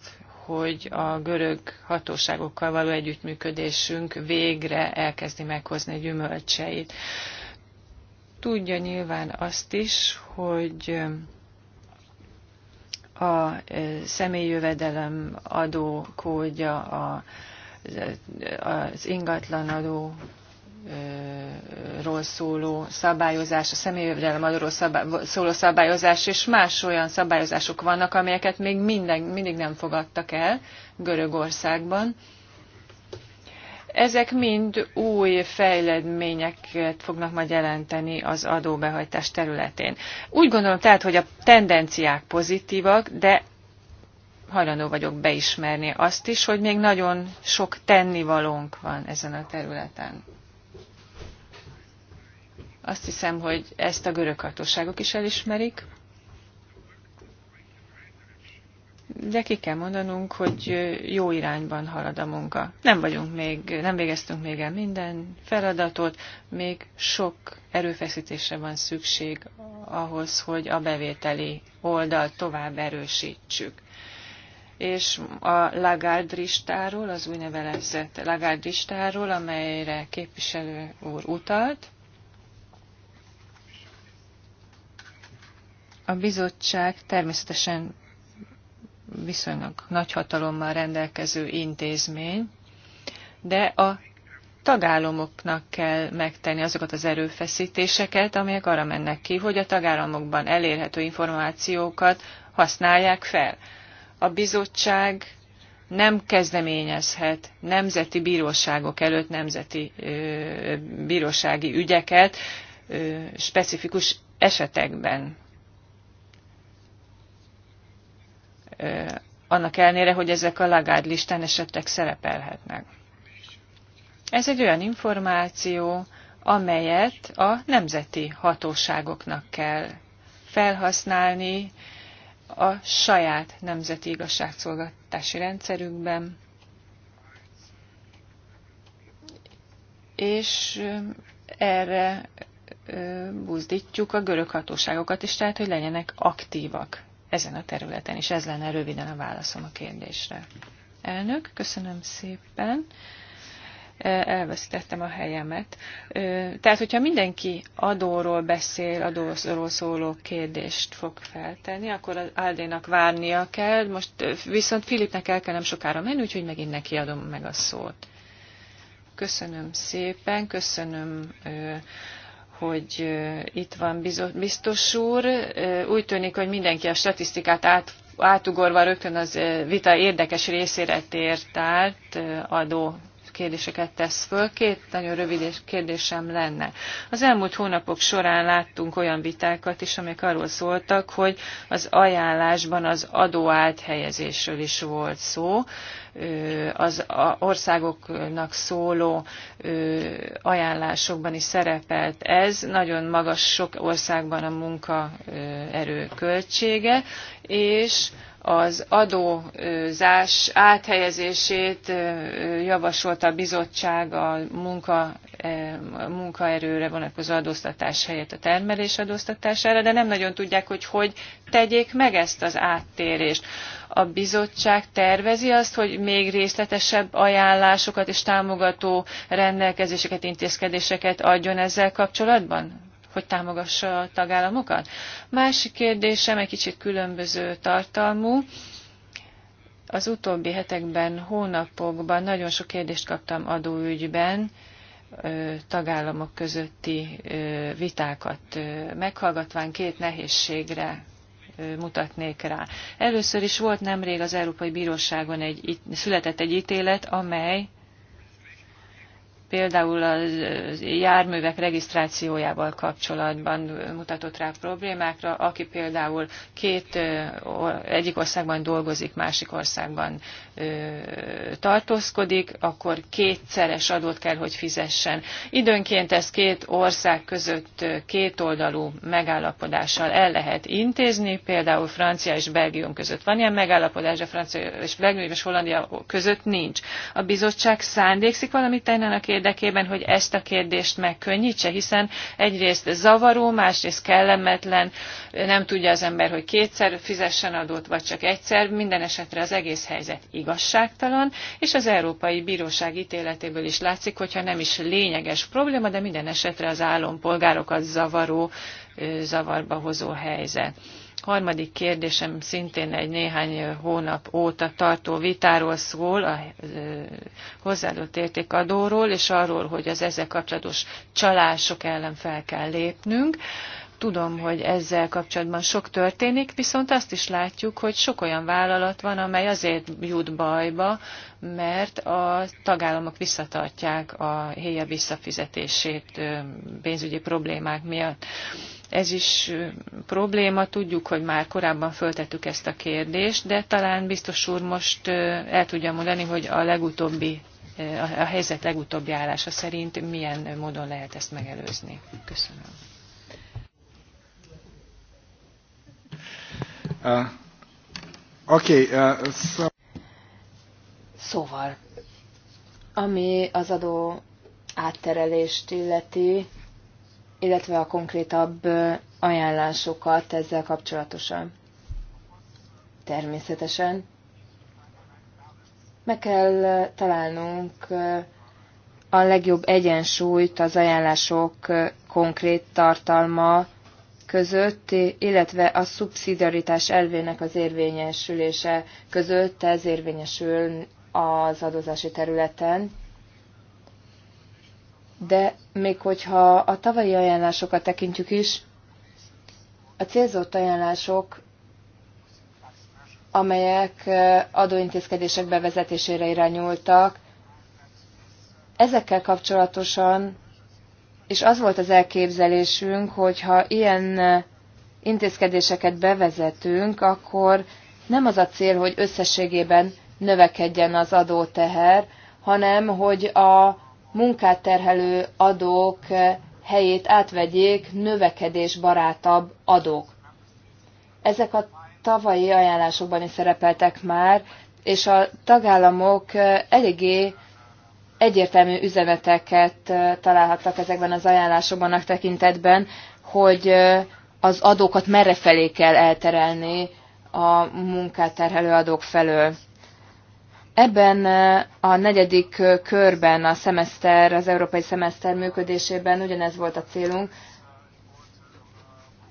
hogy a görög hatóságokkal való együttműködésünk végre elkezdi meghozni gyümölcseit. Tudja nyilván azt is, hogy a e, személyjövedelem adó kódja, e, az ingatlan adó ról szóló szabályozás, a személyvédelem alulról szabály, szóló szabályozás, és más olyan szabályozások vannak, amelyeket még minden, mindig nem fogadtak el Görögországban. Ezek mind új fejledményeket fognak majd jelenteni az adóbehajtás területén. Úgy gondolom tehát, hogy a tendenciák pozitívak, de hajlandó vagyok beismerni azt is, hogy még nagyon sok tennivalónk van ezen a területen. Azt hiszem, hogy ezt a görög hatóságok is elismerik. De ki kell mondanunk, hogy jó irányban halad a munka. Nem vagyunk még, nem végeztünk még el minden feladatot, még sok erőfeszítésre van szükség ahhoz, hogy a bevételi oldalt tovább erősítsük és a Lagardristáról, az úgynevezett Lagardristáról, amelyre képviselő úr utalt. A bizottság természetesen viszonylag nagy hatalommal rendelkező intézmény, de a tagállamoknak kell megtenni azokat az erőfeszítéseket, amelyek arra mennek ki, hogy a tagállamokban elérhető információkat használják fel. A bizottság nem kezdeményezhet nemzeti bíróságok előtt nemzeti ö, bírósági ügyeket ö, specifikus esetekben. annak ellenére, hogy ezek a lagárd listán esetleg szerepelhetnek. Ez egy olyan információ, amelyet a nemzeti hatóságoknak kell felhasználni a saját nemzeti igazságszolgáltatási rendszerükben, és erre buzdítjuk a görög hatóságokat is, tehát hogy legyenek aktívak ezen a területen is. Ez lenne röviden a válaszom a kérdésre. Elnök, köszönöm szépen e, elvesztettem a helyemet. E, tehát, hogyha mindenki adóról beszél, adóról szóló kérdést fog feltenni, akkor az Aldénak várnia kell. Most e, viszont Filipnek el kell nem sokára menni, úgyhogy megint neki adom meg a szót. Köszönöm szépen, köszönöm hogy itt van biztos úr. Úgy tűnik, hogy mindenki a statisztikát át, átugorva rögtön az vita érdekes részére tért át adó kérdéseket tesz föl. Két nagyon rövid kérdésem lenne. Az elmúlt hónapok során láttunk olyan vitákat is, amelyek arról szóltak, hogy az ajánlásban az adó áthelyezésről is volt szó az országoknak szóló ajánlásokban is szerepelt ez. Nagyon magas sok országban a munkaerő költsége, és az adózás áthelyezését javasolta a bizottság a munka, munkaerőre vonatkozó adóztatás helyett a termelés adóztatására, de nem nagyon tudják, hogy hogy tegyék meg ezt az áttérést. A bizottság tervezi azt, hogy még részletesebb ajánlásokat és támogató rendelkezéseket, intézkedéseket adjon ezzel kapcsolatban? hogy támogassa a tagállamokat? Másik kérdésem egy kicsit különböző tartalmú. Az utóbbi hetekben, hónapokban nagyon sok kérdést kaptam adóügyben, tagállamok közötti vitákat meghallgatván két nehézségre mutatnék rá. Először is volt nemrég az Európai Bíróságon egy, született egy ítélet, amely például a járművek regisztrációjával kapcsolatban mutatott rá problémákra, aki például két, egyik országban dolgozik, másik országban tartózkodik, akkor kétszeres adót kell, hogy fizessen. Időnként ez két ország között kétoldalú megállapodással el lehet intézni, például Francia és Belgium között van ilyen megállapodás, a Francia és Belgium és Hollandia között nincs. A bizottság szándékszik valamit tenni annak érdekében, hogy ezt a kérdést megkönnyítse, hiszen egyrészt zavaró, másrészt kellemetlen, nem tudja az ember, hogy kétszer fizessen adót, vagy csak egyszer, minden esetre az egész helyzet igaz igazságtalan, és az Európai Bíróság ítéletéből is látszik, hogyha nem is lényeges probléma, de minden esetre az állampolgárokat zavaró, zavarba hozó helyzet. Harmadik kérdésem szintén egy néhány hónap óta tartó vitáról szól, a hozzáadott értékadóról, és arról, hogy az ezzel kapcsolatos csalások ellen fel kell lépnünk. Tudom, hogy ezzel kapcsolatban sok történik, viszont azt is látjuk, hogy sok olyan vállalat van, amely azért jut bajba, mert a tagállamok visszatartják a héja visszafizetését pénzügyi problémák miatt. Ez is probléma, tudjuk, hogy már korábban föltettük ezt a kérdést, de talán biztos úr most el tudja mondani, hogy a legutóbbi a helyzet legutóbbi állása szerint milyen módon lehet ezt megelőzni. Köszönöm. Uh, okay, uh, so... Szóval, ami az adó átterelést illeti, illetve a konkrétabb ajánlásokat ezzel kapcsolatosan. Természetesen meg kell találnunk a legjobb egyensúlyt az ajánlások konkrét tartalma között, illetve a szubszidiaritás elvének az érvényesülése között, ez érvényesül az adózási területen. De még hogyha a tavalyi ajánlásokat tekintjük is, a célzott ajánlások, amelyek adóintézkedések bevezetésére irányultak, ezekkel kapcsolatosan és az volt az elképzelésünk, hogy ha ilyen eh, intézkedéseket bevezetünk, akkor nem az a cél, hogy összességében növekedjen az adóteher, hanem hogy a munkát terhelő adók eh, helyét átvegyék növekedésbarátabb adók. Ezek a tavalyi ajánlásokban is szerepeltek már, és a tagállamok eh, eléggé egyértelmű üzeneteket találhattak ezekben az ajánlásokban a tekintetben, hogy az adókat merre felé kell elterelni a munkát terhelő adók felől. Ebben a negyedik körben a szemeszter, az európai szemeszter működésében ugyanez volt a célunk.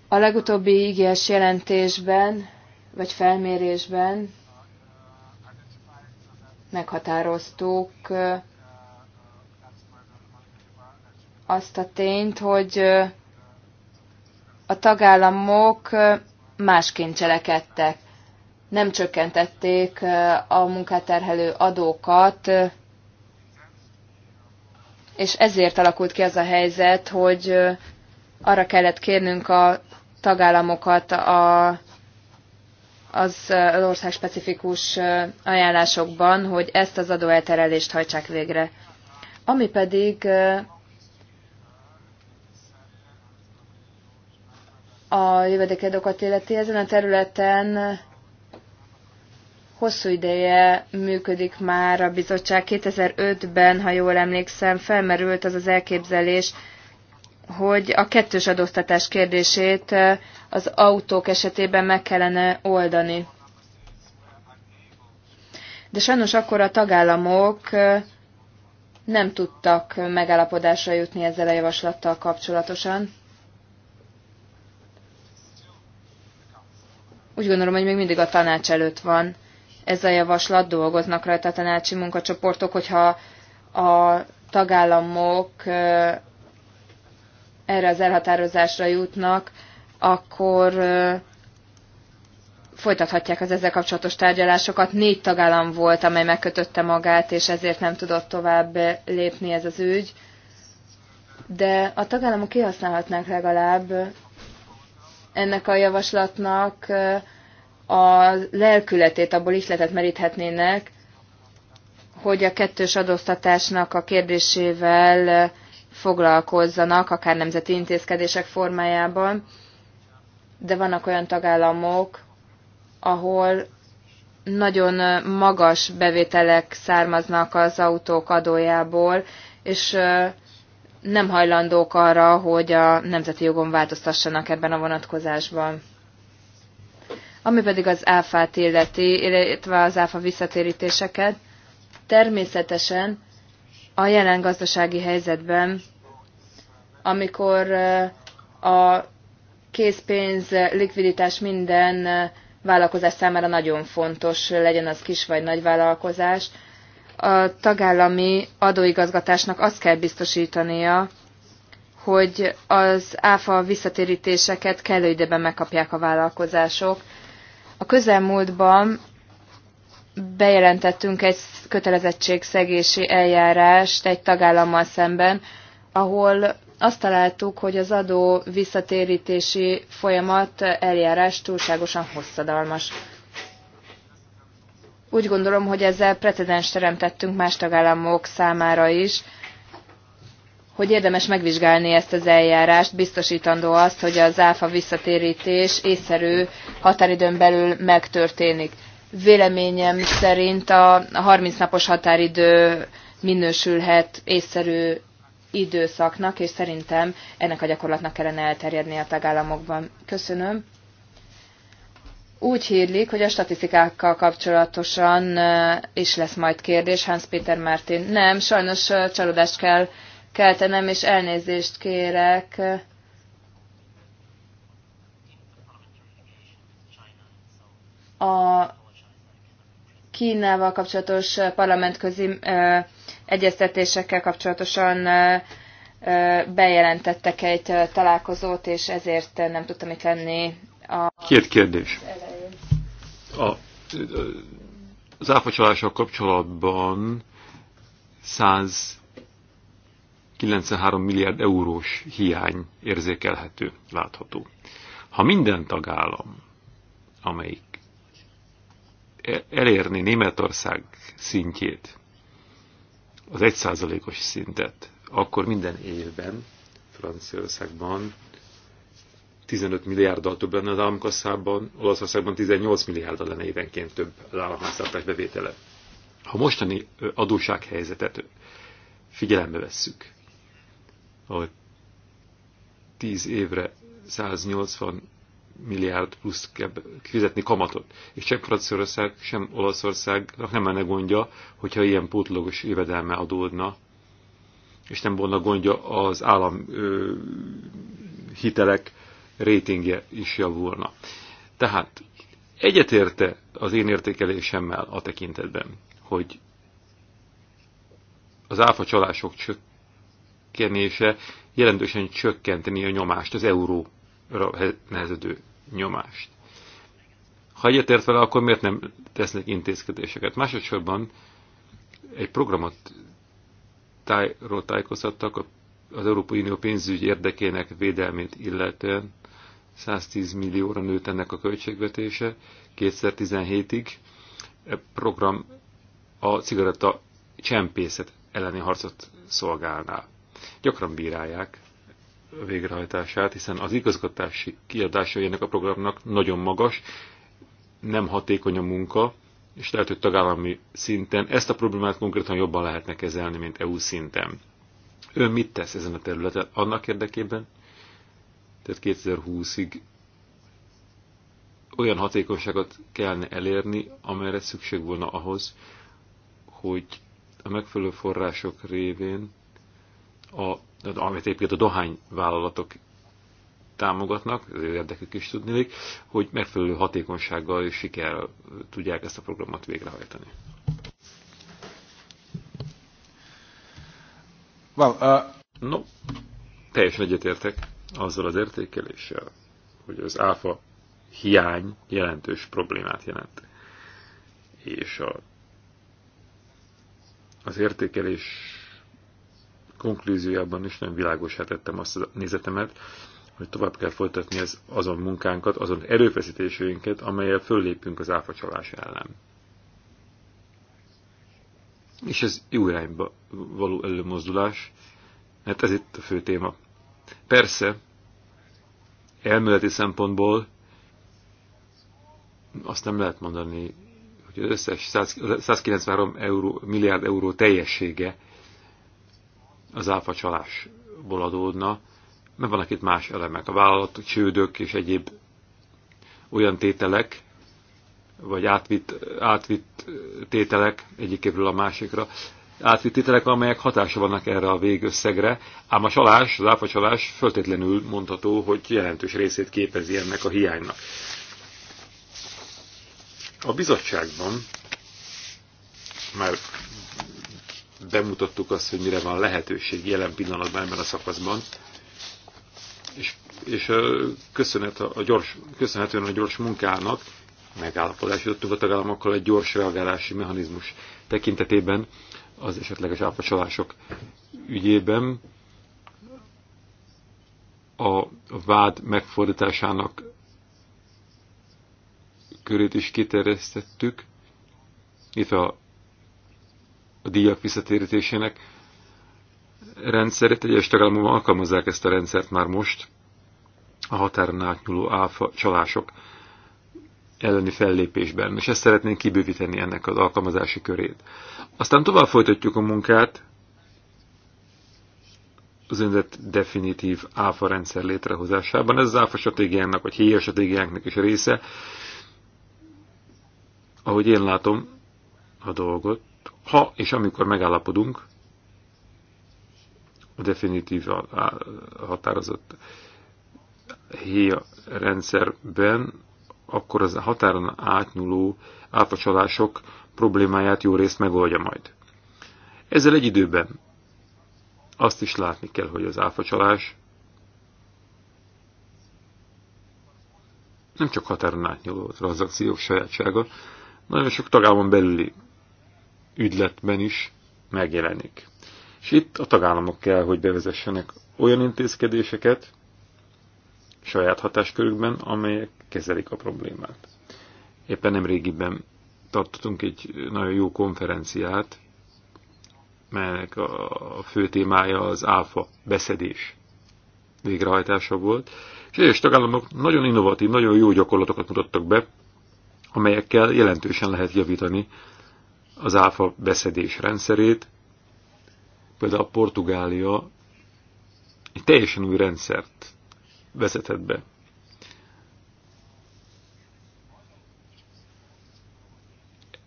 A legutóbbi IGS jelentésben, vagy felmérésben meghatároztuk azt a tényt, hogy a tagállamok másként cselekedtek. Nem csökkentették a munkáterhelő adókat, és ezért alakult ki az a helyzet, hogy arra kellett kérnünk a tagállamokat a, az, ország specifikus ajánlásokban, hogy ezt az adóelterelést hajtsák végre. Ami pedig a jövedékedokat illeti, ezen a területen hosszú ideje működik már a bizottság. 2005-ben, ha jól emlékszem, felmerült az az elképzelés, hogy a kettős adóztatás kérdését az autók esetében meg kellene oldani. De sajnos akkor a tagállamok nem tudtak megállapodásra jutni ezzel a javaslattal kapcsolatosan. Úgy gondolom, hogy még mindig a tanács előtt van ez a javaslat, dolgoznak rajta a tanácsi munkacsoportok, hogyha a tagállamok erre az elhatározásra jutnak, akkor folytathatják az ezzel kapcsolatos tárgyalásokat. Négy tagállam volt, amely megkötötte magát, és ezért nem tudott tovább lépni ez az ügy. De a tagállamok kihasználhatnák legalább ennek a javaslatnak a lelkületét, abból lehetett meríthetnének, hogy a kettős adóztatásnak a kérdésével foglalkozzanak, akár nemzeti intézkedések formájában, de vannak olyan tagállamok, ahol nagyon magas bevételek származnak az autók adójából, és nem hajlandók arra, hogy a nemzeti jogon változtassanak ebben a vonatkozásban. Ami pedig az áfát illeti, illetve az áfa visszatérítéseket, természetesen a jelen gazdasági helyzetben, amikor eh, a készpénz, likviditás minden eh, vállalkozás számára nagyon fontos, legyen az kis vagy nagy vállalkozás, a tagállami adóigazgatásnak azt kell biztosítania, hogy az áfa visszatérítéseket kellő időben megkapják a vállalkozások. A közelmúltban bejelentettünk egy kötelezettségszegési eljárást egy tagállammal szemben, ahol azt találtuk, hogy az adó visszatérítési folyamat eljárás túlságosan hosszadalmas. Úgy gondolom, hogy ezzel precedens teremtettünk más tagállamok számára is, hogy érdemes megvizsgálni ezt az eljárást, biztosítandó azt, hogy az áfa visszatérítés észszerű határidőn belül megtörténik. Véleményem szerint a 30 napos határidő minősülhet észszerű időszaknak, és szerintem ennek a gyakorlatnak kellene elterjedni a tagállamokban. Köszönöm. Úgy hírlik, hogy a statisztikákkal kapcsolatosan eh, is lesz majd kérdés, Hans Peter Martin. Nem, sajnos eh, csalódást kell keltenem, és elnézést kérek. A Kínával kapcsolatos eh, parlamentközi egyeztetésekkel kapcsolatosan bejelentettek egy találkozót, és ezért nem tudtam itt lenni a... Két kérdés. A, az áfacsalással kapcsolatban 193 milliárd eurós hiány érzékelhető, látható. Ha minden tagállam, amelyik e, elérni Németország szintjét, az egyszázalékos szintet, akkor minden évben Franciaországban 15 milliárddal több lenne az államkasszában, Olaszországban 18 milliárddal lenne évenként több az államháztartás bevétele. Ha mostani adósághelyzetet figyelembe vesszük, ahogy 10 évre 180 milliárd plusz kell fizetni kamatot. És sem Franciaország, sem Olaszországnak nem lenne gondja, hogyha ilyen pótlogos jövedelme adódna, és nem volna gondja az állam ö, hitelek rétingje is javulna. Tehát egyetérte az én értékelésemmel a tekintetben, hogy az áfa csalások csökkenése jelentősen csökkenteni a nyomást, az euróra nehezedő nyomást. Ha egyetért vele, akkor miért nem tesznek intézkedéseket? Másodszorban egy programot tájról tájékoztattak az Európai Unió pénzügy érdekének védelmét illetően, 110 millióra nőtt ennek a költségvetése 2017-ig. E program a cigaretta csempészet elleni harcot szolgálná. Gyakran bírálják a végrehajtását, hiszen az igazgatási kiadásai ennek a programnak nagyon magas, nem hatékony a munka, és lehet, hogy tagállami szinten ezt a problémát konkrétan jobban lehetne kezelni, mint EU szinten. Ön mit tesz ezen a területen annak érdekében, tehát 2020-ig olyan hatékonyságot kellene elérni, amelyre szükség volna ahhoz, hogy a megfelelő források révén, a, amit egyébként a dohányvállalatok támogatnak, az érdekük is tudnélik, hogy megfelelő hatékonysággal és sikerrel tudják ezt a programot végrehajtani. Well, uh... No, teljesen egyetértek azzal az értékeléssel, hogy az áfa hiány jelentős problémát jelent. És a, az értékelés konklúziójában is nagyon világosá tettem azt a nézetemet, hogy tovább kell folytatni az, azon munkánkat, azon erőfeszítésünket, amelyel föllépünk az áfacsalás ellen. És ez jó irányba való előmozdulás, mert ez itt a fő téma. Persze, elméleti szempontból azt nem lehet mondani, hogy az összes 193 euró, milliárd euró teljessége az áfa csalásból adódna, mert vannak itt más elemek, a vállalat, csődök és egyéb olyan tételek, vagy átvitt, átvitt tételek egyikébről a másikra, átvittételek, amelyek hatása vannak erre a végösszegre, ám a csalás, az áfacsalás föltétlenül mondható, hogy jelentős részét képezi ennek a hiánynak. A bizottságban már bemutattuk azt, hogy mire van lehetőség jelen pillanatban ebben a szakaszban, és, és köszönhet a, a gyors, köszönhetően a gyors munkának megállapodást jutottunk a tagállamokkal egy gyors reagálási mechanizmus tekintetében, az esetleges áfacsalások ügyében a vád megfordításának körét is kiterjesztettük, illetve a, a díjak visszatérítésének rendszerét. Egyes tagállamokban alkalmazzák ezt a rendszert már most, a határon átnyúló áfa csalások elleni fellépésben, és ezt szeretnénk kibővíteni ennek az alkalmazási körét. Aztán tovább folytatjuk a munkát az önzett definitív áfa rendszer létrehozásában. Ez az áfa stratégiának, vagy héja stratégiánknak is része. Ahogy én látom a dolgot, ha és amikor megállapodunk, a definitív határozott héja rendszerben akkor az határon átnyúló áfacsalások problémáját jó részt megoldja majd. Ezzel egy időben azt is látni kell, hogy az áfacsalás nem csak határon átnyúló tranzakciók sajátsága, nagyon sok tagállamon belüli ügyletben is megjelenik. És itt a tagállamok kell, hogy bevezessenek olyan intézkedéseket, saját hatáskörükben, amelyek kezelik a problémát. Éppen nem régiben tartottunk egy nagyon jó konferenciát, melynek a fő témája az áfa beszedés végrehajtása volt, és egyes tagállamok nagyon innovatív, nagyon jó gyakorlatokat mutattak be, amelyekkel jelentősen lehet javítani az áfa beszedés rendszerét. Például a Portugália egy teljesen új rendszert vezetett be.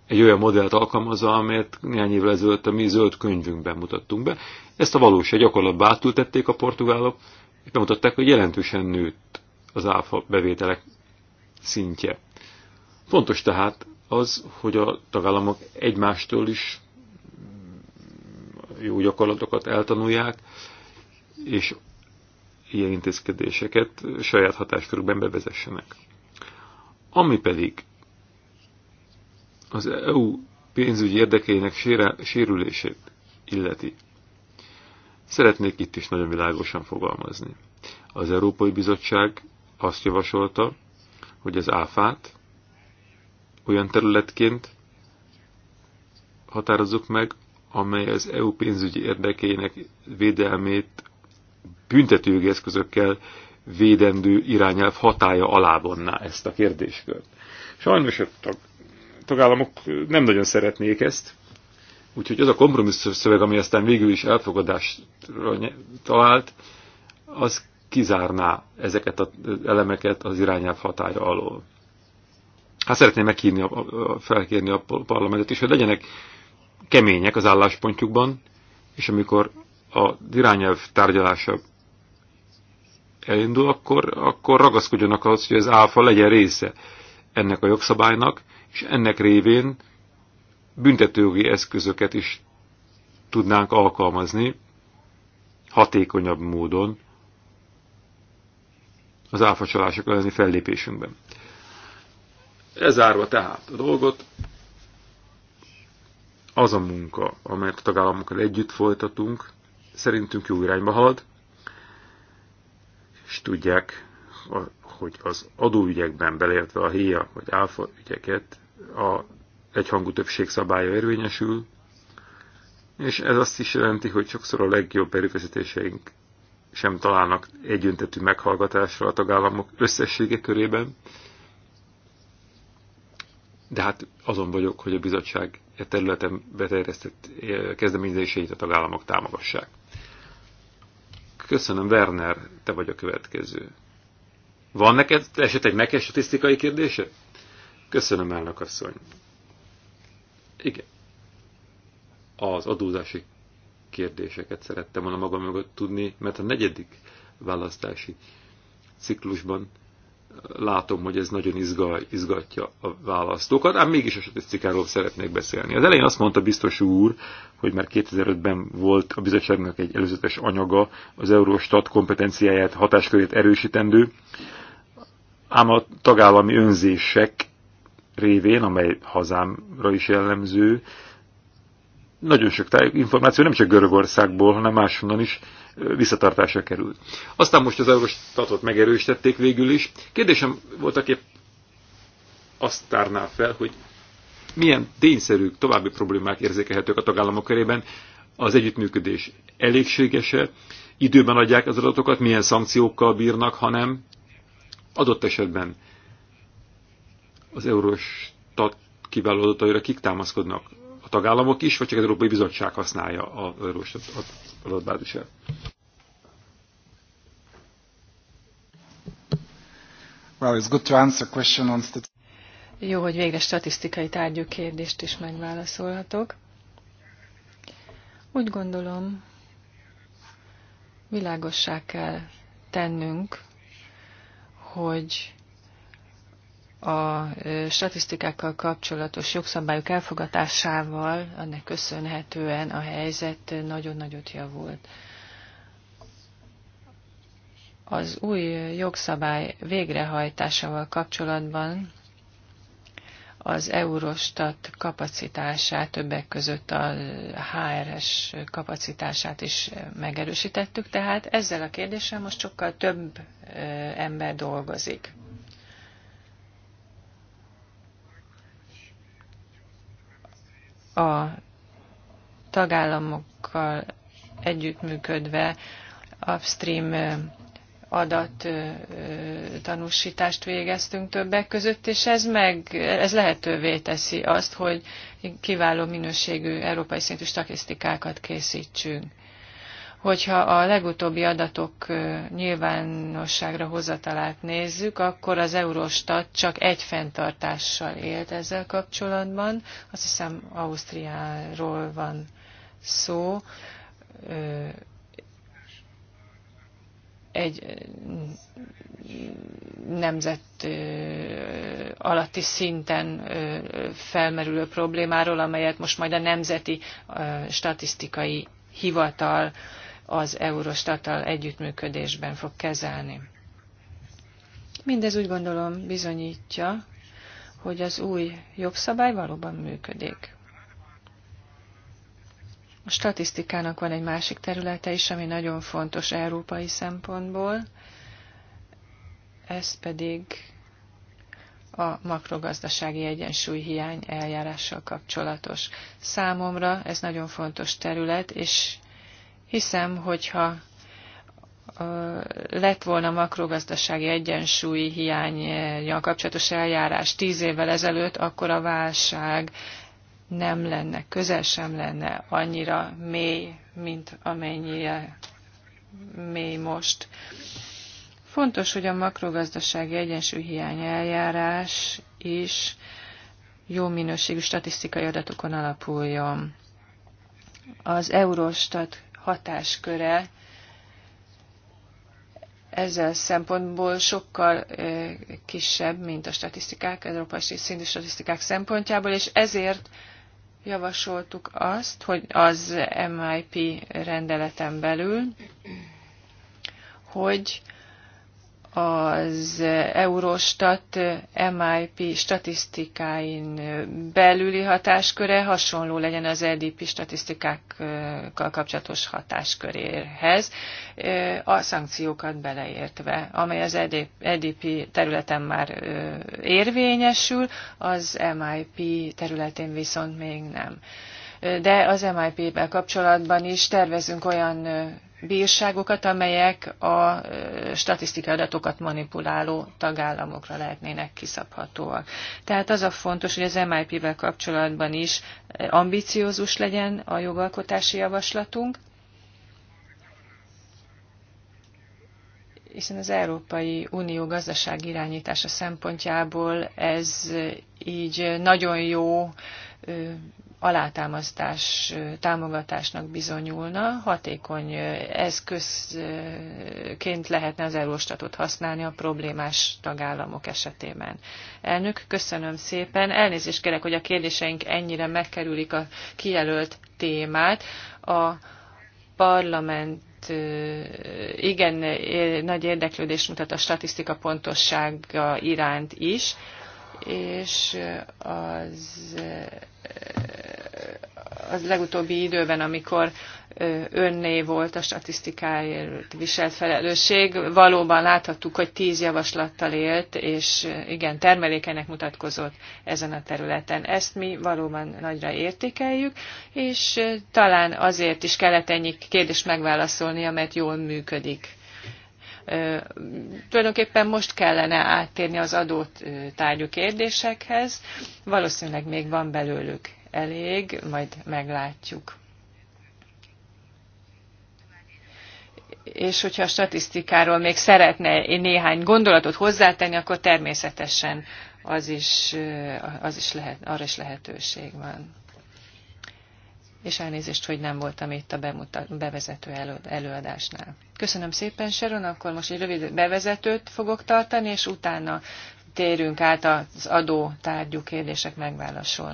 Egy olyan modellt alkalmazza, amelyet néhány évvel ezelőtt a mi zöld könyvünkben mutattunk be. Ezt a egy gyakorlatban átültették a portugálok, és bemutatták, hogy jelentősen nőtt az áfa bevételek szintje. Fontos tehát az, hogy a tagállamok egymástól is jó gyakorlatokat eltanulják, és ilyen intézkedéseket saját hatáskörükben bevezessenek. Ami pedig az EU pénzügyi érdekeinek sérülését illeti. Szeretnék itt is nagyon világosan fogalmazni. Az Európai Bizottság azt javasolta, hogy az áfát olyan területként határozzuk meg, amely az EU pénzügyi érdekeinek védelmét büntetőjogi eszközökkel védendő irányelv hatája alá vonná ezt a kérdéskört. Sajnos a tag, tagállamok nem nagyon szeretnék ezt, úgyhogy az a kompromisszum szöveg, ami aztán végül is elfogadást talált, az kizárná ezeket az elemeket az irányelv hatája alól. Hát szeretném meghívni, felkérni a parlamentet is, hogy legyenek kemények az álláspontjukban, és amikor a irányelv tárgyalása elindul, akkor, akkor ragaszkodjanak ahhoz, hogy az áfa legyen része ennek a jogszabálynak, és ennek révén büntetőjogi eszközöket is tudnánk alkalmazni hatékonyabb módon az áfacsalások elleni fellépésünkben. Ezárva tehát a dolgot, az a munka, amelyet a tagállamokkal együtt folytatunk, szerintünk jó irányba halad, és tudják, hogy az adóügyekben beleértve a héja vagy álfa ügyeket a egyhangú többség szabálya érvényesül, és ez azt is jelenti, hogy sokszor a legjobb erőfeszítéseink sem találnak egyöntetű meghallgatásra a tagállamok összessége körében, de hát azon vagyok, hogy a bizottság e területen beterjesztett e, kezdeményezéseit a tagállamok támogassák. Köszönöm, Werner, te vagy a következő. Van neked esetleg neked statisztikai kérdése? Köszönöm, elnök asszony. Igen. Az adózási kérdéseket szerettem volna magam mögött tudni, mert a negyedik választási ciklusban látom, hogy ez nagyon izgal, izgatja a választókat, ám mégis a statisztikáról szeretnék beszélni. Az elején azt mondta biztos úr, hogy már 2005-ben volt a bizottságnak egy előzetes anyaga, az Eurostat kompetenciáját, hatáskörét erősítendő, ám a tagállami önzések révén, amely hazámra is jellemző, nagyon sok információ nem csak Görögországból, hanem máshonnan is visszatartásra került. Aztán most az Eurostatot megerősítették végül is. Kérdésem voltak épp azt tárná fel, hogy milyen tényszerű további problémák érzékelhetők a tagállamok körében, az együttműködés elégségese, időben adják az adatokat, milyen szankciókkal bírnak, hanem adott esetben az Eurostat kiváló adataira kik támaszkodnak a tagállamok is, vagy csak az Európai Bizottság használja az eurós adatbázisát? Well, it's good to answer question on Jó, hogy végre statisztikai tárgyú kérdést is megválaszolhatok. Úgy gondolom, világossá kell tennünk, hogy a statisztikákkal kapcsolatos jogszabályok elfogadásával annak köszönhetően a helyzet nagyon nagyot javult. Az új jogszabály végrehajtásával kapcsolatban az Eurostat kapacitását, többek között a HRS kapacitását is megerősítettük, tehát ezzel a kérdéssel most sokkal több ember dolgozik a tagállamokkal együttműködve upstream adat tanúsítást végeztünk többek között, és ez, meg, ez lehetővé teszi azt, hogy kiváló minőségű európai szintű statisztikákat készítsünk. Hogyha a legutóbbi adatok nyilvánosságra hozatalát nézzük, akkor az Eurostat csak egy fenntartással élt ezzel kapcsolatban. Azt hiszem Ausztriáról van szó. Egy nemzet alatti szinten felmerülő problémáról, amelyet most majd a Nemzeti Statisztikai Hivatal az Eurostattal együttműködésben fog kezelni. Mindez úgy gondolom bizonyítja, hogy az új jogszabály valóban működik. A statisztikának van egy másik területe is, ami nagyon fontos európai szempontból, ez pedig a makrogazdasági egyensúly hiány eljárással kapcsolatos. Számomra ez nagyon fontos terület, és Hiszem, hogyha lett volna makrogazdasági egyensúlyi hiányjal kapcsolatos eljárás tíz évvel ezelőtt, akkor a válság nem lenne, közel sem lenne annyira mély, mint amennyire mély most. Fontos, hogy a makrogazdasági egyensúly hiány eljárás is jó minőségű statisztikai adatokon alapuljon. Az Eurostat hatásköre ezzel szempontból sokkal kisebb, mint a statisztikák, európai szintű statisztikák szempontjából, és ezért javasoltuk azt, hogy az MIP rendeleten belül, hogy az Eurostat MIP statisztikáin belüli hatásköre hasonló legyen az EDP statisztikákkal kapcsolatos hatásköréhez, a szankciókat beleértve, amely az EDP e területen már érvényesül, az MIP területén viszont még nem. De az MIP-vel kapcsolatban is tervezünk olyan bírságokat, amelyek a statisztikai adatokat manipuláló tagállamokra lehetnének kiszabhatóak. Tehát az a fontos, hogy az MIP-vel kapcsolatban is ambiciózus legyen a jogalkotási javaslatunk, hiszen az Európai Unió gazdaság irányítása szempontjából ez így nagyon jó alátámasztás támogatásnak bizonyulna, hatékony eszközként lehetne az Eurostatot használni a problémás tagállamok esetében. Elnök, köszönöm szépen. Elnézést kérek, hogy a kérdéseink ennyire megkerülik a kijelölt témát. A parlament igen nagy érdeklődés mutat a statisztika pontossága iránt is és az, az legutóbbi időben, amikor önné volt a statisztikáért viselt felelősség, valóban láthattuk, hogy tíz javaslattal élt, és igen, termelékenek mutatkozott ezen a területen. Ezt mi valóban nagyra értékeljük, és talán azért is kellett ennyi kérdést megválaszolnia, mert jól működik Tulajdonképpen most kellene áttérni az adót tárgyú kérdésekhez. Valószínűleg még van belőlük elég, majd meglátjuk. És hogyha a statisztikáról még szeretne néhány gondolatot hozzátenni, akkor természetesen az is, az is lehet, arra is lehetőség van és elnézést, hogy nem voltam itt a bevezető elő, előadásnál. Köszönöm szépen, Sharon, akkor most egy rövid bevezetőt fogok tartani, és utána térünk át az adó tárgyú kérdések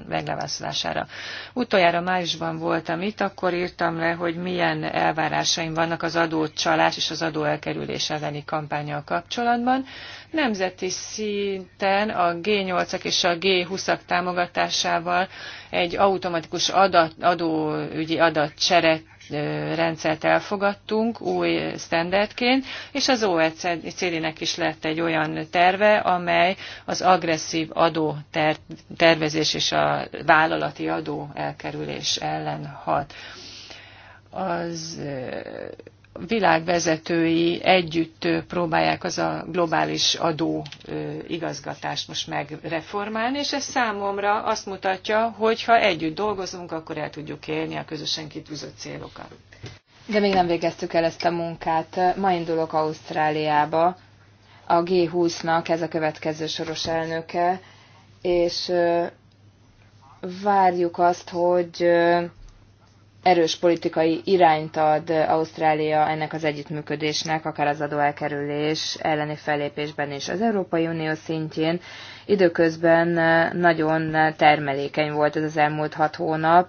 megválaszolására. Utoljára májusban voltam itt, akkor írtam le, hogy milyen elvárásaim vannak az adócsalás és az adóelkerülés elleni kampányal kapcsolatban. Nemzeti szinten a G8-ak és a G20-ak támogatásával egy automatikus adat, adóügyi adatcseret rendszert elfogadtunk új standardként, és az OECD-nek is lett egy olyan terve, amely az agresszív adó tervezés és a vállalati adó elkerülés ellen hat. Az világvezetői együtt próbálják az a globális adó igazgatást most megreformálni, és ez számomra azt mutatja, hogy ha együtt dolgozunk, akkor el tudjuk élni a közösen kitűzött célokat. De még nem végeztük el ezt a munkát. Ma indulok Ausztráliába. A G20-nak ez a következő soros elnöke, és várjuk azt, hogy erős politikai irányt ad Ausztrália ennek az együttműködésnek, akár az adóelkerülés elleni fellépésben is. Az Európai Unió szintjén időközben nagyon termelékeny volt ez az elmúlt hat hónap.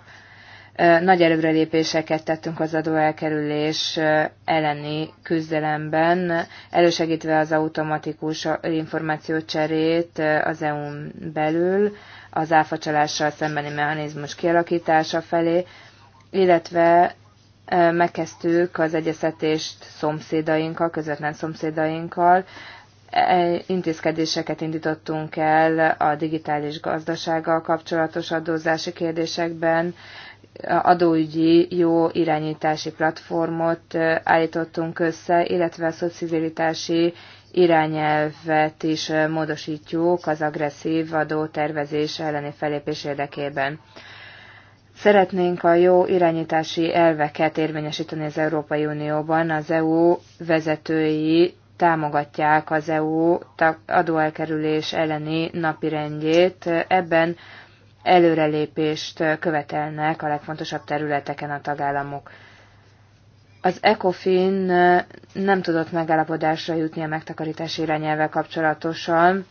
Nagy előrelépéseket tettünk az adóelkerülés elleni küzdelemben, elősegítve az automatikus információcserét az EU-n belül, az áfacsalással szembeni mechanizmus kialakítása felé, illetve megkezdtük az egyeztetést szomszédainkkal, közvetlen szomszédainkkal. E, intézkedéseket indítottunk el a digitális gazdasággal kapcsolatos adózási kérdésekben, adóügyi jó irányítási platformot állítottunk össze, illetve a szubszidiaritási irányelvet is módosítjuk az agresszív adótervezés elleni felépés érdekében. Szeretnénk a jó irányítási elveket érvényesíteni az Európai Unióban. Az EU vezetői támogatják az EU adóelkerülés elleni napirendjét. Ebben előrelépést követelnek a legfontosabb területeken a tagállamok. Az ECOFIN nem tudott megállapodásra jutni a megtakarítási irányelvvel kapcsolatosan,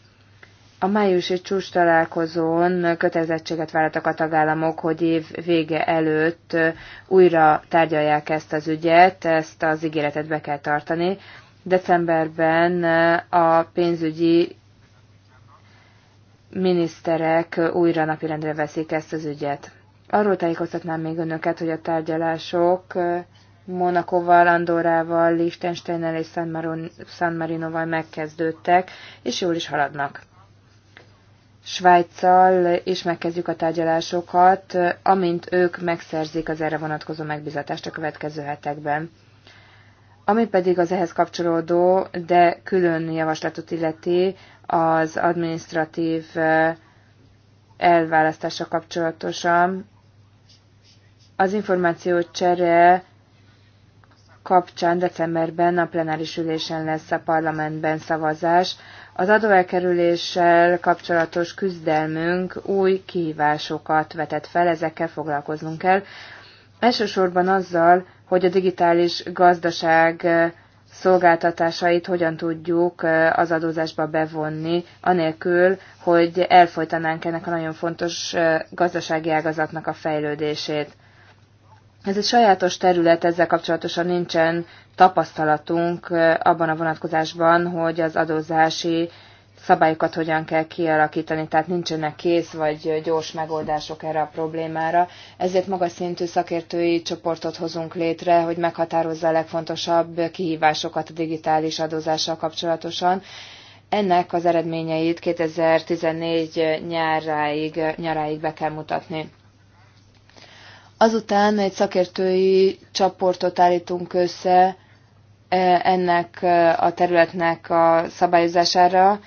a májusi csúcs találkozón kötelezettséget vállaltak a tagállamok, hogy év vége előtt újra tárgyalják ezt az ügyet, ezt az ígéretet be kell tartani. Decemberben a pénzügyi miniszterek újra napirendre veszik ezt az ügyet. Arról tájékoztatnám még önöket, hogy a tárgyalások Monakoval, Andorával, Liechtensteinnel és San, Maron, San Marinoval megkezdődtek, és jól is haladnak. Svájccal is megkezdjük a tárgyalásokat, amint ők megszerzik az erre vonatkozó megbizatást a következő hetekben. Ami pedig az ehhez kapcsolódó, de külön javaslatot illeti az administratív eh, elválasztása kapcsolatosan, az információ csere kapcsán decemberben a plenáris ülésen lesz a parlamentben szavazás, az adóelkerüléssel kapcsolatos küzdelmünk új kihívásokat vetett fel, ezekkel foglalkoznunk kell. Elsősorban azzal, hogy a digitális gazdaság eh, szolgáltatásait hogyan tudjuk eh, az adózásba bevonni, anélkül, hogy elfolytanánk ennek a nagyon fontos eh, gazdasági ágazatnak a fejlődését. Ez egy sajátos terület, ezzel kapcsolatosan nincsen tapasztalatunk abban a vonatkozásban, hogy az adózási szabályokat hogyan kell kialakítani, tehát nincsenek kész vagy gyors megoldások erre a problémára. Ezért magas szintű szakértői csoportot hozunk létre, hogy meghatározza a legfontosabb kihívásokat a digitális adózással kapcsolatosan. Ennek az eredményeit 2014 nyaráig, nyaráig be kell mutatni. Azután egy szakértői csoportot állítunk össze e, ennek e, a területnek a szabályozására.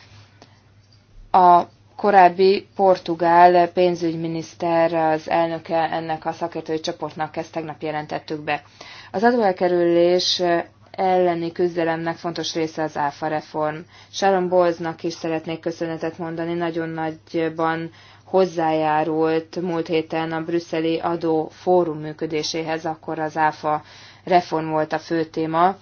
A korábbi portugál pénzügyminiszter az elnöke ennek a szakértői csoportnak, ezt tegnap jelentettük be. Az adóelkerülés elleni küzdelemnek fontos része az áfa reform. Sharon Bowlesnak is szeretnék köszönetet mondani, nagyon nagyban hozzájárult múlt héten a brüsszeli adó fórum működéséhez, akkor az ÁFA reform volt a fő téma.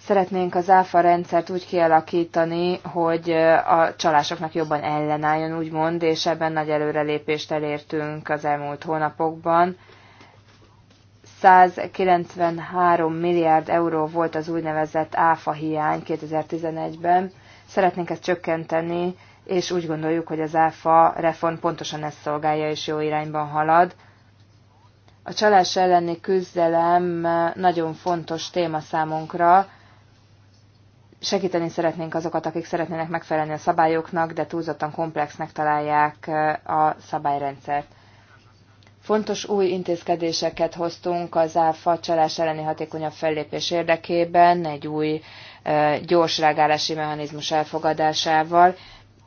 Szeretnénk az ÁFA rendszert úgy kialakítani, hogy a csalásoknak jobban ellenálljon, úgymond, és ebben nagy előrelépést elértünk az elmúlt hónapokban. 193 milliárd euró volt az úgynevezett áfa hiány 2011-ben. Szeretnénk ezt csökkenteni és úgy gondoljuk, hogy az ÁFA reform pontosan ezt szolgálja és jó irányban halad. A csalás elleni küzdelem nagyon fontos téma számunkra. Segíteni szeretnénk azokat, akik szeretnének megfelelni a szabályoknak, de túlzottan komplexnek találják a szabályrendszert. Fontos új intézkedéseket hoztunk az ÁFA csalás elleni hatékonyabb fellépés érdekében, egy új gyors reagálási mechanizmus elfogadásával,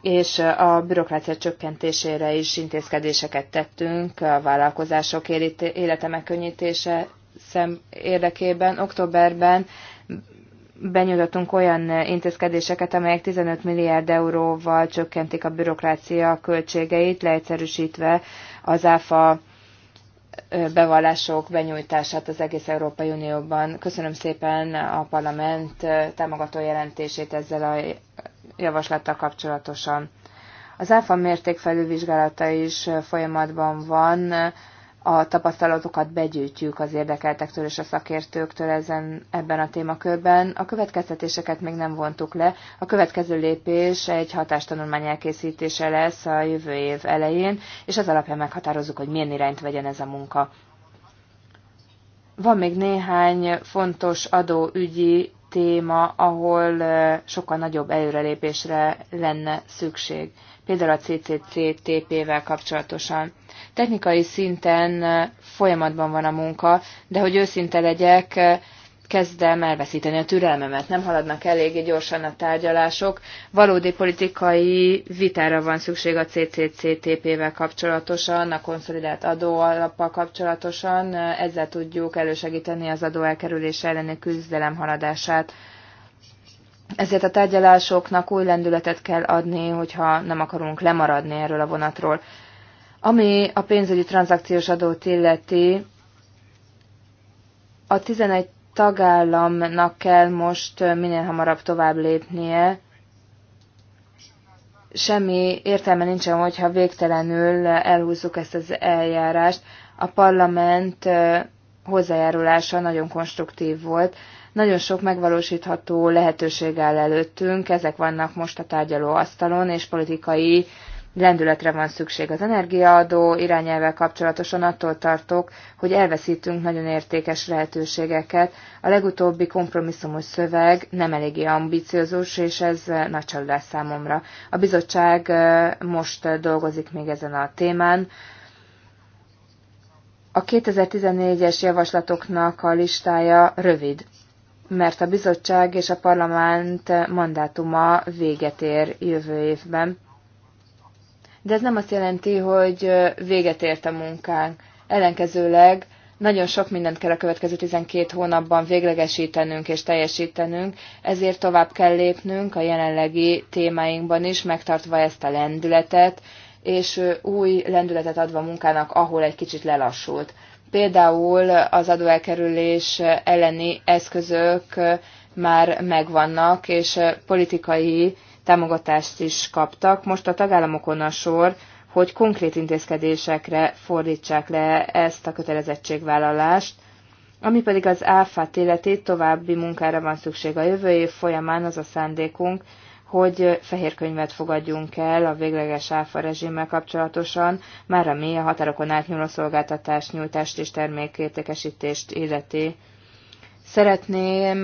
és a bürokrácia csökkentésére is intézkedéseket tettünk a vállalkozások élete megkönnyítése szem érdekében. Októberben benyújtottunk olyan intézkedéseket, amelyek 15 milliárd euróval csökkentik a bürokrácia költségeit, leegyszerűsítve az áfa bevallások benyújtását az egész Európai Unióban. Köszönöm szépen a parlament támogató jelentését ezzel a javaslattal kapcsolatosan. Az áfa mérték felülvizsgálata is folyamatban van a tapasztalatokat begyűjtjük az érdekeltektől és a szakértőktől ezen, ebben a témakörben. A következtetéseket még nem vontuk le. A következő lépés egy hatástanulmány elkészítése lesz a jövő év elején, és az alapján meghatározzuk, hogy milyen irányt vegyen ez a munka. Van még néhány fontos adóügyi téma, ahol eh, sokkal nagyobb előrelépésre lenne szükség például a CCCTP-vel kapcsolatosan. Technikai szinten folyamatban van a munka, de hogy őszinte legyek, kezdem elveszíteni a türelmemet, nem haladnak eléggé gyorsan a tárgyalások. Valódi politikai vitára van szükség a CCCTP-vel kapcsolatosan, a konszolidált adóalappal kapcsolatosan, ezzel tudjuk elősegíteni az adóelkerülés elleni küzdelem haladását. Ezért a tárgyalásoknak új lendületet kell adni, hogyha nem akarunk lemaradni erről a vonatról. Ami a pénzügyi tranzakciós adót illeti, a 11 tagállamnak kell most minél hamarabb tovább lépnie. Semmi értelme nincsen, hogyha végtelenül elhúzzuk ezt az eljárást. A parlament hozzájárulása nagyon konstruktív volt. Nagyon sok megvalósítható lehetőség áll előttünk, ezek vannak most a tárgyaló asztalon, és politikai lendületre van szükség. Az energiaadó irányelvel kapcsolatosan attól tartok, hogy elveszítünk nagyon értékes lehetőségeket. A legutóbbi kompromisszumos szöveg nem eléggé ambiciózus, és ez nagy csalódás számomra. A bizottság most dolgozik még ezen a témán. A 2014-es javaslatoknak a listája rövid mert a bizottság és a parlament mandátuma véget ér jövő évben. De ez nem azt jelenti, hogy véget ért a munkánk. Ellenkezőleg nagyon sok mindent kell a következő 12 hónapban véglegesítenünk és teljesítenünk, ezért tovább kell lépnünk a jelenlegi témáinkban is, megtartva ezt a lendületet, és új lendületet adva munkának, ahol egy kicsit lelassult. Például az adóelkerülés elleni eszközök már megvannak, és politikai támogatást is kaptak. Most a tagállamokon a sor, hogy konkrét intézkedésekre fordítsák le ezt a kötelezettségvállalást, ami pedig az áfát életét további munkára van szükség a jövő év folyamán, az a szándékunk, hogy fehér könyvet fogadjunk el a végleges áfa rezsimmel kapcsolatosan, már ami a határokon átnyúló szolgáltatás nyújtást és termékértékesítést illeti. Szeretném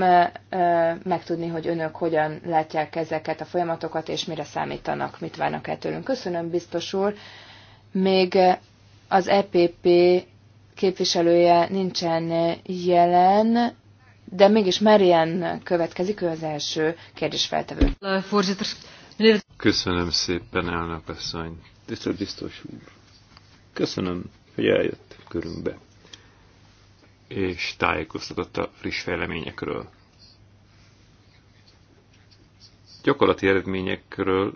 megtudni, hogy önök hogyan látják ezeket a folyamatokat, és mire számítanak, mit várnak el tőlünk. Köszönöm, biztos úr. Még az EPP képviselője nincsen jelen, de mégis Marian következik, ő az első kérdésfeltevő. Köszönöm szépen, elnök asszony. Tisztelt biztos úr. Köszönöm, hogy eljött körünkbe, és tájékoztatott a friss fejleményekről. Gyakorlati eredményekről,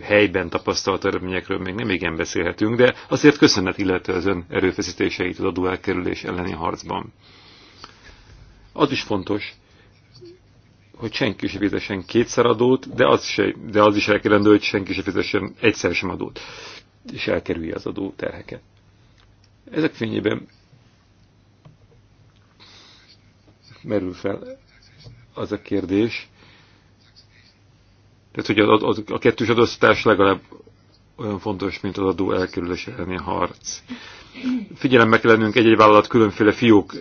helyben tapasztalt eredményekről még nem igen beszélhetünk, de azért köszönet illető az ön erőfeszítéseit az elkerülés elleni harcban. Az is fontos, hogy senki se fizessen kétszer adót, de az, se, de az is elkerendő, hogy senki se fizessen egyszer sem adót, és elkerülje az adó terheket. Ezek fényében merül fel az a kérdés, tehát, hogy a, a, a kettős adóztatás legalább olyan fontos, mint az adó elkerülése elleni harc. Figyelembe kell lennünk egy-egy vállalat különféle fiók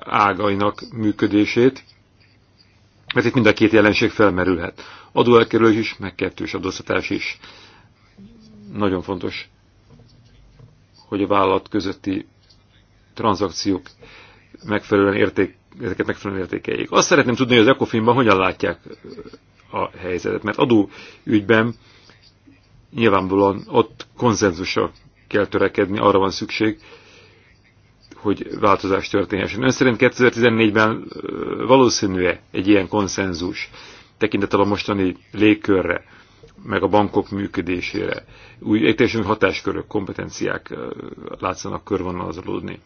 ágainak működését, mert itt mind a két jelenség felmerülhet. Adóelkerülés is, meg kettős adóztatás is. Nagyon fontos, hogy a vállalat közötti tranzakciók megfelelően érték, ezeket megfelelően értékeljék. Azt szeretném tudni, hogy az ECOFIN-ban hogyan látják a helyzetet, mert adóügyben nyilvánvalóan ott konszenzusra kell törekedni, arra van szükség, hogy változás történhessen. Ön szerint 2014-ben valószínű -e egy ilyen konszenzus tekintettel a mostani légkörre, meg a bankok működésére? Új teljesen hatáskörök, kompetenciák látszanak körvonalazolódni.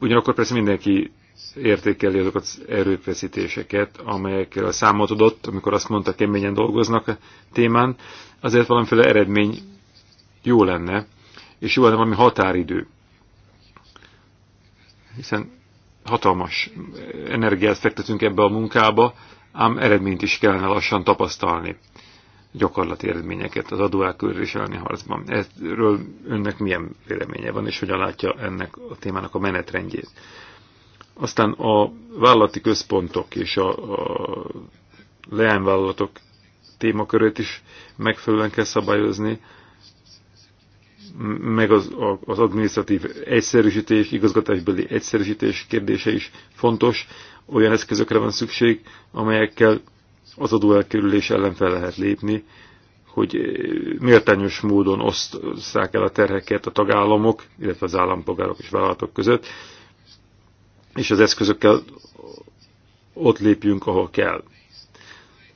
Ugyanakkor persze mindenki értékeli azokat az erőfeszítéseket, amelyekkel a számot adott, amikor azt mondta, keményen dolgoznak a témán, azért valamiféle eredmény jó lenne, és jó lenne valami határidő. Hiszen hatalmas energiát fektetünk ebbe a munkába, ám eredményt is kellene lassan tapasztalni gyakorlati eredményeket az adóelkörülés elleni harcban. Erről önnek milyen véleménye van, és hogyan látja ennek a témának a menetrendjét? Aztán a vállalati központok és a, a leányvállalatok témakörét is megfelelően kell szabályozni, meg az, az adminisztratív egyszerűsítés, igazgatásbeli egyszerűsítés kérdése is fontos. Olyan eszközökre van szükség, amelyekkel az adóelkerülés ellen fel lehet lépni, hogy eh, méltányos módon osztják el a terheket a tagállamok, illetve az állampolgárok és vállalatok között, és az eszközökkel ott lépjünk, ahol kell.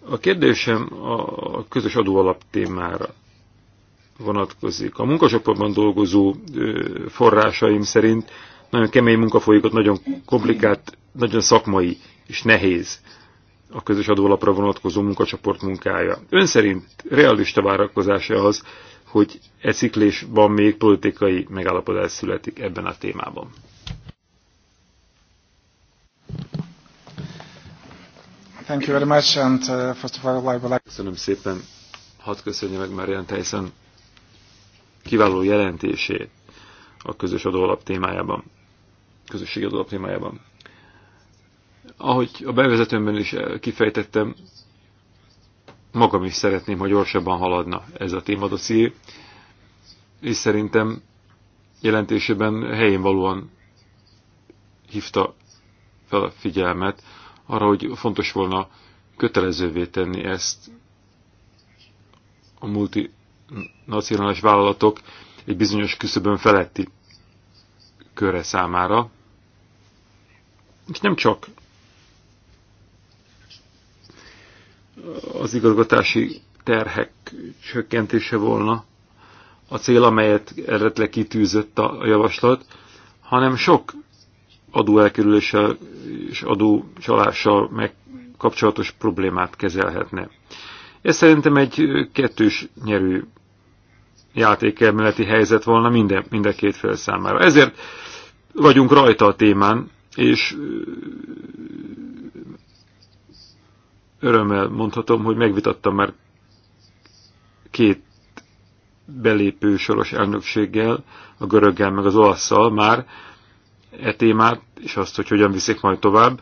A kérdésem a közös adóalap témára vonatkozik. A munkasoportban dolgozó eh, forrásaim szerint nagyon kemény munka folyik, ott nagyon komplikált, nagyon szakmai és nehéz a közös adólapra vonatkozó munkacsoport munkája. Ön szerint realista várakozása az, hogy e ciklésban még politikai megállapodás születik ebben a témában? Thank you very much, and uh, first of all, I would like... Köszönöm szépen, hadd köszönje meg Marian Tyson kiváló jelentését a közös adólap témájában, közösségi adólap témájában. Ahogy a bevezetőmben is eh, kifejtettem, magam is szeretném, hogy gyorsabban haladna ez a témadoszi, és szerintem jelentésében helyén valóan hívta fel a figyelmet arra, hogy fontos volna kötelezővé tenni ezt a multinacionális vállalatok egy bizonyos küszöbön feletti körre számára. És nem csak az igazgatási terhek csökkentése volna a cél, amelyet eredetileg kitűzött a javaslat, hanem sok adóelkerüléssel és adócsalással meg kapcsolatos problémát kezelhetne. Ez szerintem egy kettős nyerő játékelméleti helyzet volna minden, minden két fél számára. Ezért vagyunk rajta a témán, és örömmel mondhatom, hogy megvitattam már két belépő soros elnökséggel, a göröggel meg az olaszszal már e témát, és azt, hogy hogyan viszik majd tovább.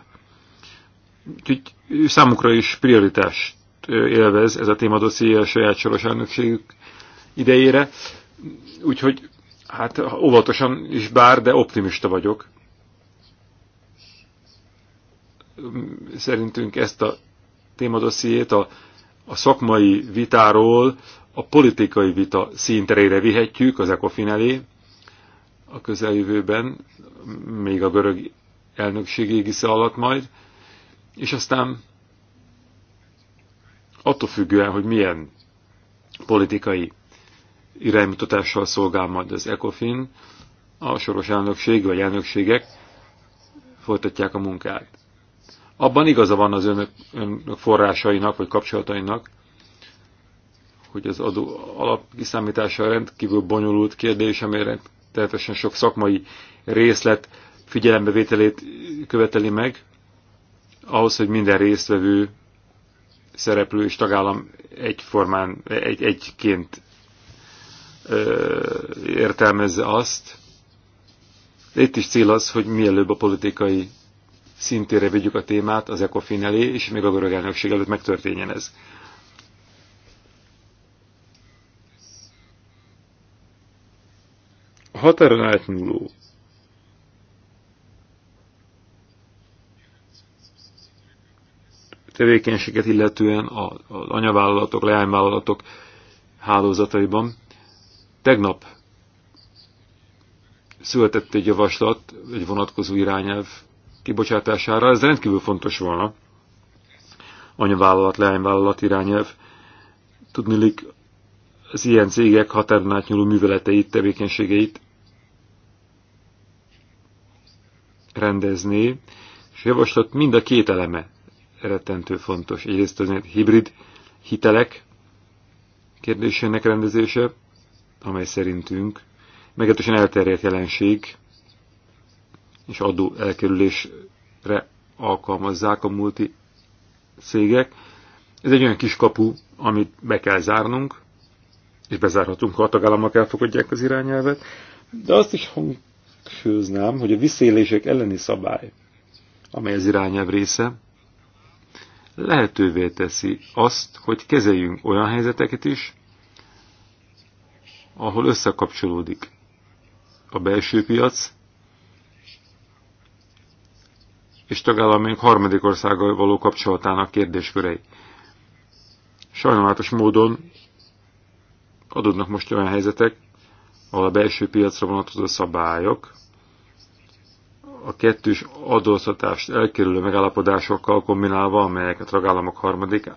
Úgyhogy számukra is prioritást élvez ez a témadosszéja a saját soros elnökségük idejére. Úgyhogy hát óvatosan is bár, de optimista vagyok. Szerintünk ezt a témadossziét a, a szakmai vitáról a politikai vita színterére vihetjük az ECOFIN elé a közeljövőben, még a görög elnökség égisze alatt majd, és aztán attól függően, hogy milyen politikai iránymutatással szolgál majd az ECOFIN, a soros elnökség vagy elnökségek folytatják a munkát abban igaza van az önök, önök forrásainak vagy kapcsolatainak, hogy az adó alapkiszámítása rendkívül bonyolult kérdés, amely teljesen sok szakmai részlet figyelembevételét követeli meg, ahhoz, hogy minden résztvevő szereplő és tagállam egyformán, egy, egyként ö, értelmezze azt. Itt is cél az, hogy mielőbb a politikai szintére vigyük a témát az ECOFIN elé, és még a görög elnökség előtt megtörténjen ez. A határon átnyúló tevékenységet illetően az anyavállalatok, leányvállalatok hálózataiban. Tegnap született egy javaslat, egy vonatkozó irányelv kibocsátására. Ez rendkívül fontos volna. Anyavállalat, leányvállalat irányelv. Tudnilik az ilyen cégek határon átnyúló műveleteit, tevékenységeit rendezni, és javaslott mind a két eleme rettentő fontos. Egyrészt az hibrid hitelek kérdésének rendezése, amely szerintünk meglehetősen elterjedt jelenség, és adó elkerülésre alkalmazzák a multi cégek. Ez egy olyan kis kapu, amit be kell zárnunk, és bezárhatunk, ha a tagállamok elfogadják az irányelvet. De azt is hangsúlyoznám, hogy a visszélések elleni szabály, amely az irányelv része, lehetővé teszi azt, hogy kezeljünk olyan helyzeteket is, ahol összekapcsolódik a belső piac és tagállamunk harmadik országgal való kapcsolatának kérdéskörei. Sajnálatos módon adódnak most olyan helyzetek, ahol a belső piacra vonatkozó szabályok a kettős adóztatást elkerülő megállapodásokkal kombinálva, amelyeket tagállamok harmadik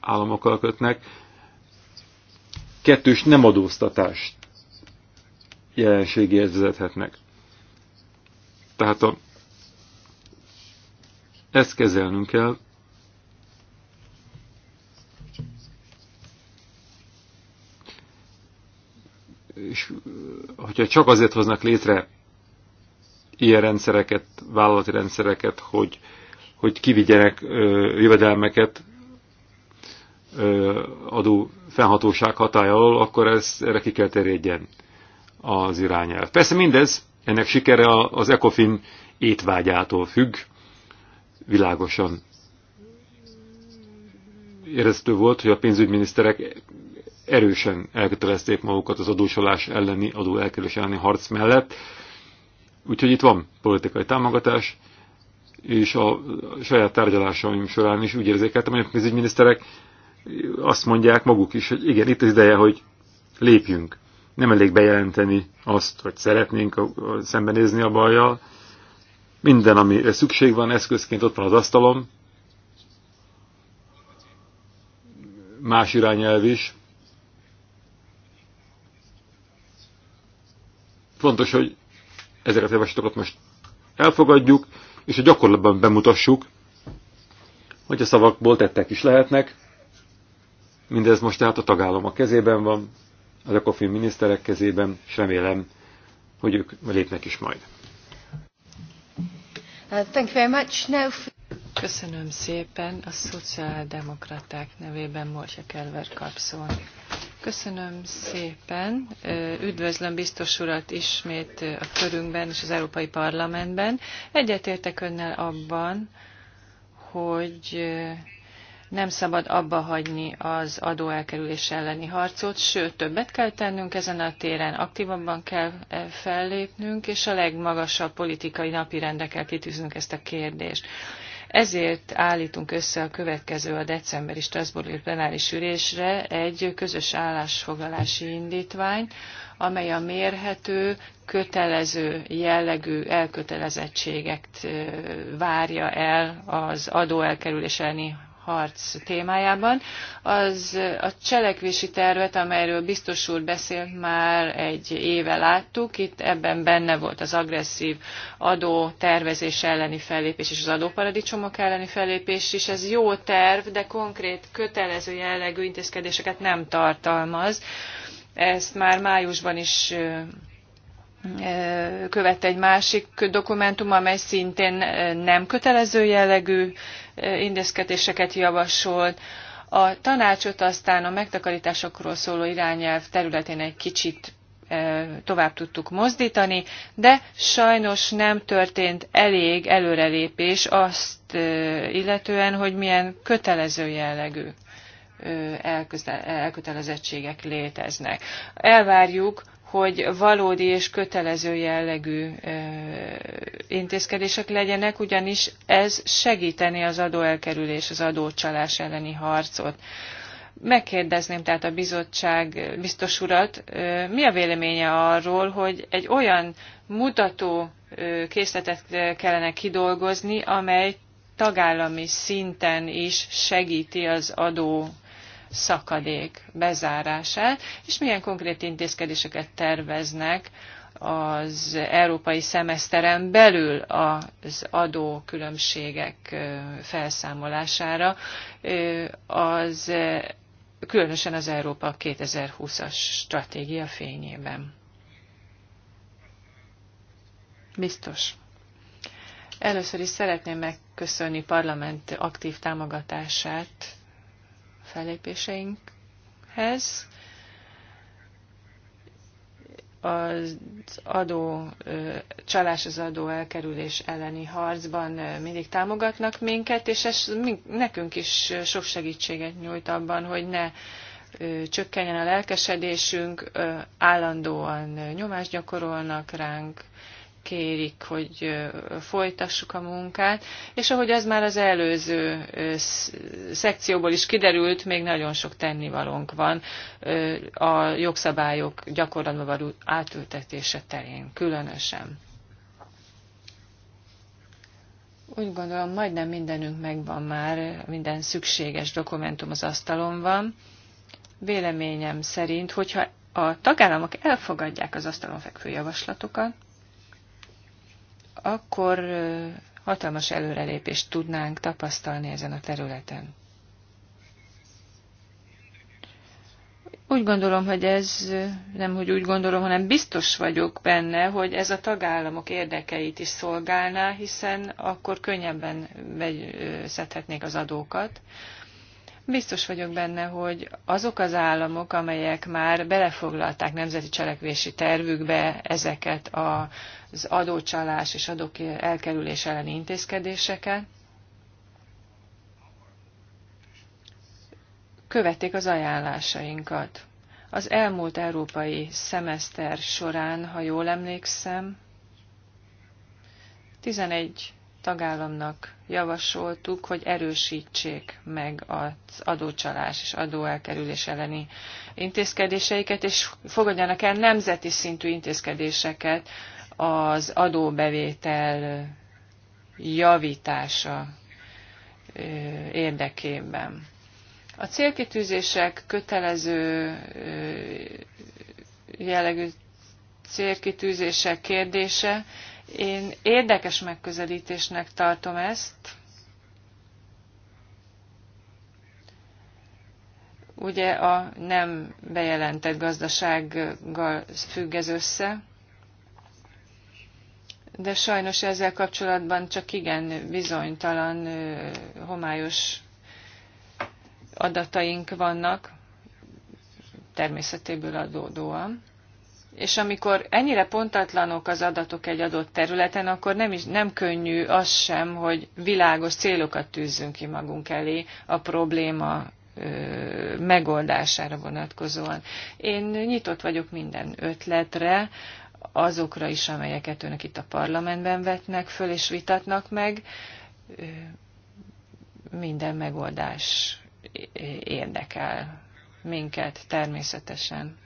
államokkal kötnek, kettős nem adóztatást jelenségéhez vezethetnek. Tehát a ezt kezelnünk kell. És hogyha csak azért hoznak létre ilyen rendszereket, vállalati rendszereket, hogy, hogy kivigyenek ö, jövedelmeket ö, adó fennhatóság hatája alól, akkor ez, erre ki kell terjedjen az irányelv. Persze mindez, ennek sikere az ECOFIN étvágyától függ, világosan éreztő volt, hogy a pénzügyminiszterek erősen elkötelezték magukat az adósolás elleni, adó elkerülés elleni harc mellett. Úgyhogy itt van politikai támogatás, és a saját tárgyalásaim során is úgy érzékeltem, hogy a pénzügyminiszterek azt mondják maguk is, hogy igen, itt az ideje, hogy lépjünk. Nem elég bejelenteni azt, hogy szeretnénk a, szembenézni a bajjal, minden, amire szükség van eszközként, ott van az asztalom. Más irányelv is. Fontos, hogy ezeket a javaslatokat most elfogadjuk, és a gyakorlatban bemutassuk, hogy a szavakból tettek is lehetnek. Mindez most tehát a a kezében van, az ECOFIN miniszterek kezében, és remélem, hogy ők lépnek is majd. Uh, thank you very much. Now Köszönöm szépen. A szociáldemokraták nevében Morja Kelver kapszón. Köszönöm szépen. Uh, üdvözlöm biztos urat ismét uh, a körünkben és az Európai Parlamentben. Egyetértek önnel abban, hogy nem szabad abba hagyni az adóelkerülés elleni harcot, sőt, többet kell tennünk ezen a téren, aktívabban kell eh, fellépnünk, és a legmagasabb politikai napirendekkel kell kitűznünk ezt a kérdést. Ezért állítunk össze a következő a decemberi Strasbourg plenáris ülésre egy közös állásfoglalási indítvány, amely a mérhető, kötelező jellegű elkötelezettséget eh, várja el az adóelkerülés elleni harc témájában. Az a cselekvési tervet, amelyről biztos úr beszélt, már egy éve láttuk. Itt ebben benne volt az agresszív adó tervezés elleni fellépés és az adóparadicsomok elleni fellépés is. Ez jó terv, de konkrét kötelező jellegű intézkedéseket nem tartalmaz. Ezt már májusban is követ egy másik dokumentum, amely szintén nem kötelező jellegű intézkedéseket javasolt. A tanácsot aztán a megtakarításokról szóló irányelv területén egy kicsit tovább tudtuk mozdítani, de sajnos nem történt elég előrelépés azt illetően, hogy milyen kötelező jellegű elkötelezettségek léteznek. Elvárjuk hogy valódi és kötelező jellegű intézkedések legyenek, ugyanis ez segíteni az adóelkerülés, az adócsalás elleni harcot. Megkérdezném tehát a bizottság biztos urat, mi a véleménye arról, hogy egy olyan mutató készletet kellene kidolgozni, amely tagállami szinten is segíti az adó szakadék bezárását, és milyen konkrét intézkedéseket terveznek az európai szemeszteren belül az adókülönbségek felszámolására, az különösen az Európa 2020-as stratégia fényében. Biztos. Először is szeretném megköszönni parlament aktív támogatását fellépéseinkhez. Az adó, csalás az adó elkerülés elleni harcban mindig támogatnak minket, és ez nekünk is sok segítséget nyújt abban, hogy ne csökkenjen a lelkesedésünk, állandóan nyomást gyakorolnak ránk, kérik, hogy folytassuk a munkát, és ahogy az már az előző szekcióból is kiderült, még nagyon sok tennivalónk van a jogszabályok gyakorlatban való átültetése terén, különösen. Úgy gondolom, majdnem mindenünk megvan már, minden szükséges dokumentum az asztalon van. Véleményem szerint, hogyha a tagállamok elfogadják az asztalon fekvő javaslatokat, akkor hatalmas előrelépést tudnánk tapasztalni ezen a területen. Úgy gondolom, hogy ez, nem hogy úgy gondolom, hanem biztos vagyok benne, hogy ez a tagállamok érdekeit is szolgálná, hiszen akkor könnyebben szedhetnék az adókat. Biztos vagyok benne, hogy azok az államok, amelyek már belefoglalták nemzeti cselekvési tervükbe ezeket az adócsalás és adók elkerülés elleni intézkedéseket, követik az ajánlásainkat. Az elmúlt európai szemeszter során, ha jól emlékszem, 11 tagállamnak javasoltuk, hogy erősítsék meg az adócsalás és adóelkerülés elleni intézkedéseiket, és fogadjanak el nemzeti szintű intézkedéseket az adóbevétel javítása érdekében. A célkitűzések kötelező jellegű célkitűzések kérdése én érdekes megközelítésnek tartom ezt. Ugye a nem bejelentett gazdasággal függ ez össze, de sajnos ezzel kapcsolatban csak igen bizonytalan, homályos adataink vannak, természetéből adódóan és amikor ennyire pontatlanok az adatok egy adott területen, akkor nem, is, nem könnyű az sem, hogy világos célokat tűzzünk ki magunk elé a probléma megoldására vonatkozóan. Én nyitott vagyok minden ötletre, azokra is, amelyeket önök itt a parlamentben vetnek föl és vitatnak meg. Minden megoldás érdekel minket természetesen.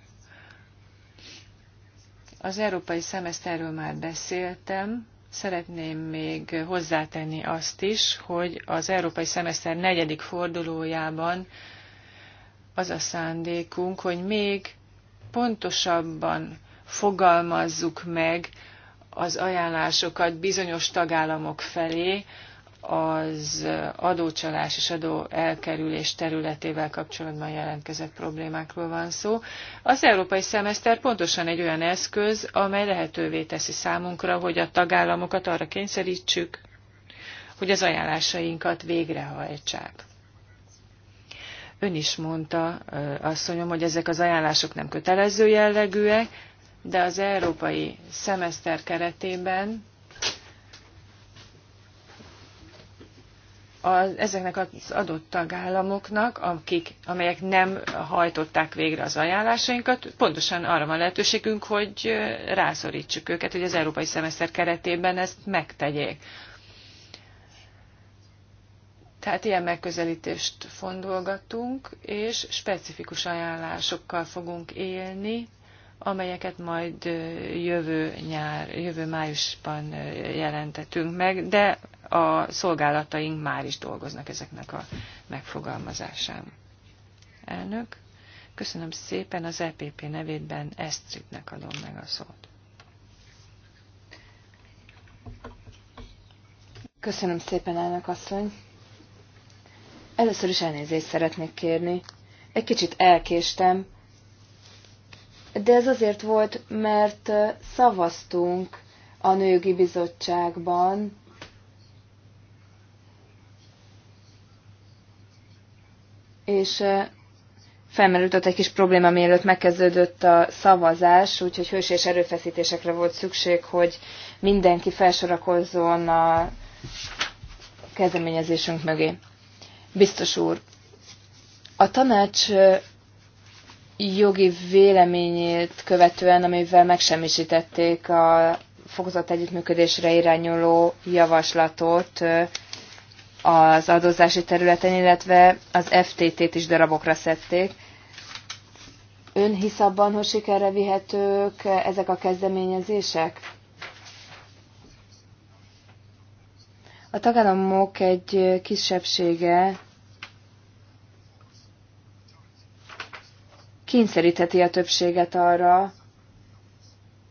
Az európai szemeszterről már beszéltem, szeretném még hozzátenni azt is, hogy az európai szemeszter negyedik fordulójában az a szándékunk, hogy még pontosabban fogalmazzuk meg az ajánlásokat bizonyos tagállamok felé, az adócsalás és adó elkerülés területével kapcsolatban jelentkezett problémákról van szó. Az európai szemeszter pontosan egy olyan eszköz, amely lehetővé teszi számunkra, hogy a tagállamokat arra kényszerítsük, hogy az ajánlásainkat végrehajtsák. Ön is mondta, asszonyom, hogy ezek az ajánlások nem kötelező jellegűek, de az európai szemeszter keretében az, ezeknek az adott tagállamoknak, akik, amelyek nem hajtották végre az ajánlásainkat, pontosan arra van lehetőségünk, hogy rászorítsuk őket, hogy az európai szemeszter keretében ezt megtegyék. Tehát ilyen megközelítést fondolgatunk, és specifikus ajánlásokkal fogunk élni, amelyeket majd jövő nyár, jövő májusban jelentetünk meg, de a szolgálataink már is dolgoznak ezeknek a megfogalmazásán. Elnök, köszönöm szépen az EPP nevétben Esztritnek adom meg a szót. Köszönöm szépen, elnök asszony. Először is elnézést szeretnék kérni. Egy kicsit elkéstem, de ez azért volt, mert szavaztunk a Nőgi Bizottságban, és felmerült ott egy kis probléma, mielőtt megkezdődött a szavazás, úgyhogy hős és erőfeszítésekre volt szükség, hogy mindenki felsorakozzon a kezdeményezésünk mögé. Biztos úr, a tanács jogi véleményét követően, amivel megsemmisítették a fokozott együttműködésre irányuló javaslatot az adózási területen, illetve az FTT-t is darabokra szedték. Ön hisz abban, hogy sikerre vihetők ezek a kezdeményezések? A tagállamok egy kisebbsége kényszerítheti a többséget arra,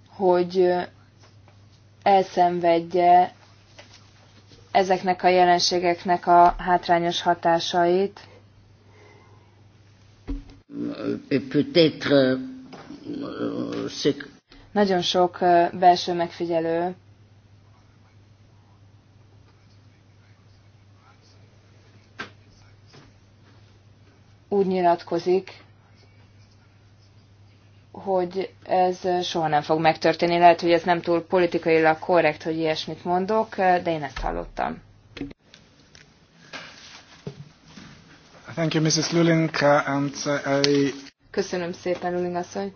hogy elszenvedje ezeknek a jelenségeknek a hátrányos hatásait. Euh, Nagyon sok belső megfigyelő úgy nyilatkozik, hogy ez soha nem fog megtörténni. Lehet, hogy ez nem túl politikailag korrekt, hogy ilyesmit mondok, de én ezt hallottam. Thank you, Mrs. Uh, and uh, I... Köszönöm szépen, Luling asszony.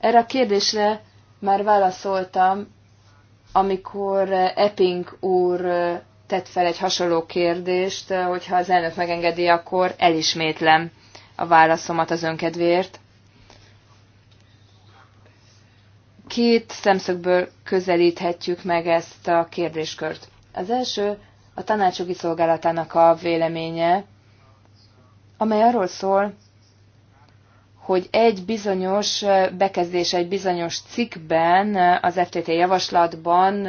Erre a kérdésre már válaszoltam, amikor Epping úr uh, tett fel egy hasonló kérdést, hogyha az elnök megengedi, akkor elismétlem a válaszomat az önkedvéért. két szemszögből közelíthetjük meg ezt a kérdéskört. Az első a tanácsogi szolgálatának a véleménye, amely arról szól, hogy egy bizonyos bekezdés, egy bizonyos cikkben, az FTT javaslatban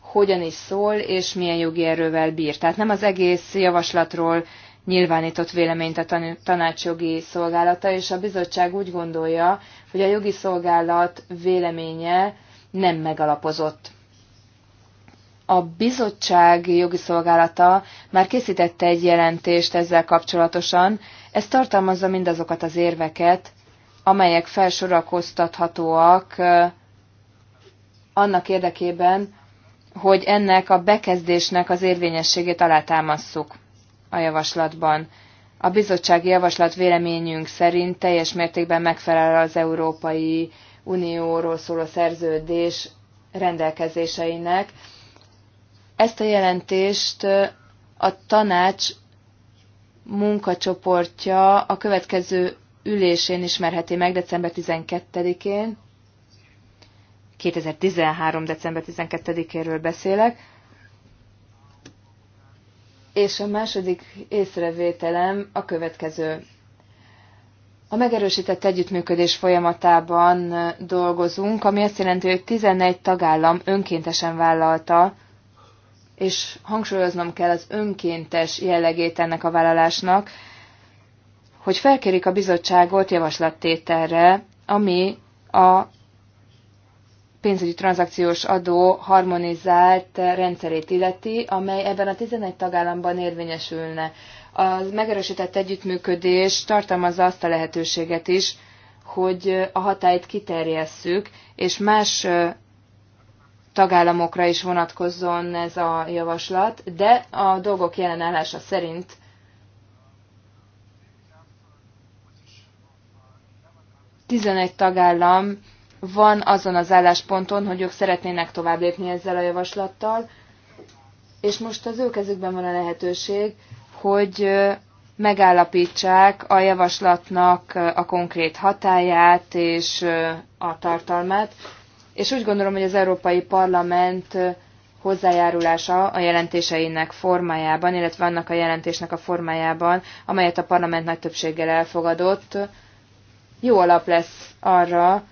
hogyan is szól, és milyen jogi erővel bír. Tehát nem az egész javaslatról nyilvánított véleményt a tanácsjogi szolgálata, és a bizottság úgy gondolja, hogy a jogi szolgálat véleménye nem megalapozott. A bizottság jogi szolgálata már készítette egy jelentést ezzel kapcsolatosan, ez tartalmazza mindazokat az érveket, amelyek felsorakoztathatóak annak érdekében, hogy ennek a bekezdésnek az érvényességét alátámasszuk a javaslatban. A bizottsági javaslat véleményünk szerint teljes mértékben megfelel az Európai Unióról szóló szerződés rendelkezéseinek. Ezt a jelentést a tanács munkacsoportja a következő ülésén ismerheti meg december 12-én. 2013. december 12-éről beszélek. És a második észrevételem a következő. A megerősített együttműködés folyamatában dolgozunk, ami azt jelenti, hogy 11 tagállam önkéntesen vállalta, és hangsúlyoznom kell az önkéntes jellegét ennek a vállalásnak, hogy felkérik a bizottságot javaslattételre, ami a pénzügyi tranzakciós adó harmonizált rendszerét illeti, amely ebben a 11 tagállamban érvényesülne. A megerősített együttműködés tartalmazza azt a lehetőséget is, hogy a hatályt kiterjesszük, és más tagállamokra is vonatkozzon ez a javaslat, de a dolgok jelenállása szerint tizenegy tagállam van azon az állásponton, hogy ők szeretnének tovább lépni ezzel a javaslattal, és most az ő kezükben van a lehetőség, hogy megállapítsák a javaslatnak a konkrét hatáját és a tartalmát, és úgy gondolom, hogy az Európai Parlament hozzájárulása a jelentéseinek formájában, illetve annak a jelentésnek a formájában, amelyet a parlament nagy többséggel elfogadott, jó alap lesz arra,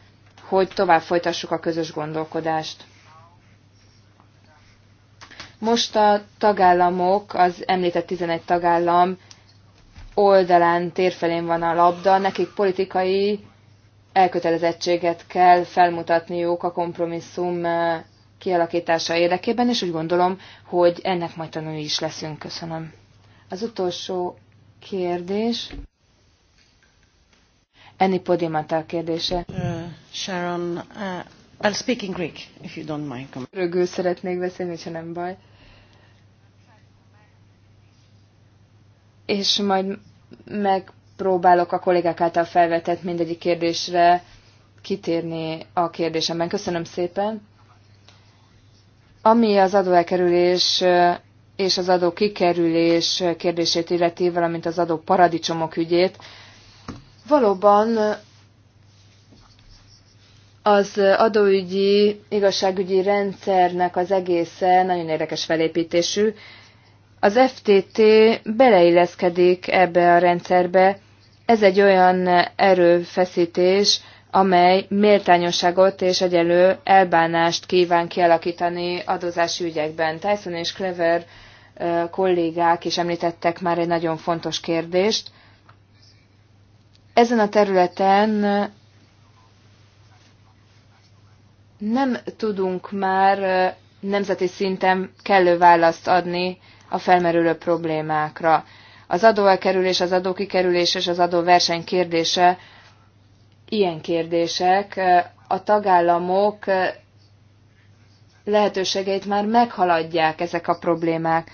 hogy tovább folytassuk a közös gondolkodást. Most a tagállamok, az említett 11 tagállam oldalán, térfelén van a labda, nekik politikai elkötelezettséget kell felmutatniuk a kompromisszum eh, kialakítása érdekében, és úgy gondolom, hogy ennek majd tanulni is leszünk. Köszönöm. Az utolsó kérdés. Enni Podimata kérdése. Uh, Sharon, uh, I'll speak in Greek, if you don't mind. Rögül szeretnék beszélni, ha nem baj. És majd megpróbálok a kollégák által felvetett mindegyik kérdésre kitérni a kérdésemben. Köszönöm szépen. Ami az adóelkerülés uh, és az adó kikerülés kérdését illeti, valamint az adó paradicsomok ügyét, Valóban az adóügyi, igazságügyi rendszernek az egésze nagyon érdekes felépítésű. Az FTT beleilleszkedik ebbe a rendszerbe. Ez egy olyan erőfeszítés, amely méltányosságot és egyelő elbánást kíván kialakítani adózási ügyekben. Tyson és Clever kollégák is említettek már egy nagyon fontos kérdést – ezen a területen nem tudunk már nemzeti szinten kellő választ adni a felmerülő problémákra. Az adóelkerülés, az adókikerülés és az adóverseny kérdése ilyen kérdések. A tagállamok lehetőségeit már meghaladják ezek a problémák.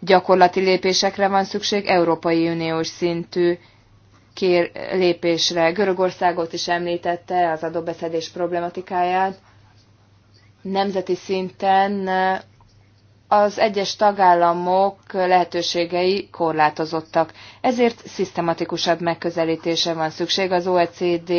Gyakorlati lépésekre van szükség európai uniós szintű kér lépésre. Görögországot is említette az adóbeszedés problematikáját. Nemzeti szinten az egyes tagállamok lehetőségei korlátozottak. Ezért szisztematikusabb megközelítése van szükség. Az OECD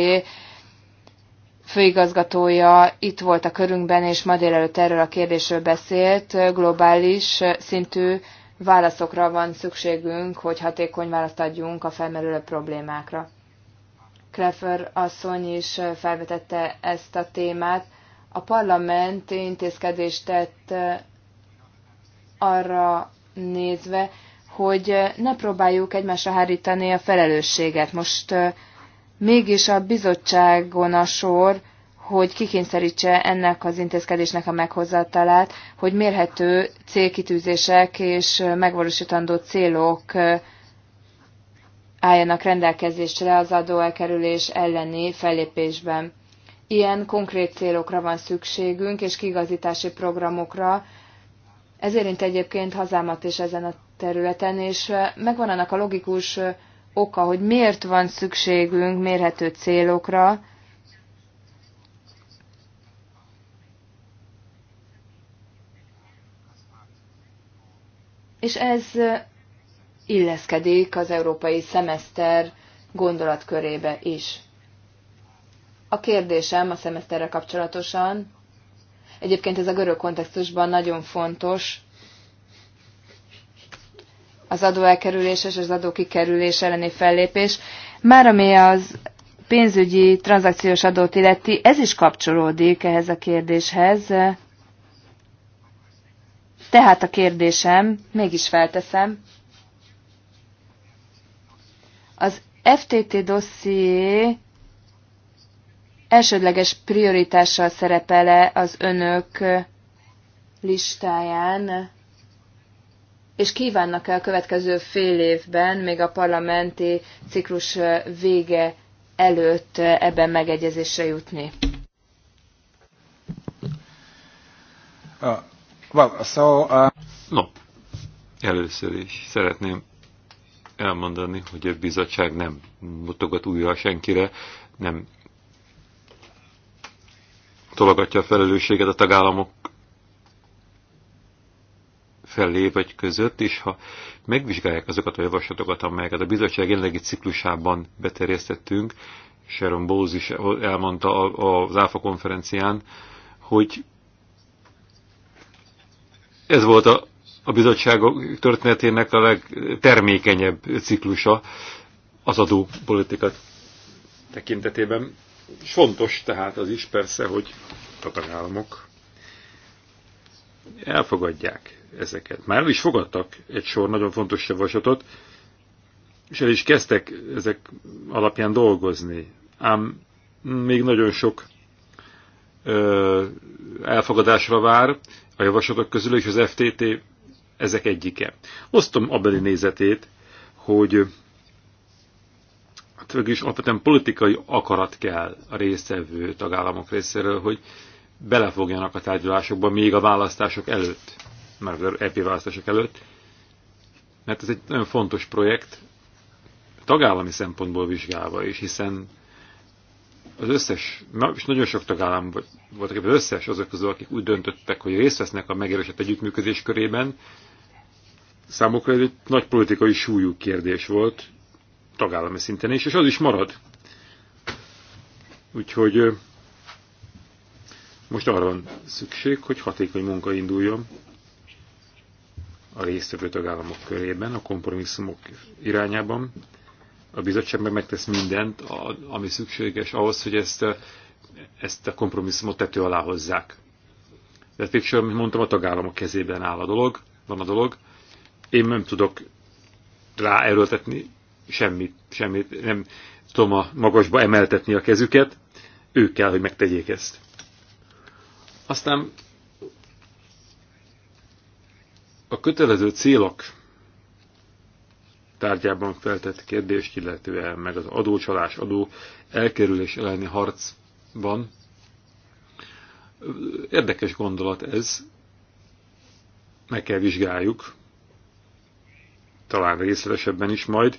főigazgatója itt volt a körünkben, és ma délelőtt erről a kérdésről beszélt, globális szintű válaszokra van szükségünk, hogy hatékony választ adjunk a felmerülő problémákra. Kleffer asszony is felvetette ezt a témát. A parlament intézkedést tett arra nézve, hogy ne próbáljuk egymásra hárítani a felelősséget. Most mégis a bizottságon a sor, hogy kikényszerítse ennek az intézkedésnek a meghozatalát, hogy mérhető célkitűzések és megvalósítandó célok álljanak rendelkezésre az adóelkerülés elleni fellépésben. Ilyen konkrét célokra van szükségünk, és kigazítási programokra. Ez érint egyébként hazámat is ezen a területen, és megvan annak a logikus oka, hogy miért van szükségünk mérhető célokra, és ez illeszkedik az európai szemeszter gondolatkörébe is. A kérdésem a szemeszterre kapcsolatosan, egyébként ez a görög kontextusban nagyon fontos, az adóelkerülés és az kikerülés elleni fellépés. Már ami az pénzügyi tranzakciós adót illeti, ez is kapcsolódik ehhez a kérdéshez. Tehát a kérdésem, mégis felteszem, az FTT dosszié elsődleges prioritással szerepele az önök listáján, és kívánnak-e a következő fél évben, még a parlamenti ciklus vége előtt ebben megegyezésre jutni? Well, so, uh... No, először is szeretném elmondani, hogy a bizottság nem mutogat újra senkire, nem tologatja a felelősséget a tagállamok felé vagy között, és ha megvizsgálják azokat a javaslatokat, amelyeket a bizottság jelenlegi ciklusában beterjesztettünk, Sharon Bowles is elmondta az ÁFA konferencián, hogy ez volt a, a bizottságok történetének a legtermékenyebb ciklusa az adópolitika tekintetében. És fontos tehát az is persze, hogy a tagállamok elfogadják ezeket. Már is fogadtak egy sor nagyon fontos javaslatot, és el is kezdtek ezek alapján dolgozni. Ám még nagyon sok ö, elfogadásra vár, a javaslatok közül, és az FTT ezek egyike. Osztom abeli nézetét, hogy hát is alapvetően politikai akarat kell a résztvevő tagállamok részéről, hogy belefogjanak a tárgyalásokba még a választások előtt, már az EP választások előtt, mert ez egy nagyon fontos projekt, tagállami szempontból vizsgálva is, hiszen az összes, és nagyon sok tagállam voltak, az összes azok közül, akik úgy döntöttek, hogy részt vesznek a megerősített együttműködés körében, számukra egy nagy politikai súlyú kérdés volt, tagállami szinten is, és az is marad. Úgyhogy most arra van szükség, hogy hatékony munka induljon a résztvevő tagállamok körében, a kompromisszumok irányában, a bizottság meg megtesz mindent, ami szükséges ahhoz, hogy ezt, ezt a kompromisszumot tető alá hozzák. De hát végső, mint mondtam, a tagállamok kezében áll a dolog, van a dolog. Én nem tudok rá erőltetni semmit, semmit, nem tudom a magasba emeltetni a kezüket, ők kell, hogy megtegyék ezt. Aztán a kötelező célok tárgyában feltett kérdést, illetve meg az adócsalás, adó elkerülés elleni harcban. Érdekes gondolat ez, meg kell vizsgáljuk, talán részletesebben is majd.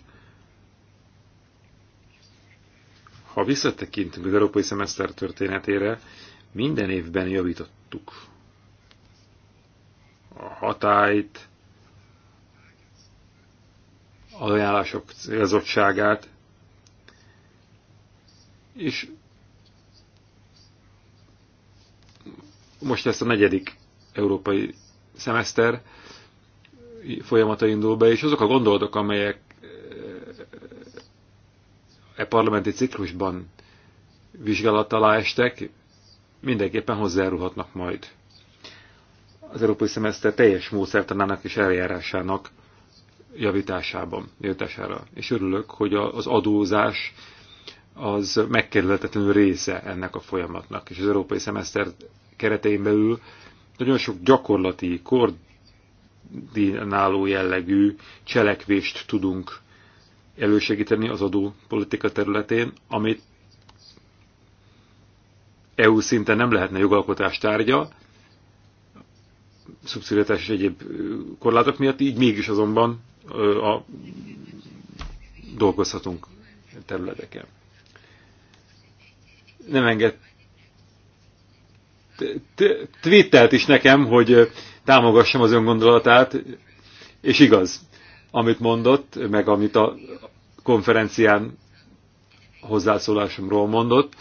Ha visszatekintünk az európai szemeszter történetére, minden évben javítottuk a hatályt, ajánlások célzottságát, és most ezt a negyedik európai szemeszter folyamata indul be, és azok a gondolatok, amelyek eh, e parlamenti ciklusban vizsgálat alá estek, mindenképpen hozzájárulhatnak majd az európai szemeszter teljes módszertanának és eljárásának javításában, javítására. És örülök, hogy az adózás az megkerülhetetlenül része ennek a folyamatnak. És az európai szemeszter keretein belül nagyon sok gyakorlati, koordináló jellegű cselekvést tudunk elősegíteni az adópolitika területén, amit EU szinten nem lehetne jogalkotás tárgya, szubszidiatás és egyéb korlátok miatt, így mégis azonban a, dolgozhatunk területeken. Nem enged twittelt is nekem, hogy támogassam az öngondolatát, és igaz, amit mondott, meg amit a konferencián hozzászólásomról mondott,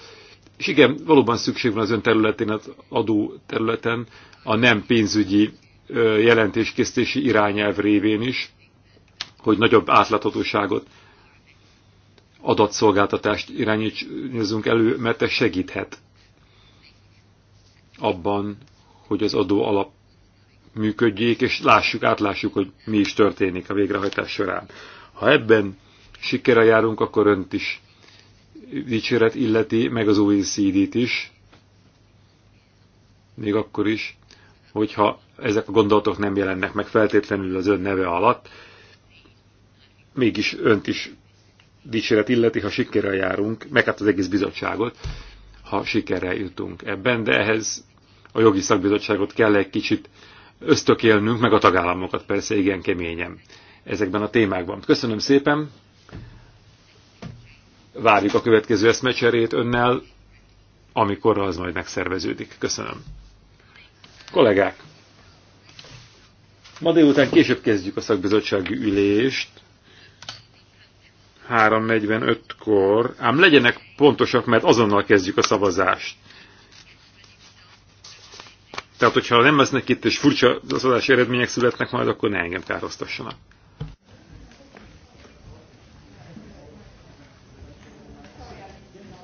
és igen, valóban szükség van az ön területén, az adó területen, a nem pénzügyi jelentéskészítési irányelv révén is, hogy nagyobb átláthatóságot, adatszolgáltatást irányítsunk elő, mert ez segíthet abban, hogy az adó alap működjék, és lássuk, átlássuk, hogy mi is történik a végrehajtás során. Ha ebben sikere járunk, akkor önt is dicséret illeti, meg az OECD-t is, még akkor is, hogyha ezek a gondolatok nem jelennek meg feltétlenül az ön neve alatt, mégis önt is dicséret illeti, ha sikerrel járunk, meg hát az egész bizottságot, ha sikerrel jutunk ebben, de ehhez a jogi szakbizottságot kell egy kicsit ösztökélnünk, meg a tagállamokat persze igen keményen ezekben a témákban. Köszönöm szépen, várjuk a következő eszmecserét önnel, amikor az majd megszerveződik. Köszönöm. Kollégák! Ma délután később kezdjük a szakbizottsági ülést, 3.45-kor, ám legyenek pontosak, mert azonnal kezdjük a szavazást. Tehát, hogyha nem lesznek itt, és furcsa szavazási eredmények születnek majd, akkor ne engem károsztassanak.